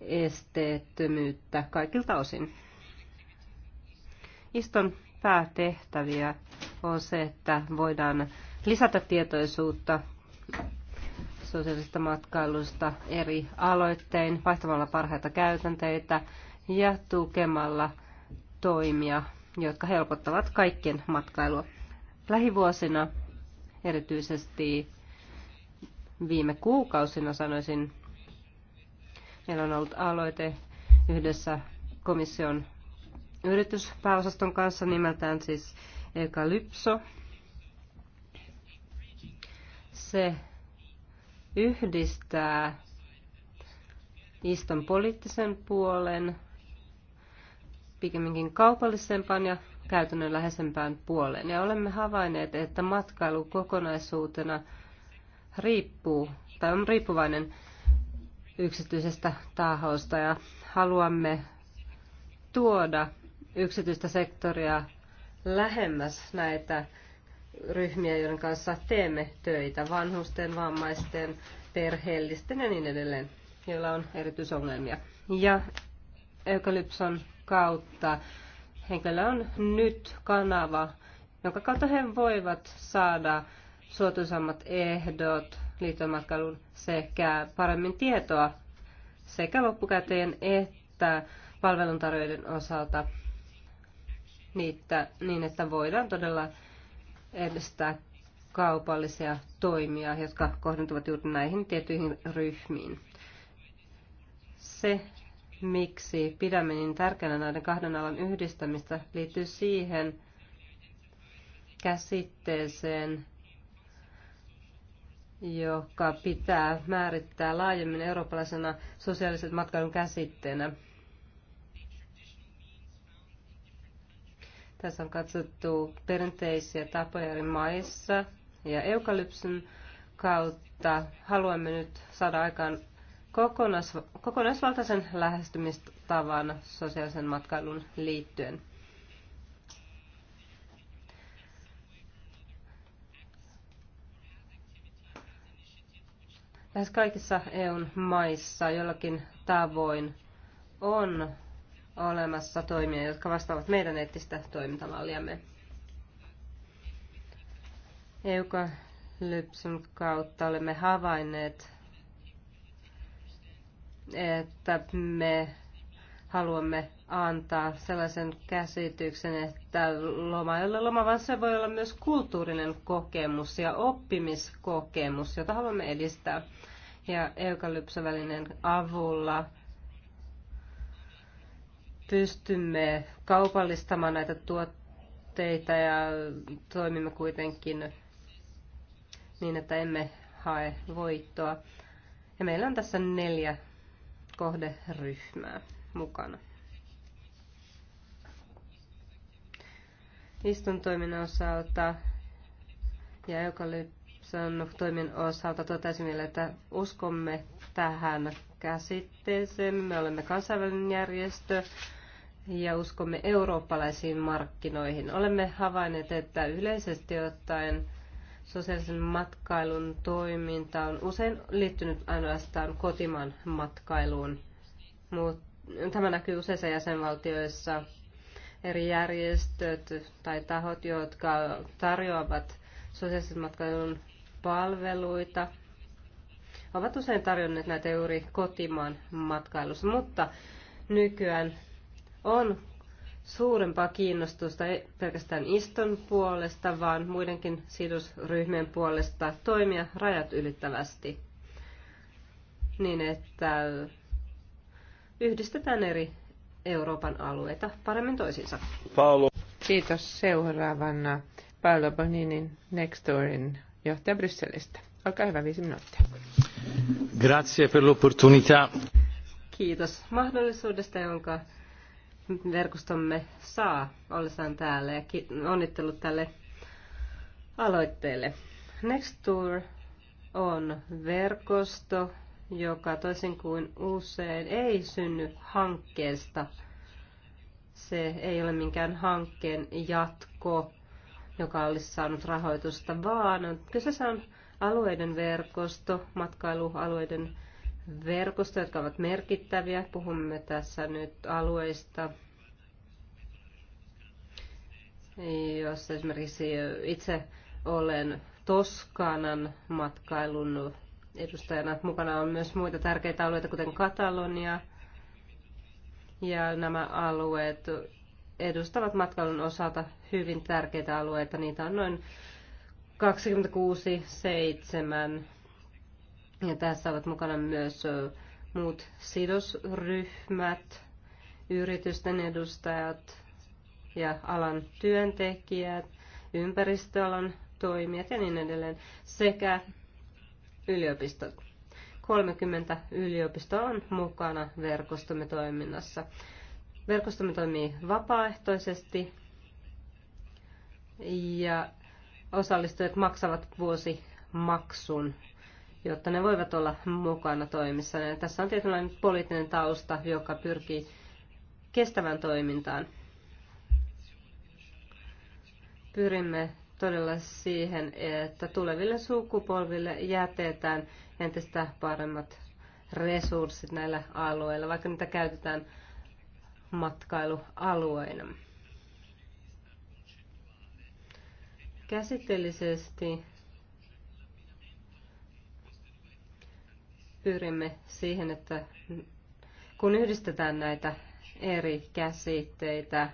esteettömyyttä kaikilta osin. Iston päätehtäviä on se, että voidaan lisätä tietoisuutta sosiaalisesta matkailusta eri aloittein, vaihtamalla parhaita käytänteitä ja tukemalla toimia, jotka helpottavat kaikkien matkailua. Lähivuosina, erityisesti viime kuukausina sanoisin, Meillä on ollut aloite yhdessä komission yrityspääosaston kanssa nimeltään siis Ekalypso. Se yhdistää iston poliittisen puolen pikemminkin kaupallisempaan ja läheisempään puoleen. Ja olemme havainneet, että matkailu kokonaisuutena riippuu tai on riippuvainen yksityisestä tahosta ja haluamme tuoda yksityistä sektoria lähemmäs näitä ryhmiä, joiden kanssa teemme töitä, vanhusten, vammaisten, perheellisten ja niin edelleen, joilla on erityisongelmia. Ja Eukalypson kautta henkilöllä on nyt kanava, jonka kautta he voivat saada suotuisammat ehdot liittyen sekä paremmin tietoa sekä loppukäteen että palveluntarjoajien osalta niitä, niin, että voidaan todella edistää kaupallisia toimia, jotka kohdentuvat juuri näihin tiettyihin ryhmiin. Se, miksi pidämme niin tärkeänä näiden kahden alan yhdistämistä, liittyy siihen käsitteeseen, joka pitää määrittää laajemmin eurooppalaisena sosiaalisen matkailun käsitteenä. Tässä on katsottu perinteisiä tapoja eri maissa ja eukalypsyn kautta haluamme nyt saada aikaan kokonaisvaltaisen lähestymistavan sosiaalisen matkailun liittyen. Lähes kaikissa EUn maissa jollakin tavoin on olemassa toimia, jotka vastaavat meidän eettistä toimintamalliamme. Euka lypsyn kautta olemme havainneet, että me haluamme antaa sellaisen käsityksen, että loma ei ole loma, vaan se voi olla myös kulttuurinen kokemus ja oppimiskokemus, jota haluamme edistää. Ja eukalypsovälinen avulla pystymme kaupallistamaan näitä tuotteita ja toimimme kuitenkin niin, että emme hae voittoa. Ja meillä on tässä neljä kohderyhmää mukana. toiminnan osalta ja sanonut toimin osalta totesimme, että uskomme tähän käsitteeseen. Me olemme kansainvälinen järjestö ja uskomme eurooppalaisiin markkinoihin. Olemme havainneet, että yleisesti ottaen sosiaalisen matkailun toiminta on usein liittynyt ainoastaan kotimaan matkailuun, mutta Tämä näkyy useissa jäsenvaltioissa. Eri järjestöt tai tahot, jotka tarjoavat sosiaalisen matkailun palveluita, ovat usein tarjonneet näitä juuri kotimaan matkailussa, mutta nykyään on suurempaa kiinnostusta ei pelkästään iston puolesta, vaan muidenkin sidosryhmien puolesta toimia rajat ylittävästi niin, että yhdistetään eri Euroopan alueita paremmin toisiinsa. Paolo. Kiitos
seuraavana Paolo Boninin Nextdoorin
johtaja Brysselistä. Olkaa hyvä, viisi minuuttia.
Grazie per l'opportunità.
Kiitos mahdollisuudesta, jonka verkostomme saa ollessaan täällä ja onnittelut tälle aloitteelle. Nextdoor on verkosto, joka toisin kuin usein ei synny hankkeesta. Se ei ole minkään hankkeen jatko, joka olisi saanut rahoitusta, vaan kyseessä on alueiden verkosto, matkailualueiden verkosto, jotka ovat merkittäviä. Puhumme tässä nyt alueista, jos esimerkiksi itse olen Toskanan matkailun edustajana. Mukana on myös muita tärkeitä alueita, kuten Katalonia. Ja nämä alueet edustavat matkailun osalta hyvin tärkeitä alueita. Niitä on noin 26-7. Ja tässä ovat mukana myös muut sidosryhmät, yritysten edustajat ja alan työntekijät, ympäristöalan toimijat ja niin edelleen, sekä yliopistot. 30 yliopistoa on mukana verkostomme toiminnassa. Verkostomme toimii vapaaehtoisesti ja osallistujat maksavat vuosimaksun, jotta ne voivat olla mukana toimissa. Ja tässä on tietynlainen poliittinen tausta, joka pyrkii kestävän toimintaan. Pyrimme todella siihen, että tuleville sukupolville jätetään entistä paremmat resurssit näillä alueilla, vaikka niitä käytetään matkailualueina. Käsitteellisesti pyrimme siihen, että kun yhdistetään näitä eri käsitteitä,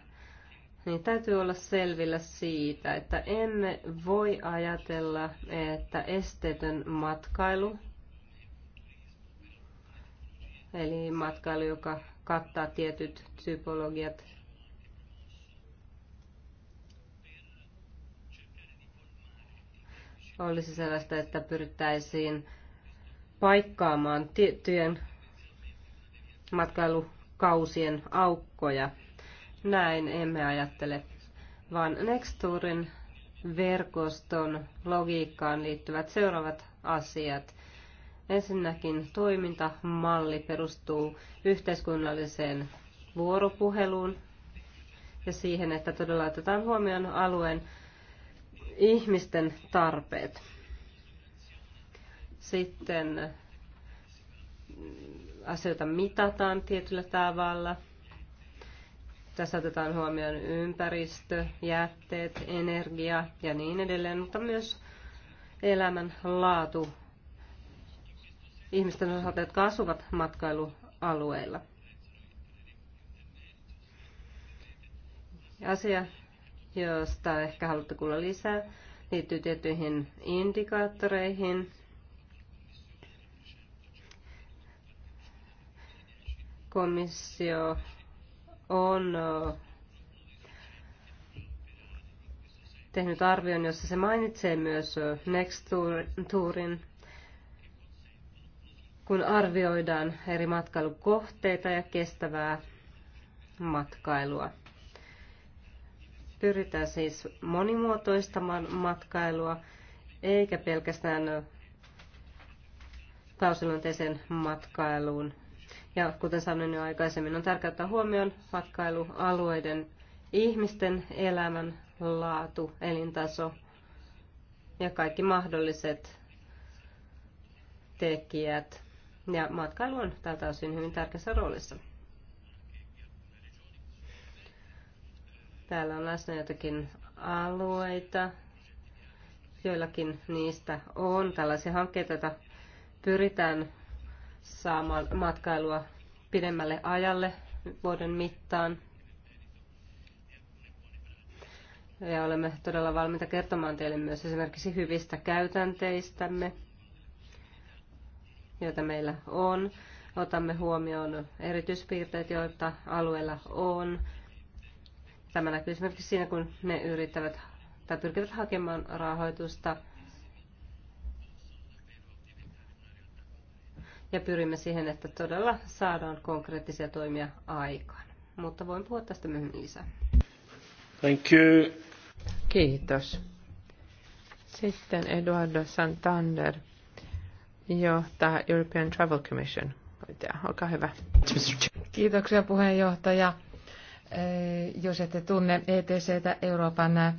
niin täytyy olla selvillä siitä, että emme voi ajatella, että esteetön matkailu, eli matkailu, joka kattaa tietyt psykologiat, olisi sellaista, että pyrittäisiin paikkaamaan tiettyjen matkailukausien aukkoja – näin emme ajattele, vaan Nexturin verkoston logiikkaan liittyvät seuraavat asiat. Ensinnäkin toimintamalli perustuu yhteiskunnalliseen vuoropuheluun ja siihen, että todella otetaan huomioon alueen ihmisten tarpeet. Sitten asioita mitataan tietyllä tavalla – tässä otetaan huomioon ympäristö, jätteet, energia ja niin edelleen, mutta myös elämän laatu ihmisten osalta, jotka asuvat matkailualueilla. Asia, josta ehkä haluatte kuulla lisää, liittyy tiettyihin indikaattoreihin. Komissio on tehnyt arvion, jossa se mainitsee myös Next Tourin, kun arvioidaan eri matkailukohteita ja kestävää matkailua. Pyritään siis monimuotoistamaan matkailua, eikä pelkästään kausiluonteisen matkailuun ja kuten sanoin jo aikaisemmin, on tärkeää ottaa huomioon matkailualueiden ihmisten elämän laatu, elintaso ja kaikki mahdolliset tekijät. Ja matkailu on tältä osin hyvin tärkeässä roolissa. Täällä on läsnä jotakin alueita. Joillakin niistä on tällaisia hankkeita, joita pyritään saamaan matkailua pidemmälle ajalle vuoden mittaan. Ja olemme todella valmiita kertomaan teille myös esimerkiksi hyvistä käytänteistämme, joita meillä on. Otamme huomioon erityispiirteet, joita alueella on. Tämä näkyy esimerkiksi siinä, kun ne yrittävät tai pyrkivät hakemaan rahoitusta – ja pyrimme siihen, että todella saadaan konkreettisia toimia aikaan. Mutta voin puhua tästä myöhemmin lisää.
Thank you. Kiitos.
Sitten Eduardo Santander johtaa European Travel Commission. Olkaa
hyvä. Kiitoksia puheenjohtaja. Eh, jos ette tunne ETCtä, Euroopan eh,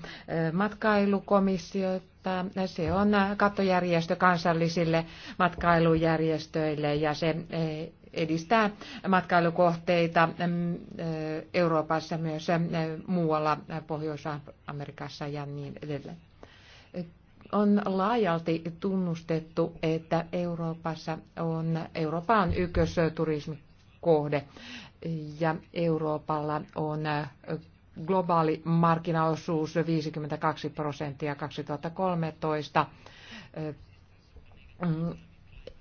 matkailukomissiota, se on kattojärjestö kansallisille matkailujärjestöille ja se eh, edistää matkailukohteita mm, Euroopassa myös muualla Pohjois-Amerikassa ja niin edelleen. On laajalti tunnustettu, että Euroopassa on, Eurooppa on ykkösturismikohde ja Euroopalla on globaali markkinaosuus 52 prosenttia 2013. Mm,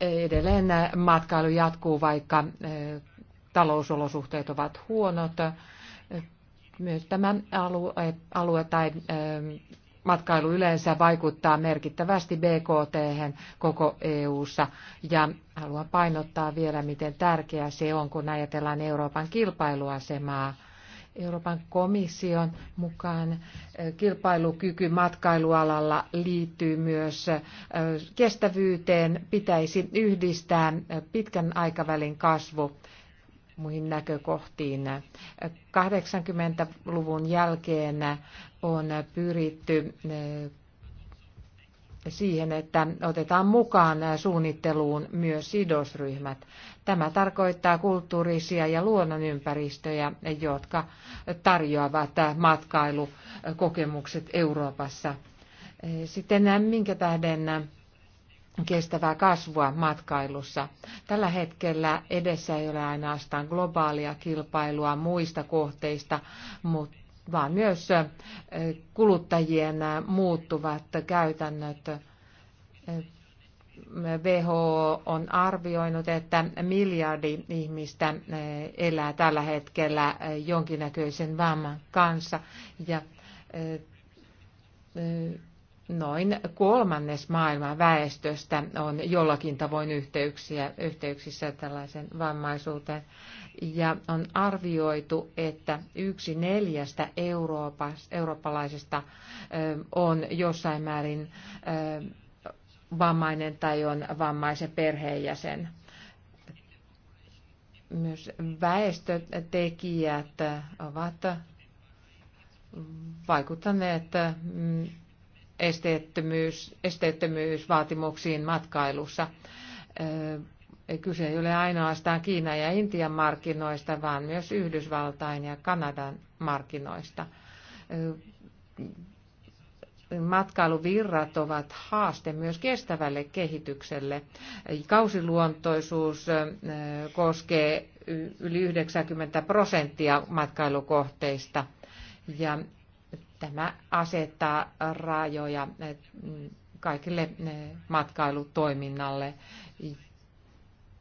edelleen matkailu jatkuu, vaikka talousolosuhteet ovat huonot. Myös tämä alue, alue tai matkailu yleensä vaikuttaa merkittävästi BKT koko EU-ssa. ja haluan painottaa vielä, miten tärkeää se on, kun ajatellaan Euroopan kilpailuasemaa. Euroopan komission mukaan kilpailukyky matkailualalla liittyy myös kestävyyteen. Pitäisi yhdistää pitkän aikavälin kasvu muihin näkökohtiin. 80-luvun jälkeen on pyritty eh, siihen, että otetaan mukaan suunnitteluun myös sidosryhmät. Tämä tarkoittaa kulttuurisia ja luonnonympäristöjä, jotka tarjoavat matkailukokemukset Euroopassa. Eh, sitten minkä tähden kestävää kasvua matkailussa. Tällä hetkellä edessä ei ole ainoastaan globaalia kilpailua muista kohteista, mutta vaan myös kuluttajien muuttuvat käytännöt. WHO on arvioinut, että miljardi ihmistä elää tällä hetkellä jonkinnäköisen vamman kanssa. Ja noin kolmannes maailman väestöstä on jollakin tavoin yhteyksiä, yhteyksissä tällaisen vammaisuuteen. Ja on arvioitu, että yksi neljästä Euroopas, eurooppalaisesta on jossain määrin vammainen tai on vammaisen perheenjäsen. Myös väestötekijät ovat vaikuttaneet mm, esteettömyys, esteettömyysvaatimuksiin matkailussa. Kyse ei ole ainoastaan Kiinan ja Intian markkinoista, vaan myös Yhdysvaltain ja Kanadan markkinoista. Matkailuvirrat ovat haaste myös kestävälle kehitykselle. Kausiluontoisuus koskee yli 90 prosenttia matkailukohteista ja Tämä asettaa rajoja eh, kaikille eh, matkailutoiminnalle.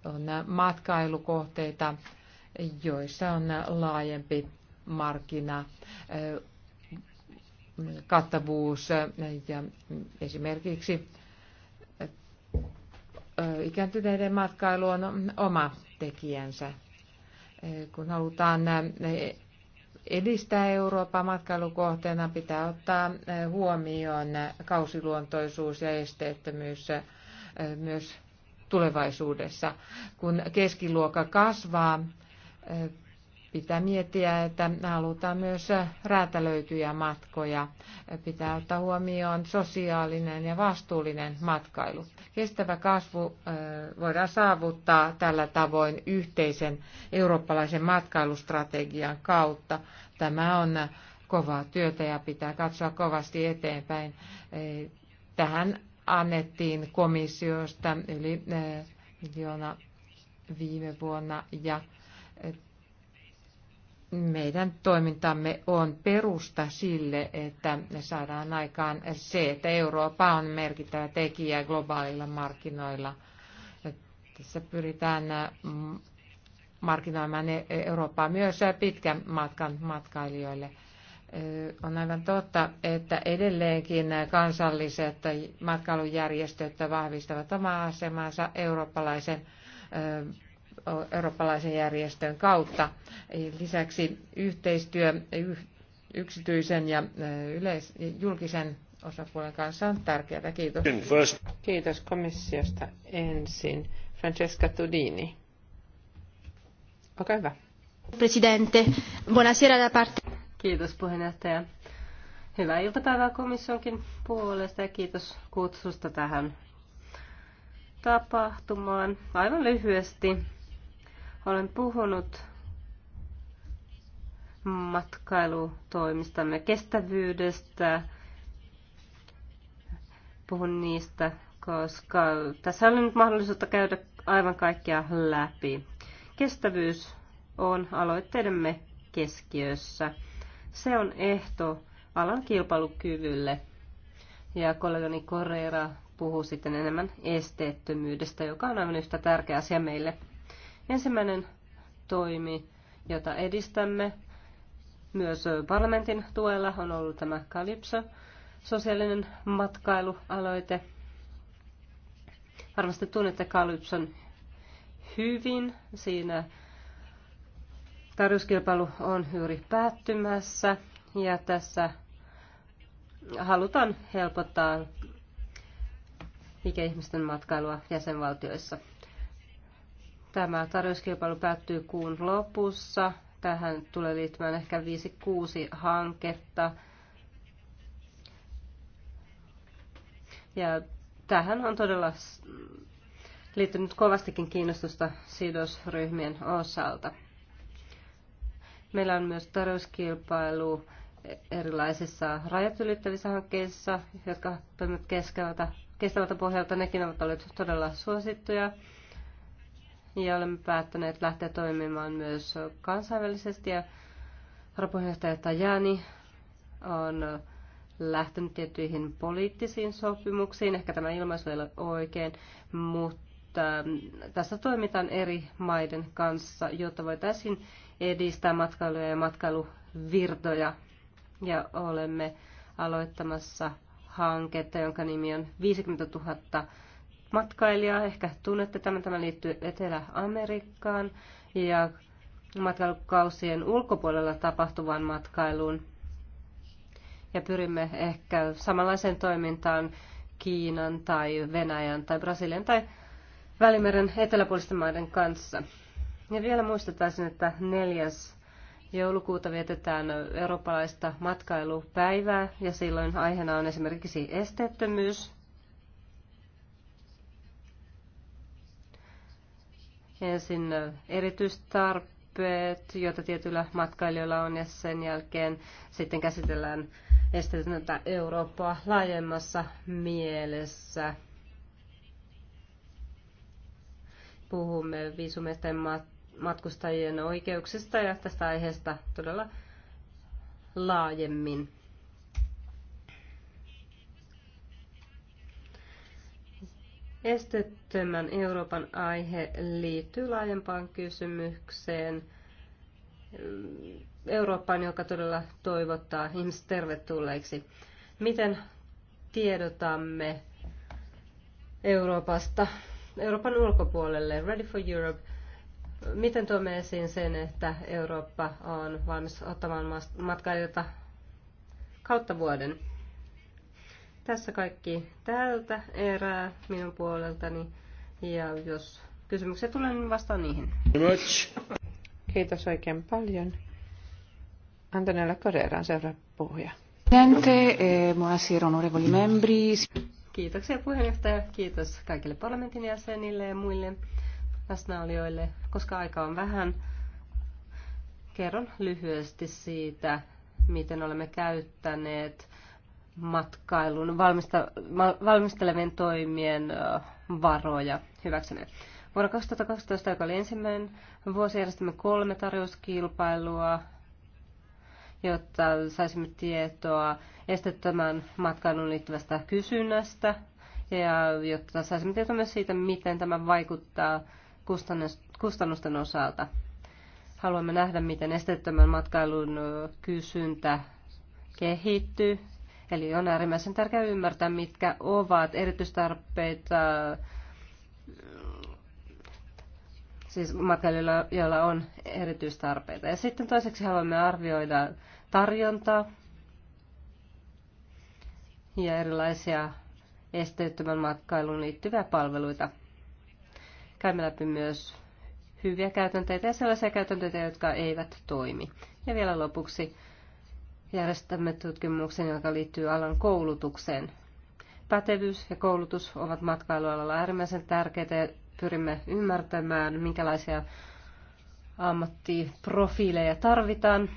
On matkailukohteita, joissa on laajempi markkina eh, kattavuus ja esimerkiksi ikääntyneiden matkailu on oma tekijänsä. Kun halutaan edistää Eurooppaa matkailukohteena, pitää ottaa eh, huomioon kausiluontoisuus ja esteettömyys eh, myös tulevaisuudessa. Kun keskiluokka kasvaa, eh, Pitää miettiä, että halutaan myös räätälöityjä matkoja. Pitää ottaa huomioon sosiaalinen ja vastuullinen matkailu. Kestävä kasvu voidaan saavuttaa tällä tavoin yhteisen eurooppalaisen matkailustrategian kautta. Tämä on kovaa työtä ja pitää katsoa kovasti eteenpäin. E, tähän annettiin komissiosta yli miljoona viime vuonna ja meidän toimintamme on perusta sille, että saadaan aikaan se, että Eurooppa on merkittävä tekijä globaalilla markkinoilla. Tässä pyritään mm, markkinoimaan e- Eurooppaa myös pitkän matkan matkailijoille. On aivan totta, että edelleenkin kansalliset matkailujärjestöt vahvistavat omaa asemansa eurooppalaisen eurooppalaisen järjestön kautta. Lisäksi yhteistyö yksityisen ja yleis- julkisen osapuolen kanssa on tärkeää.
Kiitos.
Kiitos komissiosta ensin. Francesca Tudini.
Olkaa hyvä. Presidente, buonasera da parte. Kiitos puheenjohtaja. Hyvää iltapäivää komissionkin puolesta ja kiitos kutsusta tähän tapahtumaan. Aivan lyhyesti olen puhunut matkailutoimistamme kestävyydestä. Puhun niistä, koska tässä oli nyt mahdollisuutta käydä aivan kaikkea läpi. Kestävyys on aloitteidemme keskiössä. Se on ehto alan kilpailukyvylle. Ja kollegani Correira puhuu sitten enemmän esteettömyydestä, joka on aivan yhtä tärkeä asia meille. Ensimmäinen toimi, jota edistämme myös parlamentin tuella, on ollut tämä Calypso, sosiaalinen matkailualoite. Varmasti tunnette Calypson hyvin. Siinä tarjouskilpailu on juuri päättymässä ja tässä halutaan helpottaa ikäihmisten matkailua jäsenvaltioissa. Tämä tarjouskilpailu päättyy kuun lopussa. Tähän tulee liittymään ehkä 5-6 hanketta. Ja tähän on todella liittynyt kovastikin kiinnostusta sidosryhmien osalta. Meillä on myös tarjouskilpailu erilaisissa rajat ylittävissä hankkeissa, jotka toimivat kestävältä pohjalta. Nekin ovat olleet todella suosittuja ja olemme päättäneet lähteä toimimaan myös kansainvälisesti. Ja varapuheenjohtaja Tajani on lähtenyt tiettyihin poliittisiin sopimuksiin. Ehkä tämä ilmaisu ei ole oikein, mutta ähm, tässä toimitaan eri maiden kanssa, jotta voitaisiin edistää matkailuja ja matkailuvirtoja. Ja olemme aloittamassa hanketta, jonka nimi on 50 000 matkailijaa. Ehkä tunnette tämän, tämä liittyy Etelä-Amerikkaan ja matkailukausien ulkopuolella tapahtuvaan matkailuun. Ja pyrimme ehkä samanlaiseen toimintaan Kiinan tai Venäjän tai Brasilian tai Välimeren eteläpuolisten maiden kanssa. Ja vielä muistetaan, että neljäs joulukuuta vietetään eurooppalaista matkailupäivää ja silloin aiheena on esimerkiksi esteettömyys Ensin erityistarpeet, joita tietyillä matkailijoilla on, ja sen jälkeen sitten käsitellään esteetöntä Eurooppaa laajemmassa mielessä. Puhumme viisumisten matkustajien oikeuksista ja tästä aiheesta todella laajemmin. Estettömän Euroopan aihe liittyy laajempaan kysymykseen Eurooppaan, joka todella toivottaa ihmiset tervetulleiksi. Miten tiedotamme Euroopasta Euroopan ulkopuolelle? Ready for Europe. Miten tuomme esiin sen, että Eurooppa on valmis ottamaan matkailijoita kautta vuoden? Tässä kaikki tältä erää minun puoleltani. Ja jos kysymyksiä tulee, niin vastaan niihin.
Kiitos oikein paljon. Antonella Correra on seuraava puhuja.
Eh,
Kiitoksia puheenjohtaja, kiitos kaikille parlamentin jäsenille ja muille läsnäolijoille. Koska aika on vähän, kerron lyhyesti siitä, miten olemme käyttäneet matkailun valmistelevien toimien varoja hyväksyneet. Vuonna 2012, joka oli ensimmäinen vuosi, järjestimme kolme tarjouskilpailua, jotta saisimme tietoa estettömän matkailun liittyvästä kysynnästä ja jotta saisimme tietoa myös siitä, miten tämä vaikuttaa kustannusten osalta. Haluamme nähdä, miten estettömän matkailun kysyntä kehittyy Eli on äärimmäisen tärkeää ymmärtää, mitkä ovat erityistarpeita siis matkailijoilla, joilla on erityistarpeita. Ja sitten toiseksi haluamme arvioida tarjontaa ja erilaisia esteettömän matkailuun liittyviä palveluita. Käymme läpi myös hyviä käytänteitä ja sellaisia käytänteitä, jotka eivät toimi. Ja vielä lopuksi järjestämme tutkimuksen, joka liittyy alan koulutukseen. Pätevyys ja koulutus ovat matkailualalla äärimmäisen tärkeitä ja pyrimme ymmärtämään, minkälaisia ammattiprofiileja tarvitaan.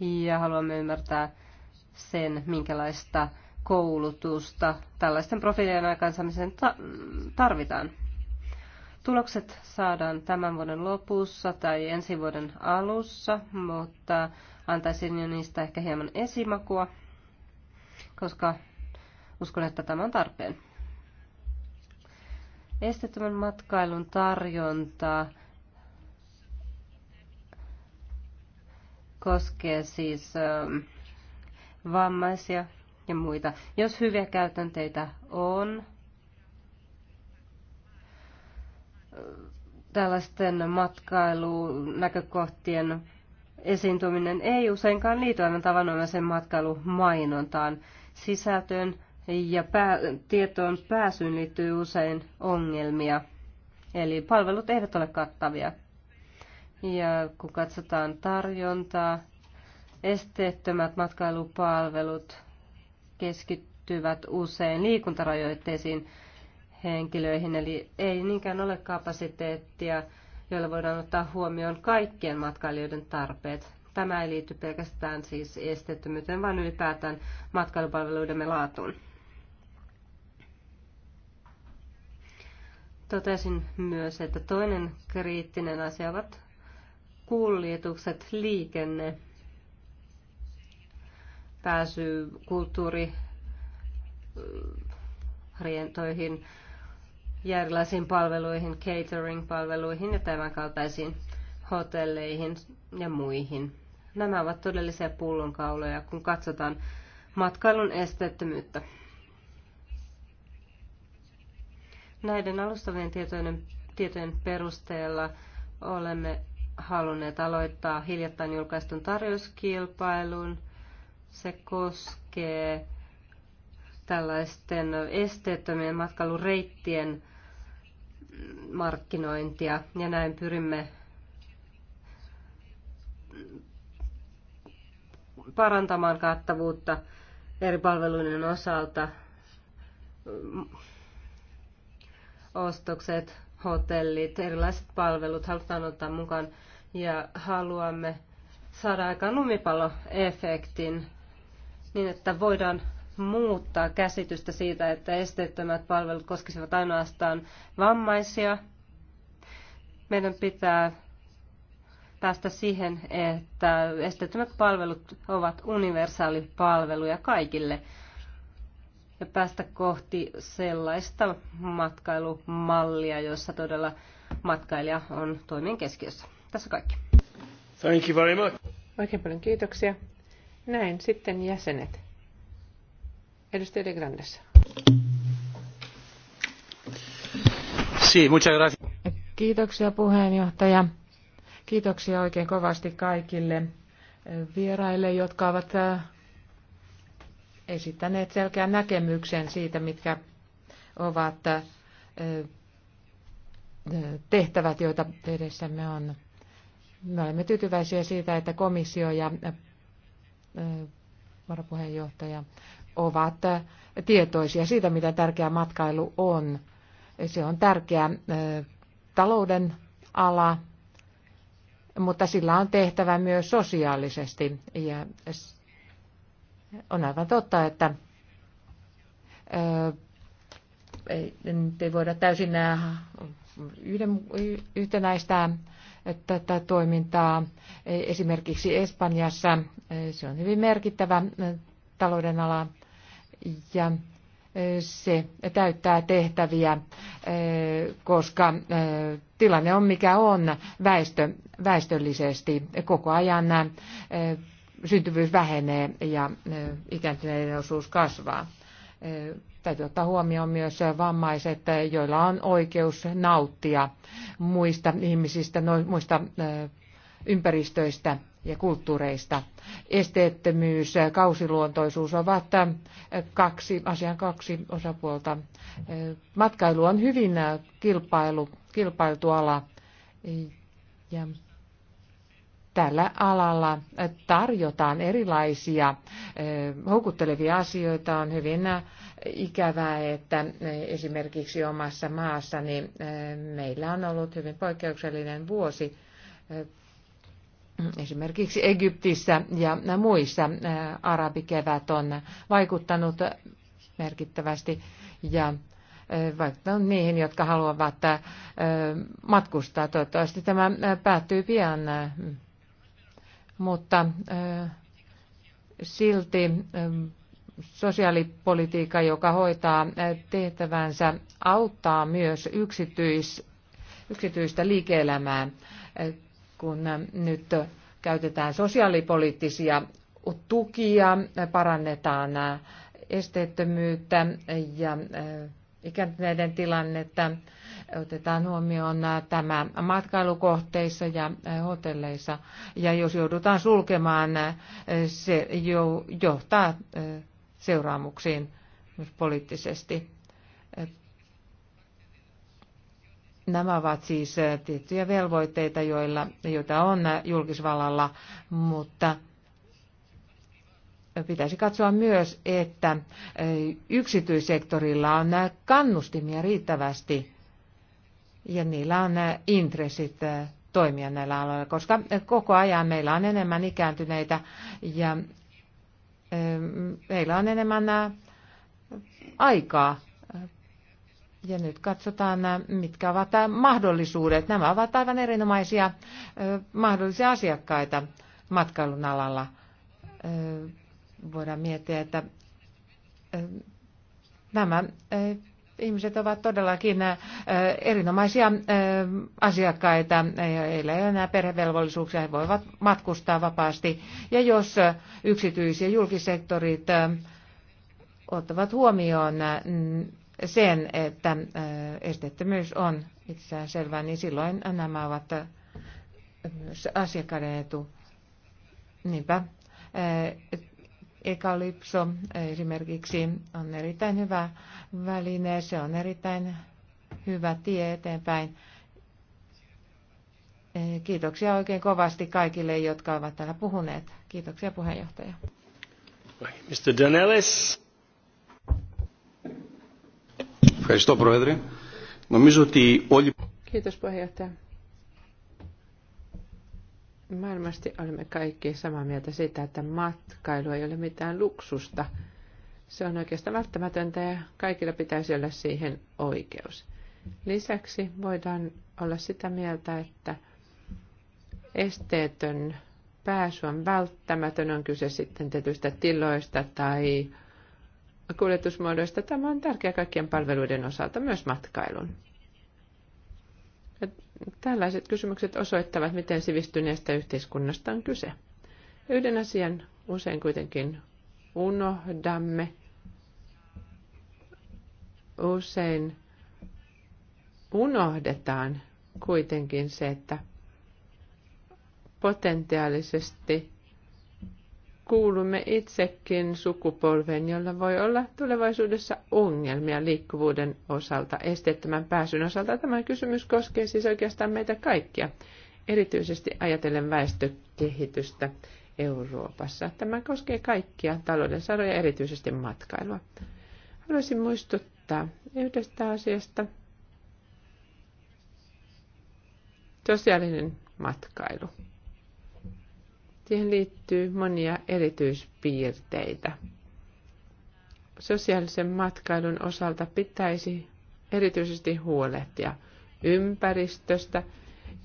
Ja haluamme ymmärtää sen, minkälaista koulutusta tällaisten profiilien aikaansaamiseen tarvitaan. Tulokset saadaan tämän vuoden lopussa tai ensi vuoden alussa, mutta antaisin jo niistä ehkä hieman esimakua, koska uskon, että tämä on tarpeen. Estettömän matkailun tarjonta koskee siis ähm, vammaisia ja muita. Jos hyviä käytänteitä on, tällaisten matkailunäkökohtien esiintuminen ei useinkaan liity aivan tavanomaisen matkailumainontaan. Sisältöön ja pää- tietoon pääsyyn liittyy usein ongelmia, eli palvelut eivät ole kattavia. Ja kun katsotaan tarjontaa, esteettömät matkailupalvelut keskittyvät usein liikuntarajoitteisiin henkilöihin, eli ei niinkään ole kapasiteettia, joilla voidaan ottaa huomioon kaikkien matkailijoiden tarpeet. Tämä ei liity pelkästään siis esteettömyyteen, vaan ylipäätään matkailupalveluidemme laatuun. Totesin myös, että toinen kriittinen asia ovat kuljetukset, liikenne, pääsy kulttuuri rientoihin, ja erilaisiin palveluihin, catering-palveluihin ja tämän kaltaisiin hotelleihin ja muihin. Nämä ovat todellisia pullonkauloja, kun katsotaan matkailun esteettömyyttä. Näiden alustavien tietojen, tietojen perusteella olemme halunneet aloittaa hiljattain julkaistun tarjouskilpailun. Se koskee tällaisten esteettömien matkailureittien markkinointia ja näin pyrimme parantamaan kattavuutta eri palveluiden osalta. Ostokset, hotellit, erilaiset palvelut halutaan ottaa mukaan ja haluamme saada aikaan lumipalloefektin niin, että voidaan muuttaa käsitystä siitä, että esteettömät palvelut koskisivat ainoastaan vammaisia. Meidän pitää päästä siihen, että esteettömät palvelut ovat universaali palveluja kaikille ja päästä kohti sellaista matkailumallia, jossa todella matkailija on toimien keskiössä. Tässä kaikki.
Thank you very much.
Oikein paljon kiitoksia. Näin sitten jäsenet. Edustaja De Grandes.
Kiitoksia puheenjohtaja. Kiitoksia oikein kovasti kaikille vieraille, jotka ovat esittäneet selkeän näkemyksen siitä, mitkä ovat tehtävät, joita edessämme on. Me olemme tyytyväisiä siitä, että komissio ja varapuheenjohtaja ovat tietoisia siitä, mitä tärkeä matkailu on. Se on tärkeä talouden ala, mutta sillä on tehtävä myös sosiaalisesti. Ja on aivan totta, että ei, ei voida täysin yhtenäistää tätä toimintaa. Esimerkiksi Espanjassa se on hyvin merkittävä talouden ala ja e, se täyttää tehtäviä, e, koska e, tilanne on mikä on väestö, väestöllisesti. Koko ajan syntyvyys vähenee ja ikääntyneiden osuus kasvaa. Täytyy ottaa huomioon myös vammaiset, joilla on oikeus nauttia muista ihmisistä, no, muista ympäristöistä ja kulttuureista. Esteettömyys ja kausiluontoisuus ovat äh, kaksi, asian kaksi osapuolta. Äh, matkailu on hyvin äh, kilpailu, kilpailtu ala ja tällä alalla tarjotaan erilaisia houkuttelevia asioita. On hyvin ikävää, että esimerkiksi omassa maassani meillä on ollut hyvin poikkeuksellinen vuosi esimerkiksi Egyptissä ja muissa arabikevät on vaikuttanut merkittävästi ja vaikuttanut niihin, jotka haluavat matkustaa. Toivottavasti tämä päättyy pian, mutta silti sosiaalipolitiikka, joka hoitaa tehtävänsä, auttaa myös yksityis, yksityistä liike-elämää kun nyt käytetään sosiaalipoliittisia tukia, parannetaan esteettömyyttä ja äh, ikääntyneiden tilannetta. Otetaan huomioon tämä matkailukohteissa ja äh, hotelleissa. Ja jos joudutaan sulkemaan, äh, se johtaa seuraamuksiin myös poliittisesti. Nämä ovat siis eh, tiettyjä velvoitteita, joilla, joita on eh, julkisvallalla, mutta pitäisi katsoa myös, että eh, yksityissektorilla on kannustimia riittävästi ja niillä on intressit toimia näillä aloilla, koska koko ajan meillä on enemmän ikääntyneitä ja meillä on enemmän aikaa ja nyt katsotaan, mitkä ovat mahdollisuudet. Nämä ovat aivan erinomaisia mahdollisia asiakkaita matkailun alalla. Voidaan miettiä, että nämä ihmiset ovat todellakin erinomaisia asiakkaita. Heillä ei ole enää perhevelvollisuuksia, he voivat matkustaa vapaasti. Ja jos yksityis- ja julkisektorit ottavat huomioon mm, sen, että äh, esteettömyys on itsessään selvää, niin silloin nämä ovat äh, myös asiakkaiden etu. Niinpä. Äh, Ekalypso esimerkiksi on erittäin hyvä väline, se on erittäin hyvä tie eteenpäin. Kiitoksia oikein kovasti kaikille, jotka ovat täällä puhuneet. Kiitoksia puheenjohtaja.
Mr. Danelis. Ευχαριστώ, Πρόεδρε. Νομίζω ότι όλοι...
Kiitos puheenjohtaja. Varmasti olemme kaikki samaa mieltä siitä, että matkailu ei ole mitään luksusta. Se on oikeastaan välttämätöntä ja kaikilla pitäisi olla siihen oikeus. Lisäksi voidaan olla sitä mieltä, että esteetön pääsy on välttämätön, on kyse sitten tietyistä tiloista tai kuljetusmuodoista. Tämä on tärkeä kaikkien palveluiden osalta, myös matkailun. Tällaiset kysymykset osoittavat, miten sivistyneestä yhteiskunnasta on kyse. Yhden asian usein kuitenkin unohdamme. Usein unohdetaan kuitenkin se, että potentiaalisesti kuulumme itsekin sukupolven, jolla voi olla tulevaisuudessa ongelmia liikkuvuuden osalta, esteettömän pääsyn osalta. Tämä kysymys koskee siis oikeastaan meitä kaikkia, erityisesti ajatellen väestökehitystä Euroopassa. Tämä koskee kaikkia talouden saroja, erityisesti matkailua. Haluaisin muistuttaa yhdestä asiasta. Sosiaalinen matkailu. Siihen liittyy monia erityispiirteitä. Sosiaalisen matkailun osalta pitäisi erityisesti huolehtia ympäristöstä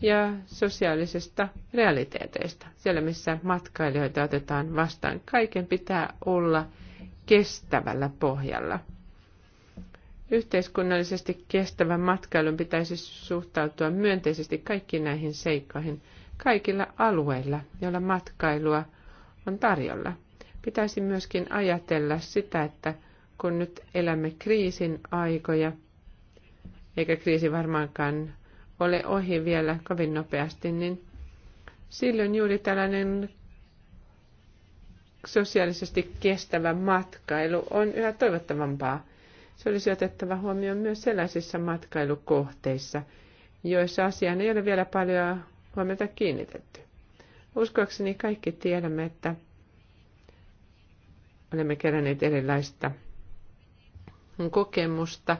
ja sosiaalisesta realiteeteista. Siellä, missä matkailijoita otetaan vastaan, kaiken pitää olla kestävällä pohjalla. Yhteiskunnallisesti kestävän matkailun pitäisi suhtautua myönteisesti kaikkiin näihin seikkoihin – kaikilla alueilla, joilla matkailua on tarjolla. Pitäisi myöskin ajatella sitä, että kun nyt elämme kriisin aikoja, eikä kriisi varmaankaan ole ohi vielä kovin nopeasti, niin silloin juuri tällainen sosiaalisesti kestävä matkailu on yhä toivottavampaa. Se olisi otettava huomioon myös sellaisissa matkailukohteissa, joissa asiaan ei ole vielä paljon meitä kiinnitetty. Uskoakseni kaikki tiedämme, että olemme keränneet erilaista kokemusta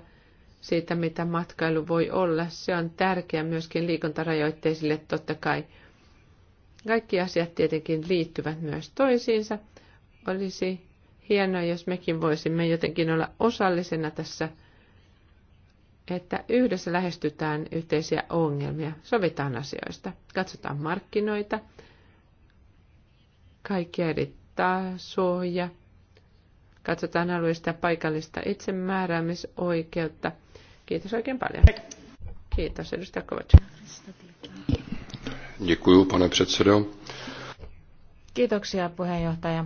siitä, mitä matkailu voi olla. Se on tärkeä myöskin liikuntarajoitteisille totta kai. Kaikki asiat tietenkin liittyvät myös toisiinsa. Olisi hienoa, jos mekin voisimme jotenkin olla osallisena tässä – että yhdessä lähestytään yhteisiä ongelmia, sovitaan asioista, katsotaan markkinoita, kaikki eri tasoja, katsotaan alueista paikallista itsemääräämisoikeutta. Kiitos oikein paljon. Kiitos, edustaja Kovac.
Kiitoksia, puheenjohtaja.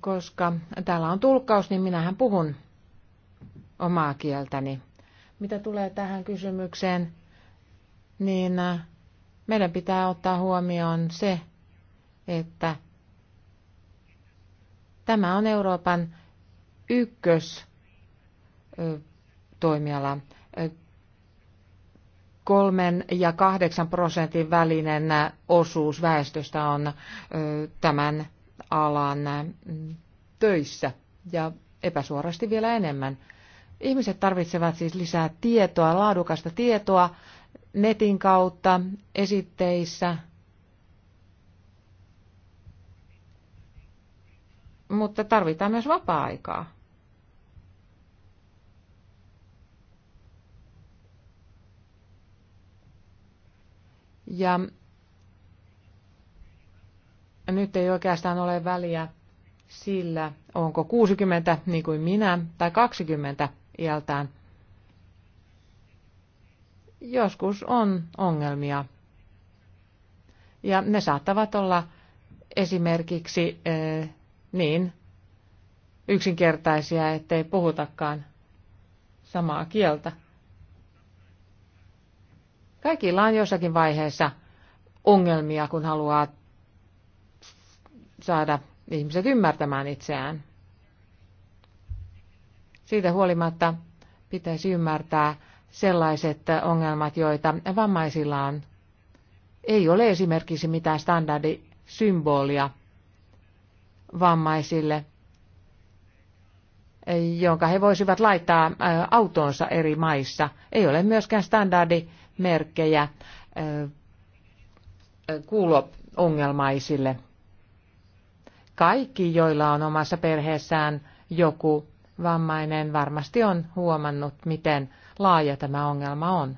koska täällä on tulkkaus, niin minähän puhun omaa kieltäni. Mitä tulee tähän kysymykseen, niin äh, meidän pitää ottaa huomioon se, että tämä on Euroopan ykkös toimiala. Kolmen ja kahdeksan prosentin välinen äh, osuus väestöstä on tämän alan mm, töissä ja epäsuorasti vielä enemmän. Ihmiset tarvitsevat siis lisää tietoa, laadukasta tietoa netin kautta, esitteissä. Mutta tarvitaan myös vapaa-aikaa. Ja nyt ei oikeastaan ole väliä sillä, onko 60 niin kuin minä tai 20 iältään. Joskus on ongelmia. Ja ne saattavat olla esimerkiksi eh, niin yksinkertaisia, ettei puhutakaan samaa kieltä. Kaikilla on jossakin vaiheessa ongelmia, kun haluaa saada ihmiset ymmärtämään itseään. Siitä huolimatta pitäisi ymmärtää sellaiset ongelmat, joita vammaisilla on. Ei ole esimerkiksi mitään standardisymbolia vammaisille, jonka he voisivat laittaa autoonsa eri maissa. Ei ole myöskään standardimerkkejä kuulo-ongelmaisille kaikki, joilla on omassa perheessään joku vammainen, varmasti on huomannut, miten laaja tämä ongelma on.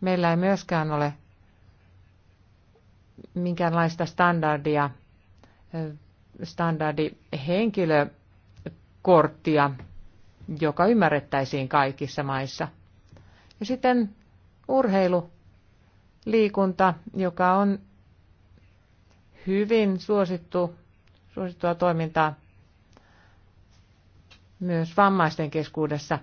Meillä ei myöskään ole minkäänlaista standardia, standardihenkilökorttia, joka ymmärrettäisiin kaikissa maissa. Ja sitten urheilu, liikunta, joka on hyvin suosittu, suosittua toimintaa myös vammaisten keskuudessa.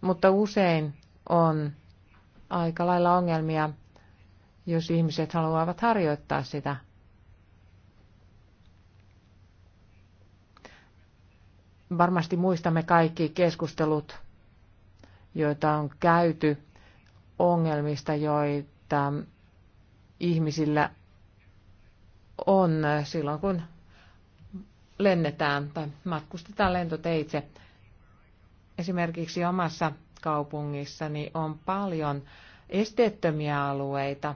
Mutta usein on aika lailla ongelmia, jos ihmiset haluavat harjoittaa sitä. Varmasti muistamme kaikki keskustelut, joita on käyty ongelmista, joita ihmisillä on silloin, kun lennetään tai matkustetaan lentoteitse. Esimerkiksi omassa kaupungissani on paljon esteettömiä alueita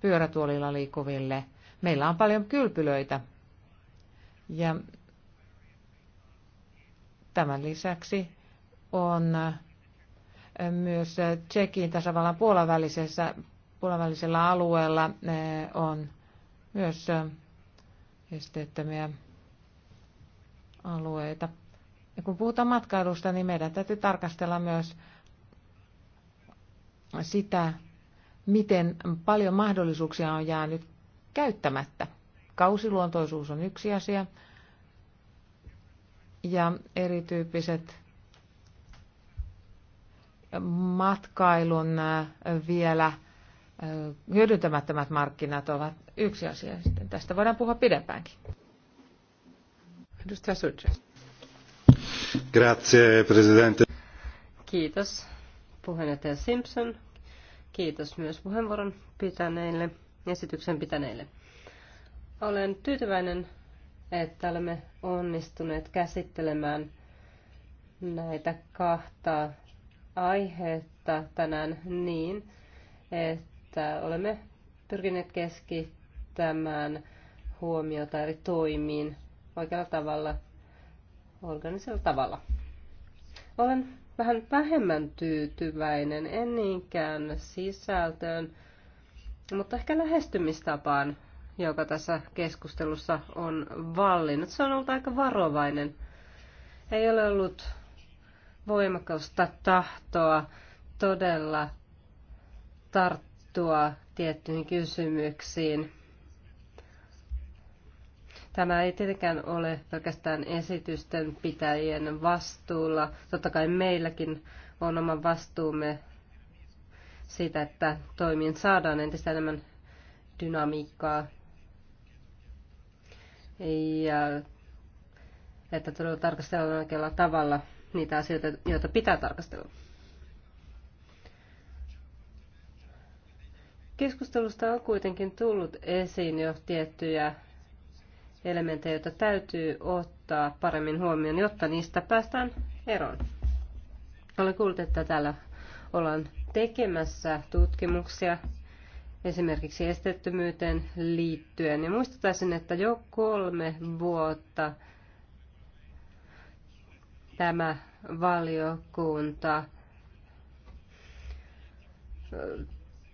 pyörätuolilla liikkuville. Meillä on paljon kylpylöitä. Ja tämän lisäksi on myös Tsekin tasavallan puolavälisessä, puolavälisellä alueella eh, on myös eh, esteettömiä alueita. Ja kun puhutaan matkailusta, niin meidän täytyy tarkastella myös sitä, miten paljon mahdollisuuksia on jäänyt käyttämättä. Kausiluontoisuus on yksi asia ja erityyppiset matkailun äh, vielä äh, hyödyntämättömät markkinat ovat yksi asia. Sitten tästä voidaan puhua pidempäänkin. Edustaja Sutjes.
Grazie, presidente.
Kiitos puheenjohtaja Simpson. Kiitos myös puheenvuoron pitäneille, esityksen pitäneille. Olen tyytyväinen, että olemme onnistuneet käsittelemään näitä kahta aihetta tänään niin, että olemme pyrkineet keskittämään huomiota eri toimiin oikealla tavalla, organisella tavalla. Olen vähän vähemmän tyytyväinen, en niinkään sisältöön, mutta ehkä lähestymistapaan, joka tässä keskustelussa on vallinnut. Se on ollut aika varovainen. Ei ole ollut voimakasta tahtoa todella tarttua tiettyihin kysymyksiin. Tämä ei tietenkään ole pelkästään esitysten pitäjien vastuulla. Totta kai meilläkin on oma vastuumme siitä, että toimiin saadaan entistä enemmän dynamiikkaa ja että todella tarkastellaan oikealla tavalla niitä asioita, joita pitää tarkastella. Keskustelusta on kuitenkin tullut esiin jo tiettyjä elementtejä, joita täytyy ottaa paremmin huomioon, jotta niistä päästään eroon. Olen kuullut, että täällä ollaan tekemässä tutkimuksia esimerkiksi esteettömyyteen liittyen. Ja muistuttaisin, että jo kolme vuotta tämä valiokunta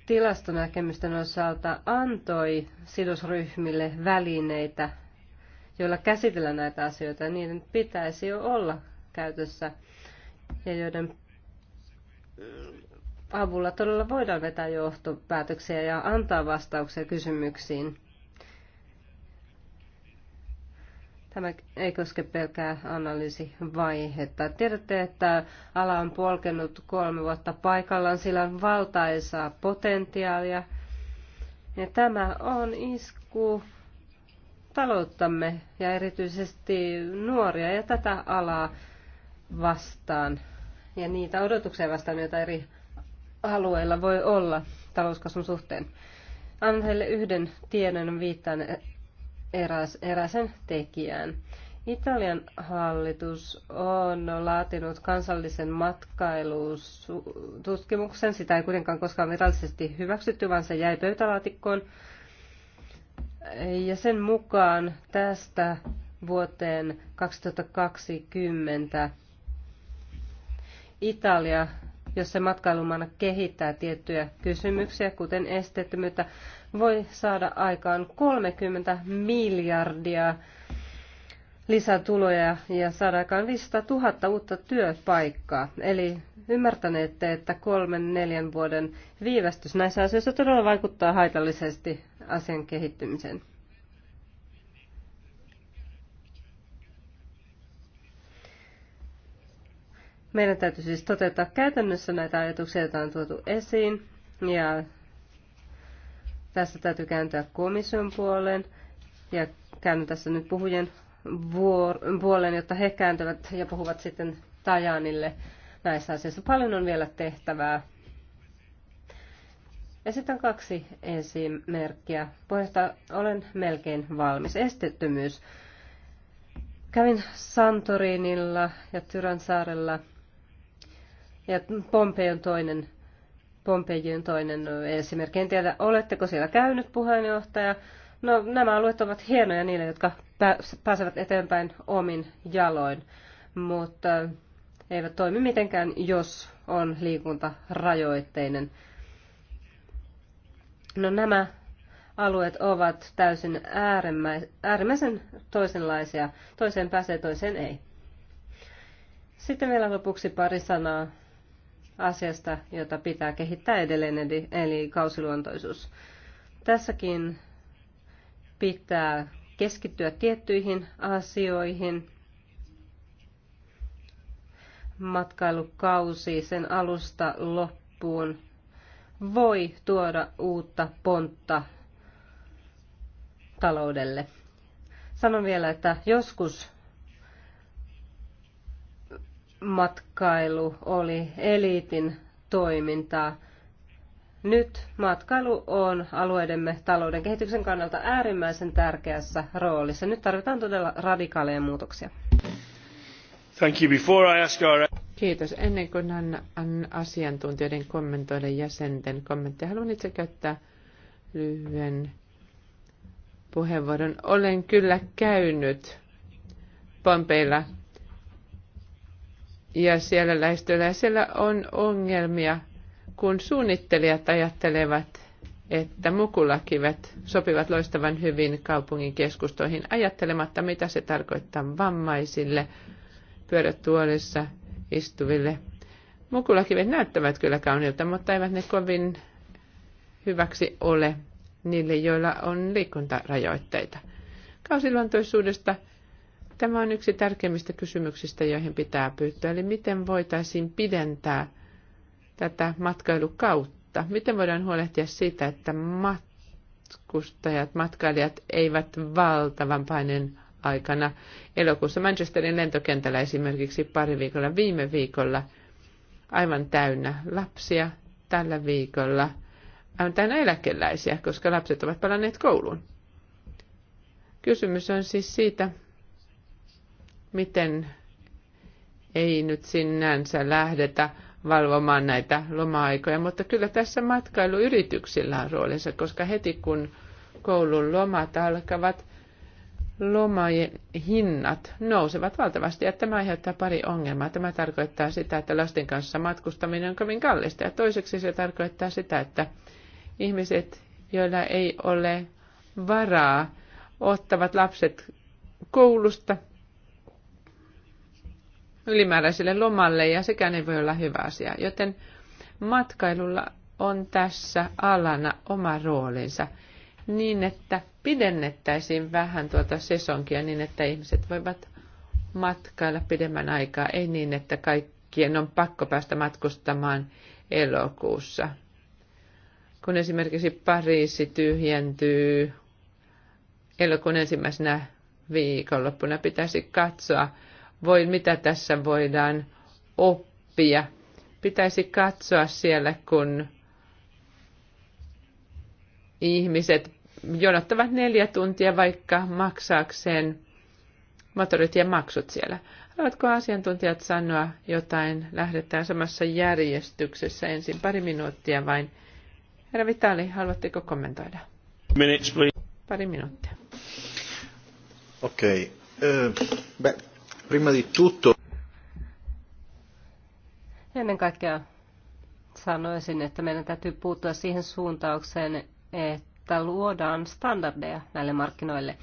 tilastonäkemysten osalta antoi sidosryhmille välineitä, joilla käsitellä näitä asioita. Niiden pitäisi jo olla käytössä ja joiden avulla todella voidaan vetää johtopäätöksiä ja antaa vastauksia kysymyksiin. Tämä ei koske pelkää analyysivaihetta. Tiedätte, että ala on polkenut kolme vuotta paikallaan, sillä on valtaisaa potentiaalia. Ja tämä on isku talouttamme ja erityisesti nuoria ja tätä alaa vastaan ja niitä odotuksia vastaan, joita eri alueilla voi olla talouskasvun suhteen. Annan heille yhden tiedon viittaan eräs, eräsen tekijän. Italian hallitus on laatinut kansallisen matkailututkimuksen. Sitä ei kuitenkaan koskaan virallisesti hyväksytty, vaan se jäi pöytälaatikkoon. Ja sen mukaan tästä vuoteen 2020 Italia jos se matkailumana kehittää tiettyjä kysymyksiä, kuten esteettömyyttä, voi saada aikaan 30 miljardia lisätuloja ja saada aikaan 500 000 uutta työpaikkaa. Eli ymmärtäneette, että kolmen neljän vuoden viivästys näissä asioissa todella vaikuttaa haitallisesti asian kehittymiseen. Meidän täytyy siis toteuttaa käytännössä näitä ajatuksia, joita on tuotu esiin. Ja tässä täytyy kääntyä komission puoleen. Ja käännyn tässä nyt puhujien puoleen, jotta he kääntävät ja puhuvat sitten Tajanille näissä asioissa. Paljon on vielä tehtävää. Esitän kaksi esimerkkiä. Puheenjohtaja, olen melkein valmis. Estettömyys. Kävin Santorinilla ja Tyransaarella – ja on toinen, on toinen esimerkki. En tiedä, oletteko siellä käynyt puheenjohtaja. No, nämä alueet ovat hienoja niille, jotka pääsevät eteenpäin omin jaloin, mutta eivät toimi mitenkään, jos on liikuntarajoitteinen. No nämä alueet ovat täysin äärimmäisen toisenlaisia. Toiseen pääsee, toiseen ei. Sitten vielä lopuksi pari sanaa asiasta, jota pitää kehittää edelleen, eli kausiluontoisuus. Tässäkin pitää keskittyä tiettyihin asioihin. Matkailukausi sen alusta loppuun voi tuoda uutta pontta taloudelle. Sanon vielä, että joskus matkailu oli eliitin toimintaa. Nyt matkailu on alueidemme talouden kehityksen kannalta äärimmäisen tärkeässä roolissa. Nyt tarvitaan todella radikaaleja muutoksia.
Thank you. Before I ask our...
Kiitos. Ennen kuin annan asiantuntijoiden
kommentoiden jäsenten kommentteja, haluan itse käyttää lyhyen puheenvuoron. Olen kyllä käynyt Pompeilla ja siellä lähistöllä. siellä on ongelmia, kun suunnittelijat ajattelevat, että mukulakivet sopivat loistavan hyvin kaupungin keskustoihin, ajattelematta mitä se tarkoittaa vammaisille, pyörätuolissa istuville. Mukulakivet näyttävät kyllä kauniilta, mutta eivät ne kovin hyväksi ole niille, joilla on liikuntarajoitteita. Kausiluontoisuudesta – Tämä on yksi tärkeimmistä kysymyksistä, joihin pitää pyytää. Eli miten voitaisiin pidentää tätä matkailukautta? Miten voidaan huolehtia siitä, että matkustajat, matkailijat eivät valtavan paineen aikana elokuussa Manchesterin lentokentällä esimerkiksi pari viikolla viime viikolla aivan täynnä lapsia tällä viikolla aivan täynnä eläkeläisiä, koska lapset ovat palanneet kouluun. Kysymys on siis siitä, miten ei nyt sinänsä lähdetä valvomaan näitä loma-aikoja, mutta kyllä tässä matkailuyrityksillä on roolinsa, koska heti kun koulun lomat alkavat, lomajen hinnat nousevat valtavasti ja tämä aiheuttaa pari ongelmaa. Tämä tarkoittaa sitä, että lasten kanssa matkustaminen on kovin kallista ja toiseksi se tarkoittaa sitä, että ihmiset, joilla ei ole varaa, ottavat lapset koulusta ylimääräiselle lomalle ja sekään ei voi olla hyvä asia. Joten matkailulla on tässä alana oma roolinsa niin, että pidennettäisiin vähän tuota sesonkia niin, että ihmiset voivat matkailla pidemmän aikaa. Ei niin, että kaikkien on pakko päästä matkustamaan elokuussa. Kun esimerkiksi Pariisi tyhjentyy elokuun ensimmäisenä viikonloppuna, pitäisi katsoa, voi, mitä tässä voidaan oppia. Pitäisi katsoa siellä, kun ihmiset jonottavat neljä tuntia vaikka maksaakseen motoritien maksut siellä. Haluatko asiantuntijat sanoa jotain? Lähdetään samassa järjestyksessä ensin pari minuuttia vain. Herra Vitali, haluatteko kommentoida? Minutes, please. Pari
minuuttia. Okei. Okay. Uh, prima di tutto...
Ennen kaikkea sanoisin, että meidän täytyy puuttua siihen suuntaukseen, että luodaan standardeja näille markkinoille.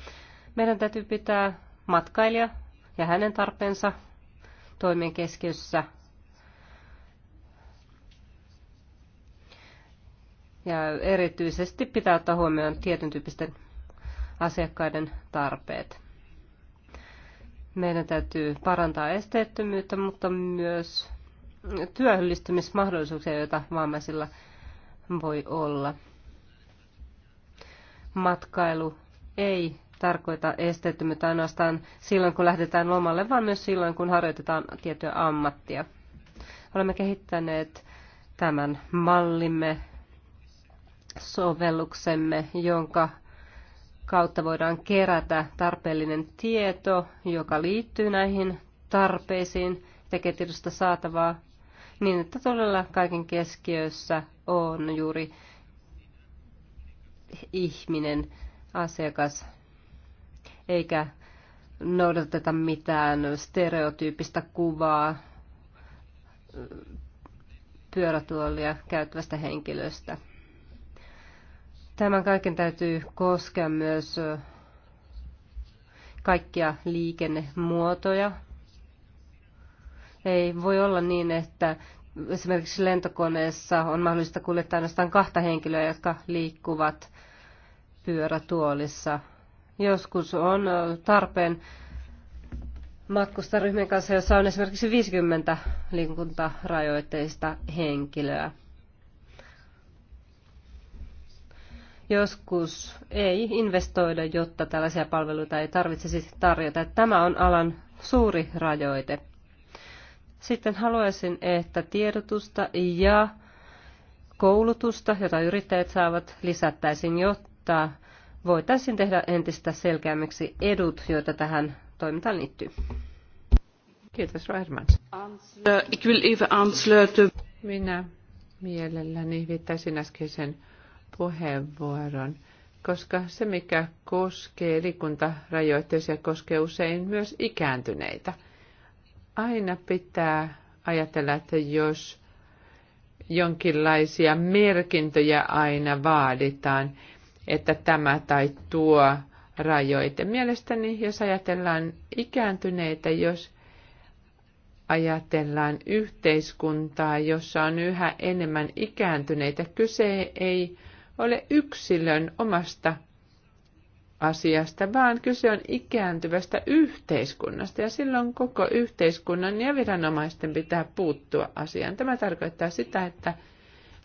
Meidän täytyy pitää matkailija ja hänen tarpeensa toimen keskiössä. Ja erityisesti pitää ottaa huomioon tietyn tyyppisten asiakkaiden tarpeet. Meidän täytyy parantaa esteettömyyttä, mutta myös työllistymismahdollisuuksia, joita vammaisilla voi olla. Matkailu ei tarkoita esteettömyyttä ainoastaan silloin, kun lähdetään lomalle, vaan myös silloin, kun harjoitetaan tiettyä ammattia. Olemme kehittäneet tämän mallimme, sovelluksemme, jonka kautta voidaan kerätä tarpeellinen tieto, joka liittyy näihin tarpeisiin, tekee tiedosta saatavaa, niin että todella kaiken keskiössä on juuri ihminen, asiakas, eikä noudateta mitään stereotyyppistä kuvaa pyörätuolia käyttävästä henkilöstä. Tämän kaiken täytyy koskea myös kaikkia liikennemuotoja. Ei voi olla niin, että esimerkiksi lentokoneessa on mahdollista kuljettaa ainoastaan kahta henkilöä, jotka liikkuvat pyörätuolissa. Joskus on tarpeen matkustaryhmien kanssa, jossa on esimerkiksi 50 liikuntarajoitteista henkilöä. Joskus ei investoida, jotta tällaisia palveluita ei tarvitsisi tarjota. Tämä on alan suuri rajoite. Sitten haluaisin, että tiedotusta ja koulutusta, jota yrittäjät saavat, lisättäisiin, jotta voitaisiin tehdä entistä selkeämmiksi edut, joita tähän toimintaan liittyy. Kiitos, Rohermans.
Minä mielelläni viittaisin äskeisen puheenvuoron, koska se, mikä koskee liikuntarajoitteisia, koskee usein myös ikääntyneitä. Aina pitää ajatella, että jos jonkinlaisia merkintöjä aina vaaditaan, että tämä tai tuo rajoite. Mielestäni, jos ajatellaan ikääntyneitä, jos ajatellaan yhteiskuntaa, jossa on yhä enemmän ikääntyneitä, kyse ei ole yksilön omasta asiasta, vaan kyse on ikääntyvästä yhteiskunnasta ja silloin koko yhteiskunnan ja viranomaisten pitää puuttua asiaan. Tämä tarkoittaa sitä, että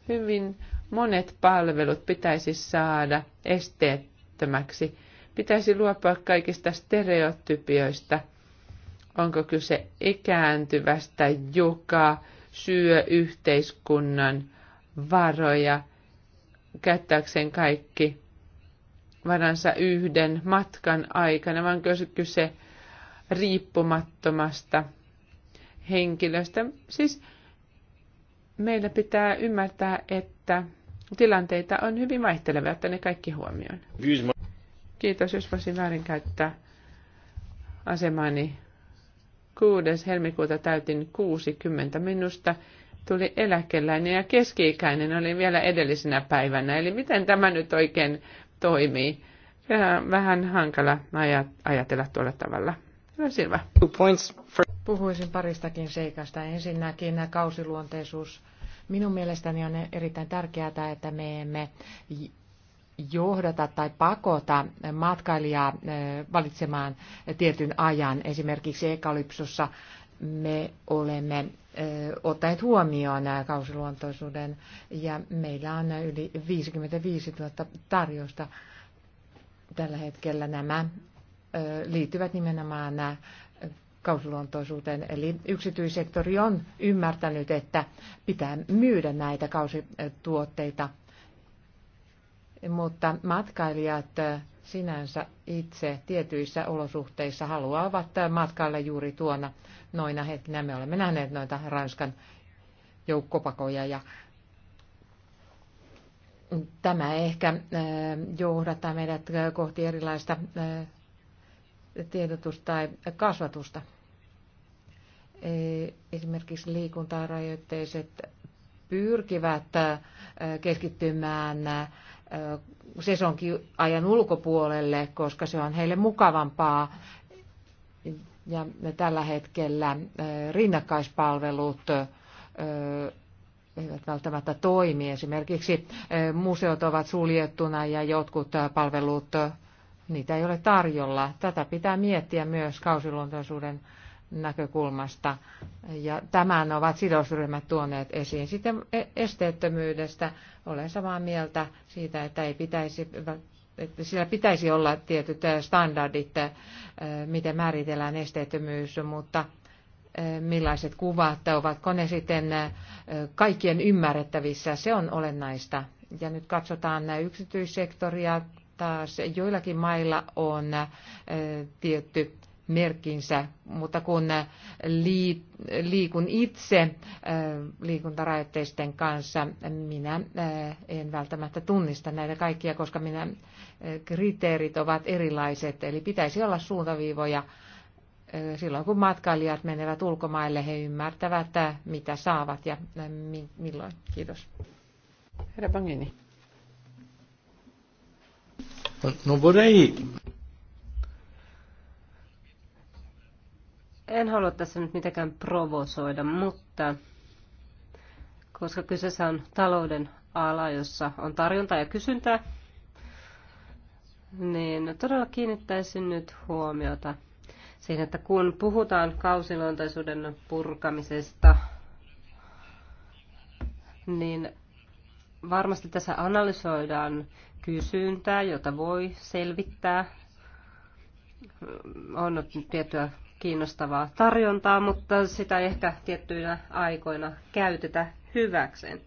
hyvin monet palvelut pitäisi saada esteettömäksi. Pitäisi luopua kaikista stereotypioista. Onko kyse ikääntyvästä, joka syö yhteiskunnan varoja – käyttääkseen kaikki varansa yhden matkan aikana, vaan kyse riippumattomasta henkilöstä. Siis meillä pitää ymmärtää, että tilanteita on hyvin vaihtelevia, että ne kaikki huomioon. Kiitos, jos voisin väärinkäyttää asemani. 6. helmikuuta täytin 60 minusta tuli eläkeläinen ja keski-ikäinen oli vielä edellisenä päivänä. Eli miten tämä nyt oikein toimii? vähän hankala ajatella tuolla tavalla.
Hyvä Silva. Puhuisin paristakin seikasta. Ensinnäkin kausiluonteisuus. Minun mielestäni on erittäin tärkeää, että me emme johdata tai pakota matkailijaa eh, valitsemaan tietyn ajan. Esimerkiksi ekalypsussa me olemme ottaneet huomioon kausiluontoisuuden ja meillä on yli 55 000 tarjousta tällä hetkellä. Nämä liittyvät nimenomaan nämä kausiluontoisuuteen. Eli yksityissektori on ymmärtänyt, että pitää myydä näitä kausituotteita, mutta matkailijat sinänsä itse tietyissä olosuhteissa haluavat matkailla juuri tuona noina hetkinä. Me olemme nähneet noita Ranskan joukkopakoja ja tämä ehkä äh, johdattaa meidät kohti erilaista äh, tiedotusta tai kasvatusta. E, esimerkiksi liikuntarajoitteiset pyrkivät äh, keskittymään sesonkiajan ulkopuolelle, koska se on heille mukavampaa ja tällä hetkellä rinnakkaispalvelut eivät välttämättä toimi. Esimerkiksi museot ovat suljettuna ja jotkut palvelut, niitä ei ole tarjolla. Tätä pitää miettiä myös kausiluontoisuuden näkökulmasta. Ja tämän ovat sidosryhmät tuoneet esiin. Sitten e-, esteettömyydestä olen samaa mieltä siitä, että ei pitäisi että siellä pitäisi olla tietyt äh, standardit, äh, miten määritellään esteettömyys, mutta äh, millaiset kuvat, ovatko ne sitten kaikkien ymmärrettävissä, se on olennaista. Ja nyt katsotaan yksityissektoria, taas joillakin mailla on tietty merkkinsä, mutta kun liikun itse äh, liikuntarajoitteisten kanssa, minä äh, en välttämättä tunnista näitä kaikkia, koska minä äh, kriteerit ovat erilaiset, eli pitäisi olla suuntaviivoja silloin, kun matkailijat menevät ulkomaille, he ymmärtävät, mitä saavat ja milloin. Kiitos.
Herra Bangini.
No, no vorrei
En halua tässä nyt mitenkään provosoida, mutta koska kyseessä on talouden ala, jossa on tarjonta ja kysyntää, niin todella kiinnittäisin nyt huomiota siihen, että kun puhutaan kausiluontaisuuden purkamisesta, niin varmasti tässä analysoidaan kysyntää, jota voi selvittää. On tiettyä kiinnostavaa tarjontaa, mutta sitä ei ehkä tiettyinä aikoina käytetä hyväkseen.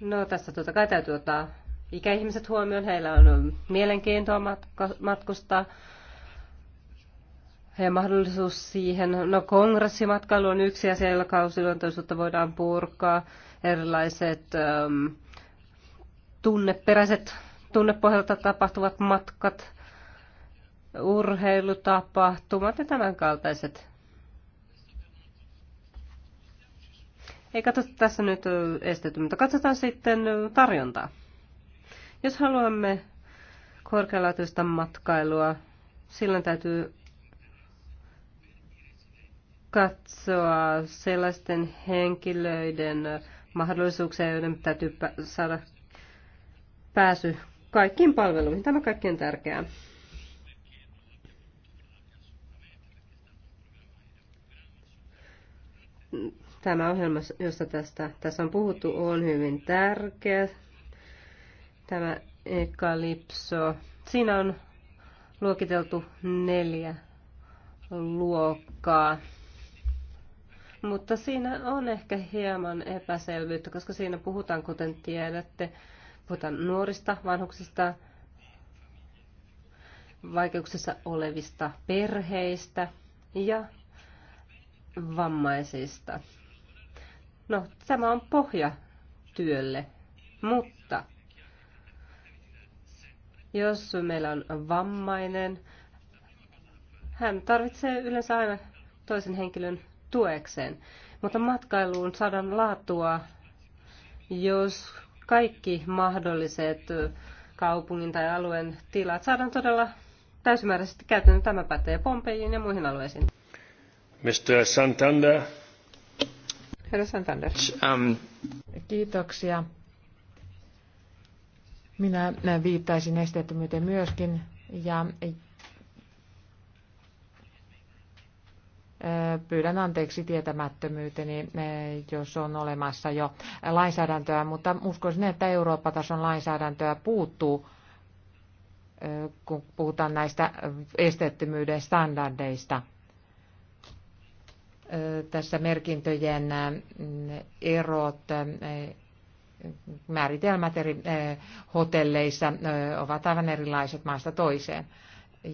No tässä totta kai täytyy ottaa ikäihmiset huomioon. Heillä on mielenkiintoa matkustaa ja mahdollisuus siihen. No kongressimatkailu on yksi asia, jolla kausiluontoisuutta voidaan purkaa. Erilaiset ähm, tunneperäiset, tunnepohjalta tapahtuvat matkat urheilutapahtumat ja tämän kaltaiset. Ei katsota tässä nyt estetty, mutta katsotaan sitten tarjontaa. Jos haluamme korkealaatuista matkailua, silloin täytyy katsoa sellaisten henkilöiden mahdollisuuksia, joiden täytyy saada pääsy kaikkiin palveluihin. Tämä kaikki on tärkeää. tämä ohjelma, josta tästä, tässä on puhuttu, on hyvin tärkeä. Tämä Ekalipso. Siinä on luokiteltu neljä luokkaa. Mutta siinä on ehkä hieman epäselvyyttä, koska siinä puhutaan, kuten tiedätte, puhutaan nuorista, vanhuksista, vaikeuksissa olevista perheistä ja vammaisista. No, tämä on pohja työlle, mutta jos meillä on vammainen, hän tarvitsee yleensä aina toisen henkilön tuekseen. Mutta matkailuun saadaan laatua, jos kaikki mahdolliset kaupungin tai alueen tilat saadaan todella täysimääräisesti käytännön Tämä pätee Pompejiin ja muihin alueisiin. Herra Santander.
Um,
Kiitoksia. Minä äh, viittaisin esteettömyyteen myöskin ja äh, pyydän anteeksi tietämättömyyteni, äh, jos on olemassa jo lainsäädäntöä, mutta uskoisin, että Eurooppa-tason lainsäädäntöä puuttuu, kun puhutaan näistä esteettömyyden standardeista tässä merkintöjen erot, määritelmät eri hotelleissa ovat aivan erilaiset maasta toiseen.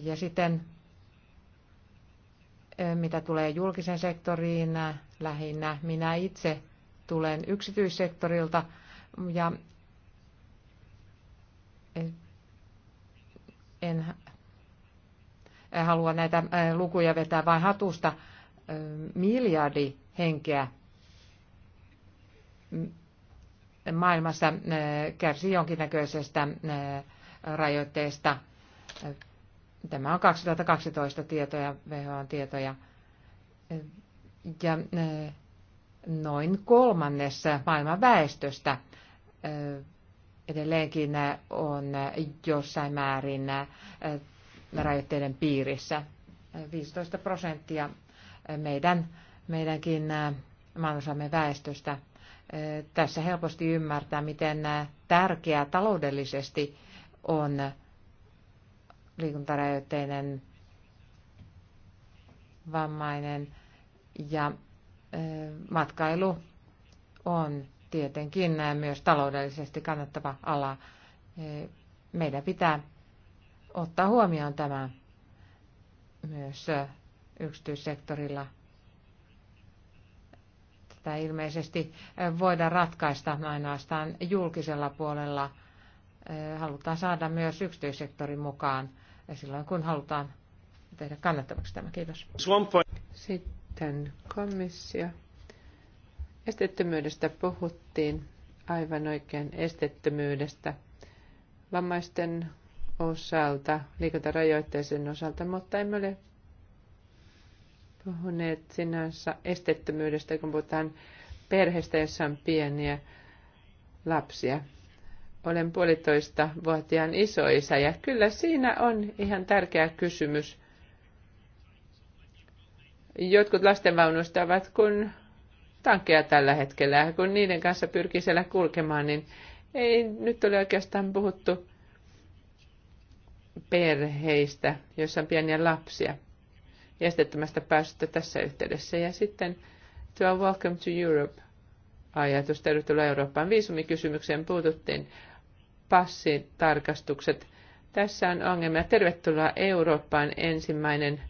Ja sitten mitä tulee julkisen sektoriin lähinnä, minä itse tulen yksityissektorilta ja en halua näitä lukuja vetää vain hatusta, miljardi henkeä maailmassa kärsii jonkinnäköisestä rajoitteesta. Tämä on 2012 tietoja, WHOn tietoja. Ja noin kolmannes maailman väestöstä edelleenkin on jossain määrin rajoitteiden piirissä. 15 prosenttia meidän, meidänkin maanosamme väestöstä. Tässä helposti ymmärtää, miten tärkeää taloudellisesti on liikuntarajoitteinen vammainen ja matkailu on tietenkin myös taloudellisesti kannattava ala. Meidän pitää ottaa huomioon tämä myös yksityissektorilla. Tätä ilmeisesti voida ratkaista ainoastaan julkisella puolella. Halutaan saada myös yksityissektorin mukaan silloin, kun halutaan tehdä kannattavaksi tämä. Kiitos. Sitten komissio. Estettömyydestä puhuttiin
aivan oikein estettömyydestä vammaisten osalta, liikuntarajoitteisen osalta, mutta emme ole puhuneet sinänsä estettömyydestä, kun puhutaan perheestä, jossa on pieniä lapsia. Olen puolitoista vuotiaan isoisä ja kyllä siinä on ihan tärkeä kysymys. Jotkut lastenvaunuista ovat kuin tankkeja tällä hetkellä ja kun niiden kanssa pyrkii siellä kulkemaan, niin ei nyt ole oikeastaan puhuttu perheistä, joissa on pieniä lapsia ja esteettömästä pääsystä tässä yhteydessä. Ja sitten tuo Welcome to Europe ajatus, tervetuloa Eurooppaan viisumikysymykseen puututtiin, passitarkastukset. Tässä on ongelmia. Tervetuloa Eurooppaan ensimmäinen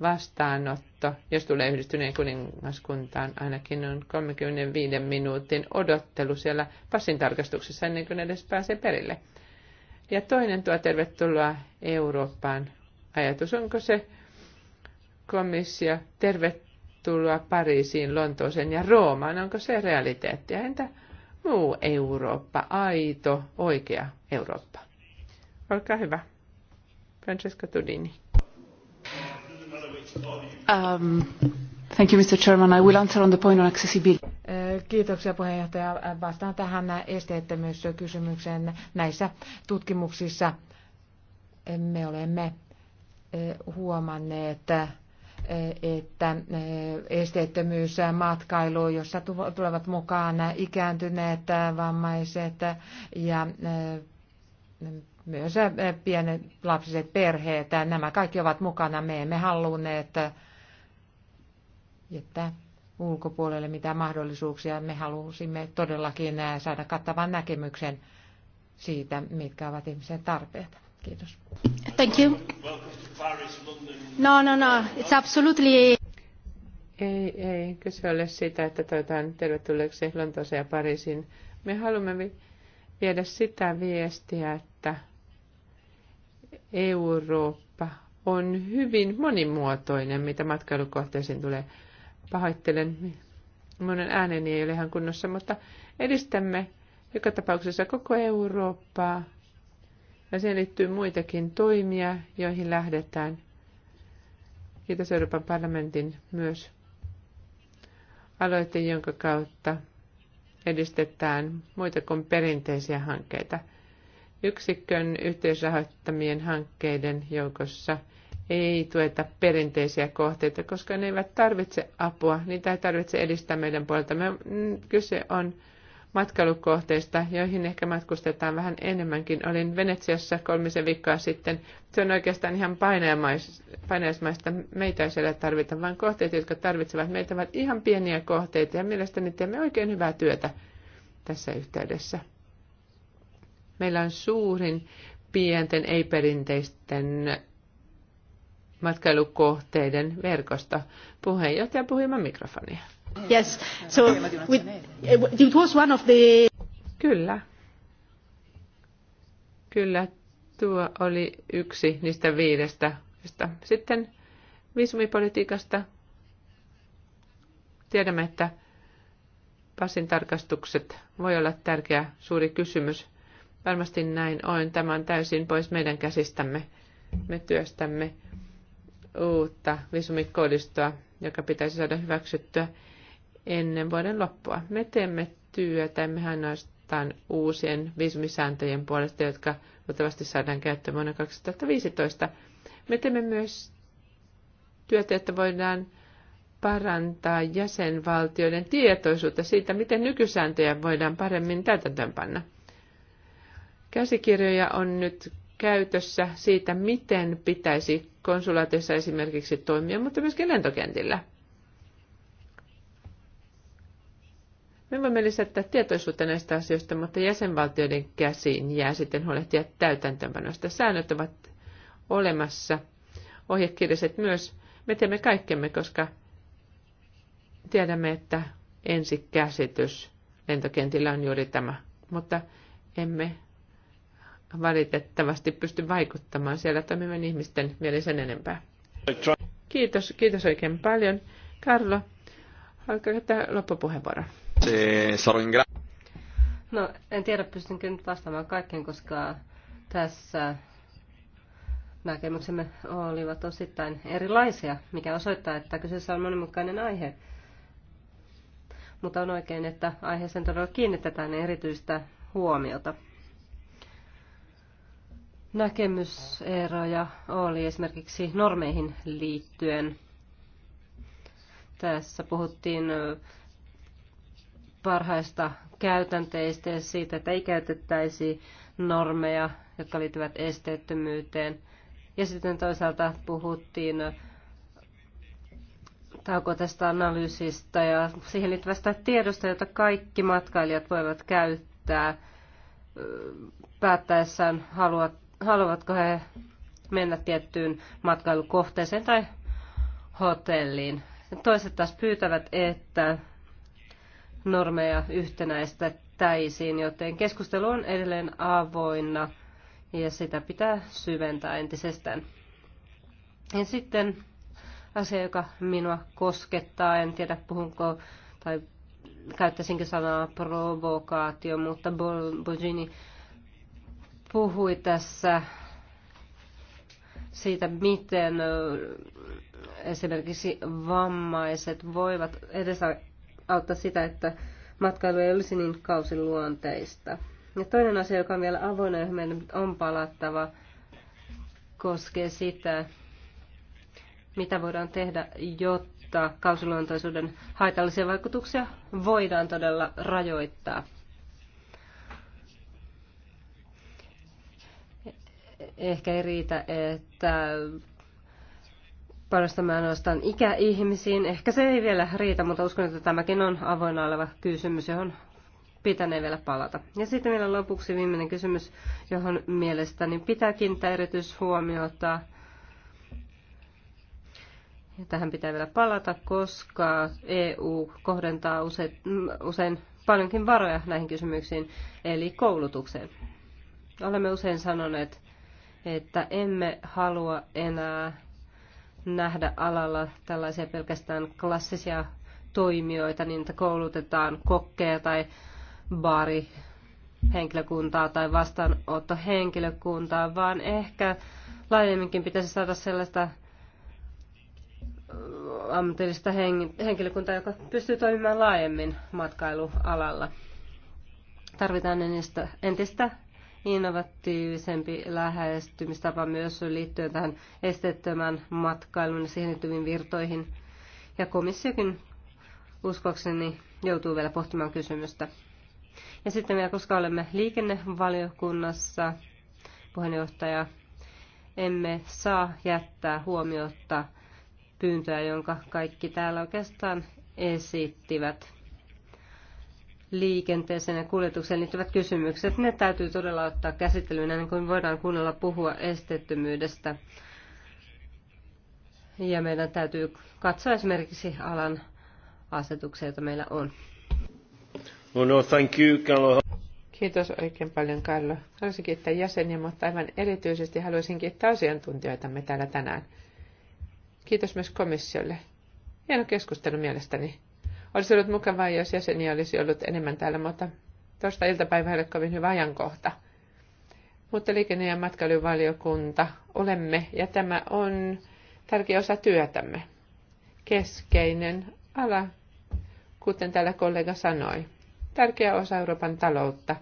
vastaanotto, jos tulee yhdistyneen kuningaskuntaan, ainakin on 35 minuutin odottelu siellä passin tarkastuksessa ennen kuin edes pääsee perille. Ja toinen tuo tervetuloa Eurooppaan. Ajatus onko se komissio, tervetuloa Pariisiin, Lontooseen ja Roomaan. Onko se realiteettia? Entä muu Eurooppa, aito, oikea Eurooppa? Olkaa hyvä.
Francesca Tudini. Um, thank you, Mr. Chairman. I will answer on the point on accessibility. Eh, kiitoksia puheenjohtaja. Vastaan tähän esteettömyyskysymykseen näissä tutkimuksissa. Me olemme eh, huomanneet, että että eh, esteettömyys eh, matkailu, jossa tulevat mukaan ikääntyneet, eh, vammaiset ja myös pienet lapsiset perheet. Nämä kaikki ovat mukana. Me emme halunneet jättää ulkopuolelle mitään mahdollisuuksia. Me halusimme todellakin saada kattavan näkemyksen siitä, mitkä ovat ihmisen tarpeet. Kiitos.
Thank you. No, no, no. It's absolutely...
Ei, ei. Kyse ole sitä, että toivotaan tervetulleeksi Lontooseen ja Pariisin. Me haluamme viedä sitä viestiä, että Eurooppa on hyvin monimuotoinen, mitä matkailukohteisiin tulee. Pahoittelen, monen ääneni ei ole ihan kunnossa, mutta edistämme joka tapauksessa koko Eurooppaa ja siihen liittyy muitakin toimia, joihin lähdetään. Kiitos Euroopan parlamentin myös aloite, jonka kautta edistetään muita kuin perinteisiä hankkeita. Yksikön yhteisrahoittamien hankkeiden joukossa ei tueta perinteisiä kohteita, koska ne eivät tarvitse apua, niitä ei tarvitse edistää meidän puolelta. Mm, kyse on matkailukohteista, joihin ehkä matkustetaan vähän enemmänkin. Olin Venetsiassa kolmisen viikkoa sitten. Se on oikeastaan ihan painajaismaista. Meitä ei siellä tarvita, vaan kohteet, jotka tarvitsevat meitä, ovat ihan pieniä kohteita. Ja mielestäni teemme oikein hyvää työtä tässä yhteydessä. Meillä on suurin pienten, ei-perinteisten matkailukohteiden verkosto. Puheenjohtaja puhuiman mikrofonia.
Yes, so it was one of the...
Kyllä. Kyllä, tuo oli yksi niistä viidestä. Sitten viisumipolitiikasta tiedämme, että passin tarkastukset voi olla tärkeä suuri kysymys. Varmasti näin on. Tämä on täysin pois meidän käsistämme. Me työstämme uutta visumikoodistoa, joka pitäisi saada hyväksyttyä ennen vuoden loppua. Me teemme työtä, emme ainoastaan uusien viisumisääntöjen puolesta, jotka luultavasti saadaan käyttöön vuonna 2015. Me teemme myös työtä, että voidaan parantaa jäsenvaltioiden tietoisuutta siitä, miten nykysääntöjä voidaan paremmin täytäntöönpanna. Käsikirjoja on nyt käytössä siitä, miten pitäisi konsulaatissa esimerkiksi toimia, mutta myöskin lentokentillä – Me voimme lisätä tietoisuutta näistä asioista, mutta jäsenvaltioiden käsiin jää sitten huolehtia täytäntöönpanosta. Säännöt ovat olemassa, ohjekirjaiset myös. Me teemme kaikkemme, koska tiedämme, että ensikäsitys lentokentillä on juuri tämä, mutta emme valitettavasti pysty vaikuttamaan siellä toimivan ihmisten mielisen enempää. Kiitos, kiitos oikein paljon.
Karlo, alkaa käyttää loppupuheenvuoro. Eh, no, en tiedä, pystynkö nyt vastaamaan kaikkeen, koska tässä näkemyksemme olivat osittain erilaisia, mikä osoittaa, että kyseessä on monimutkainen aihe. Mutta on oikein, että aiheeseen todella kiinnitetään erityistä huomiota. Näkemyseroja oli esimerkiksi normeihin liittyen. Tässä puhuttiin parhaista käytänteistä ja siitä, että ei käytettäisi normeja, jotka liittyvät esteettömyyteen. Ja sitten toisaalta puhuttiin tästä analyysistä ja siihen liittyvästä tiedosta, jota kaikki matkailijat voivat käyttää päättäessään, haluat, haluavatko he mennä tiettyyn matkailukohteeseen tai hotelliin. Toiset taas pyytävät, että normeja yhtenäistettäisiin, joten keskustelu on edelleen avoinna ja sitä pitää syventää entisestään. Ja sitten asia, joka minua koskettaa, en tiedä puhunko tai käyttäisinkö sanaa provokaatio, mutta Bojini puhui tässä siitä, miten esimerkiksi vammaiset voivat auttaa sitä, että matkailu ei olisi niin kausiluonteista. Ja toinen asia, joka on vielä avoinna, johon meidän on palattava, koskee sitä, mitä voidaan tehdä, jotta kausiluontoisuuden haitallisia vaikutuksia voidaan todella rajoittaa. E-, ehkä ei riitä, että panostamme ainoastaan ikäihmisiin. Ehkä se ei vielä riitä, mutta uskon, että tämäkin on avoinna oleva kysymys, johon pitänee vielä palata. Ja sitten vielä lopuksi viimeinen kysymys, johon mielestäni pitää kiinnittää erityishuomiota. Ja tähän pitää vielä palata, koska EU kohdentaa usein, usein paljonkin varoja näihin kysymyksiin, eli koulutukseen. Olemme usein sanoneet, että emme halua enää nähdä alalla tällaisia pelkästään klassisia toimijoita, niin että koulutetaan kokkeja tai baari henkilökuntaa tai vastaanottohenkilökuntaa, vaan ehkä laajemminkin pitäisi saada sellaista äh, ammatillista henkilökuntaa, joka pystyy toimimaan laajemmin matkailualalla. Tarvitaan entistä innovatiivisempi lähestymistapa myös liittyen tähän esteettömän matkailun ja siihen liittyviin virtoihin. Ja komissiokin uskokseni joutuu vielä pohtimaan kysymystä. Ja sitten vielä, koska olemme liikennevaliokunnassa, puheenjohtaja, emme saa jättää huomiota pyyntöä, jonka kaikki täällä oikeastaan esittivät liikenteeseen ja kuljetukseen liittyvät kysymykset, ne täytyy todella ottaa käsittelyyn ennen kuin voidaan kunnolla puhua esteettömyydestä. Ja meidän täytyy katsoa esimerkiksi alan asetuksia, joita meillä on.
No, no, thank you, Carlo.
Kiitos oikein paljon, Carlo. Haluaisin kiittää jäseniä, mutta aivan erityisesti haluaisin kiittää asiantuntijoitamme täällä tänään. Kiitos myös komissiolle. Hieno keskustelu mielestäni. Olisi ollut mukavaa, jos jäseniä olisi ollut enemmän täällä, mutta tuosta iltapäivälle kovin hyvä ajankohta. Mutta liikenne- ja matkailuvaliokunta olemme, ja tämä on tärkeä osa työtämme. Keskeinen ala, kuten täällä kollega sanoi. Tärkeä osa Euroopan taloutta,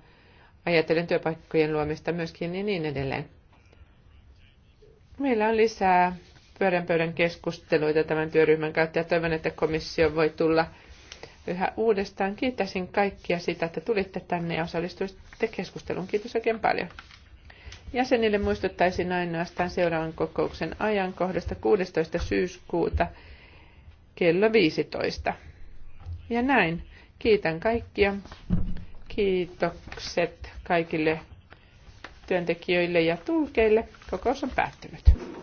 ajatellen työpaikkojen luomista myöskin ja niin edelleen. Meillä on lisää pyörän pöydän keskusteluita tämän työryhmän kautta ja toivon, että komissio voi tulla – yhä uudestaan. Kiitäisin kaikkia sitä, että tulitte tänne ja osallistuitte keskusteluun. Kiitos oikein paljon. Jäsenille muistuttaisin ainoastaan seuraavan kokouksen ajankohdasta 16. syyskuuta kello 15. Ja näin. Kiitän kaikkia. Kiitokset kaikille työntekijöille ja tulkeille. Kokous on päättynyt.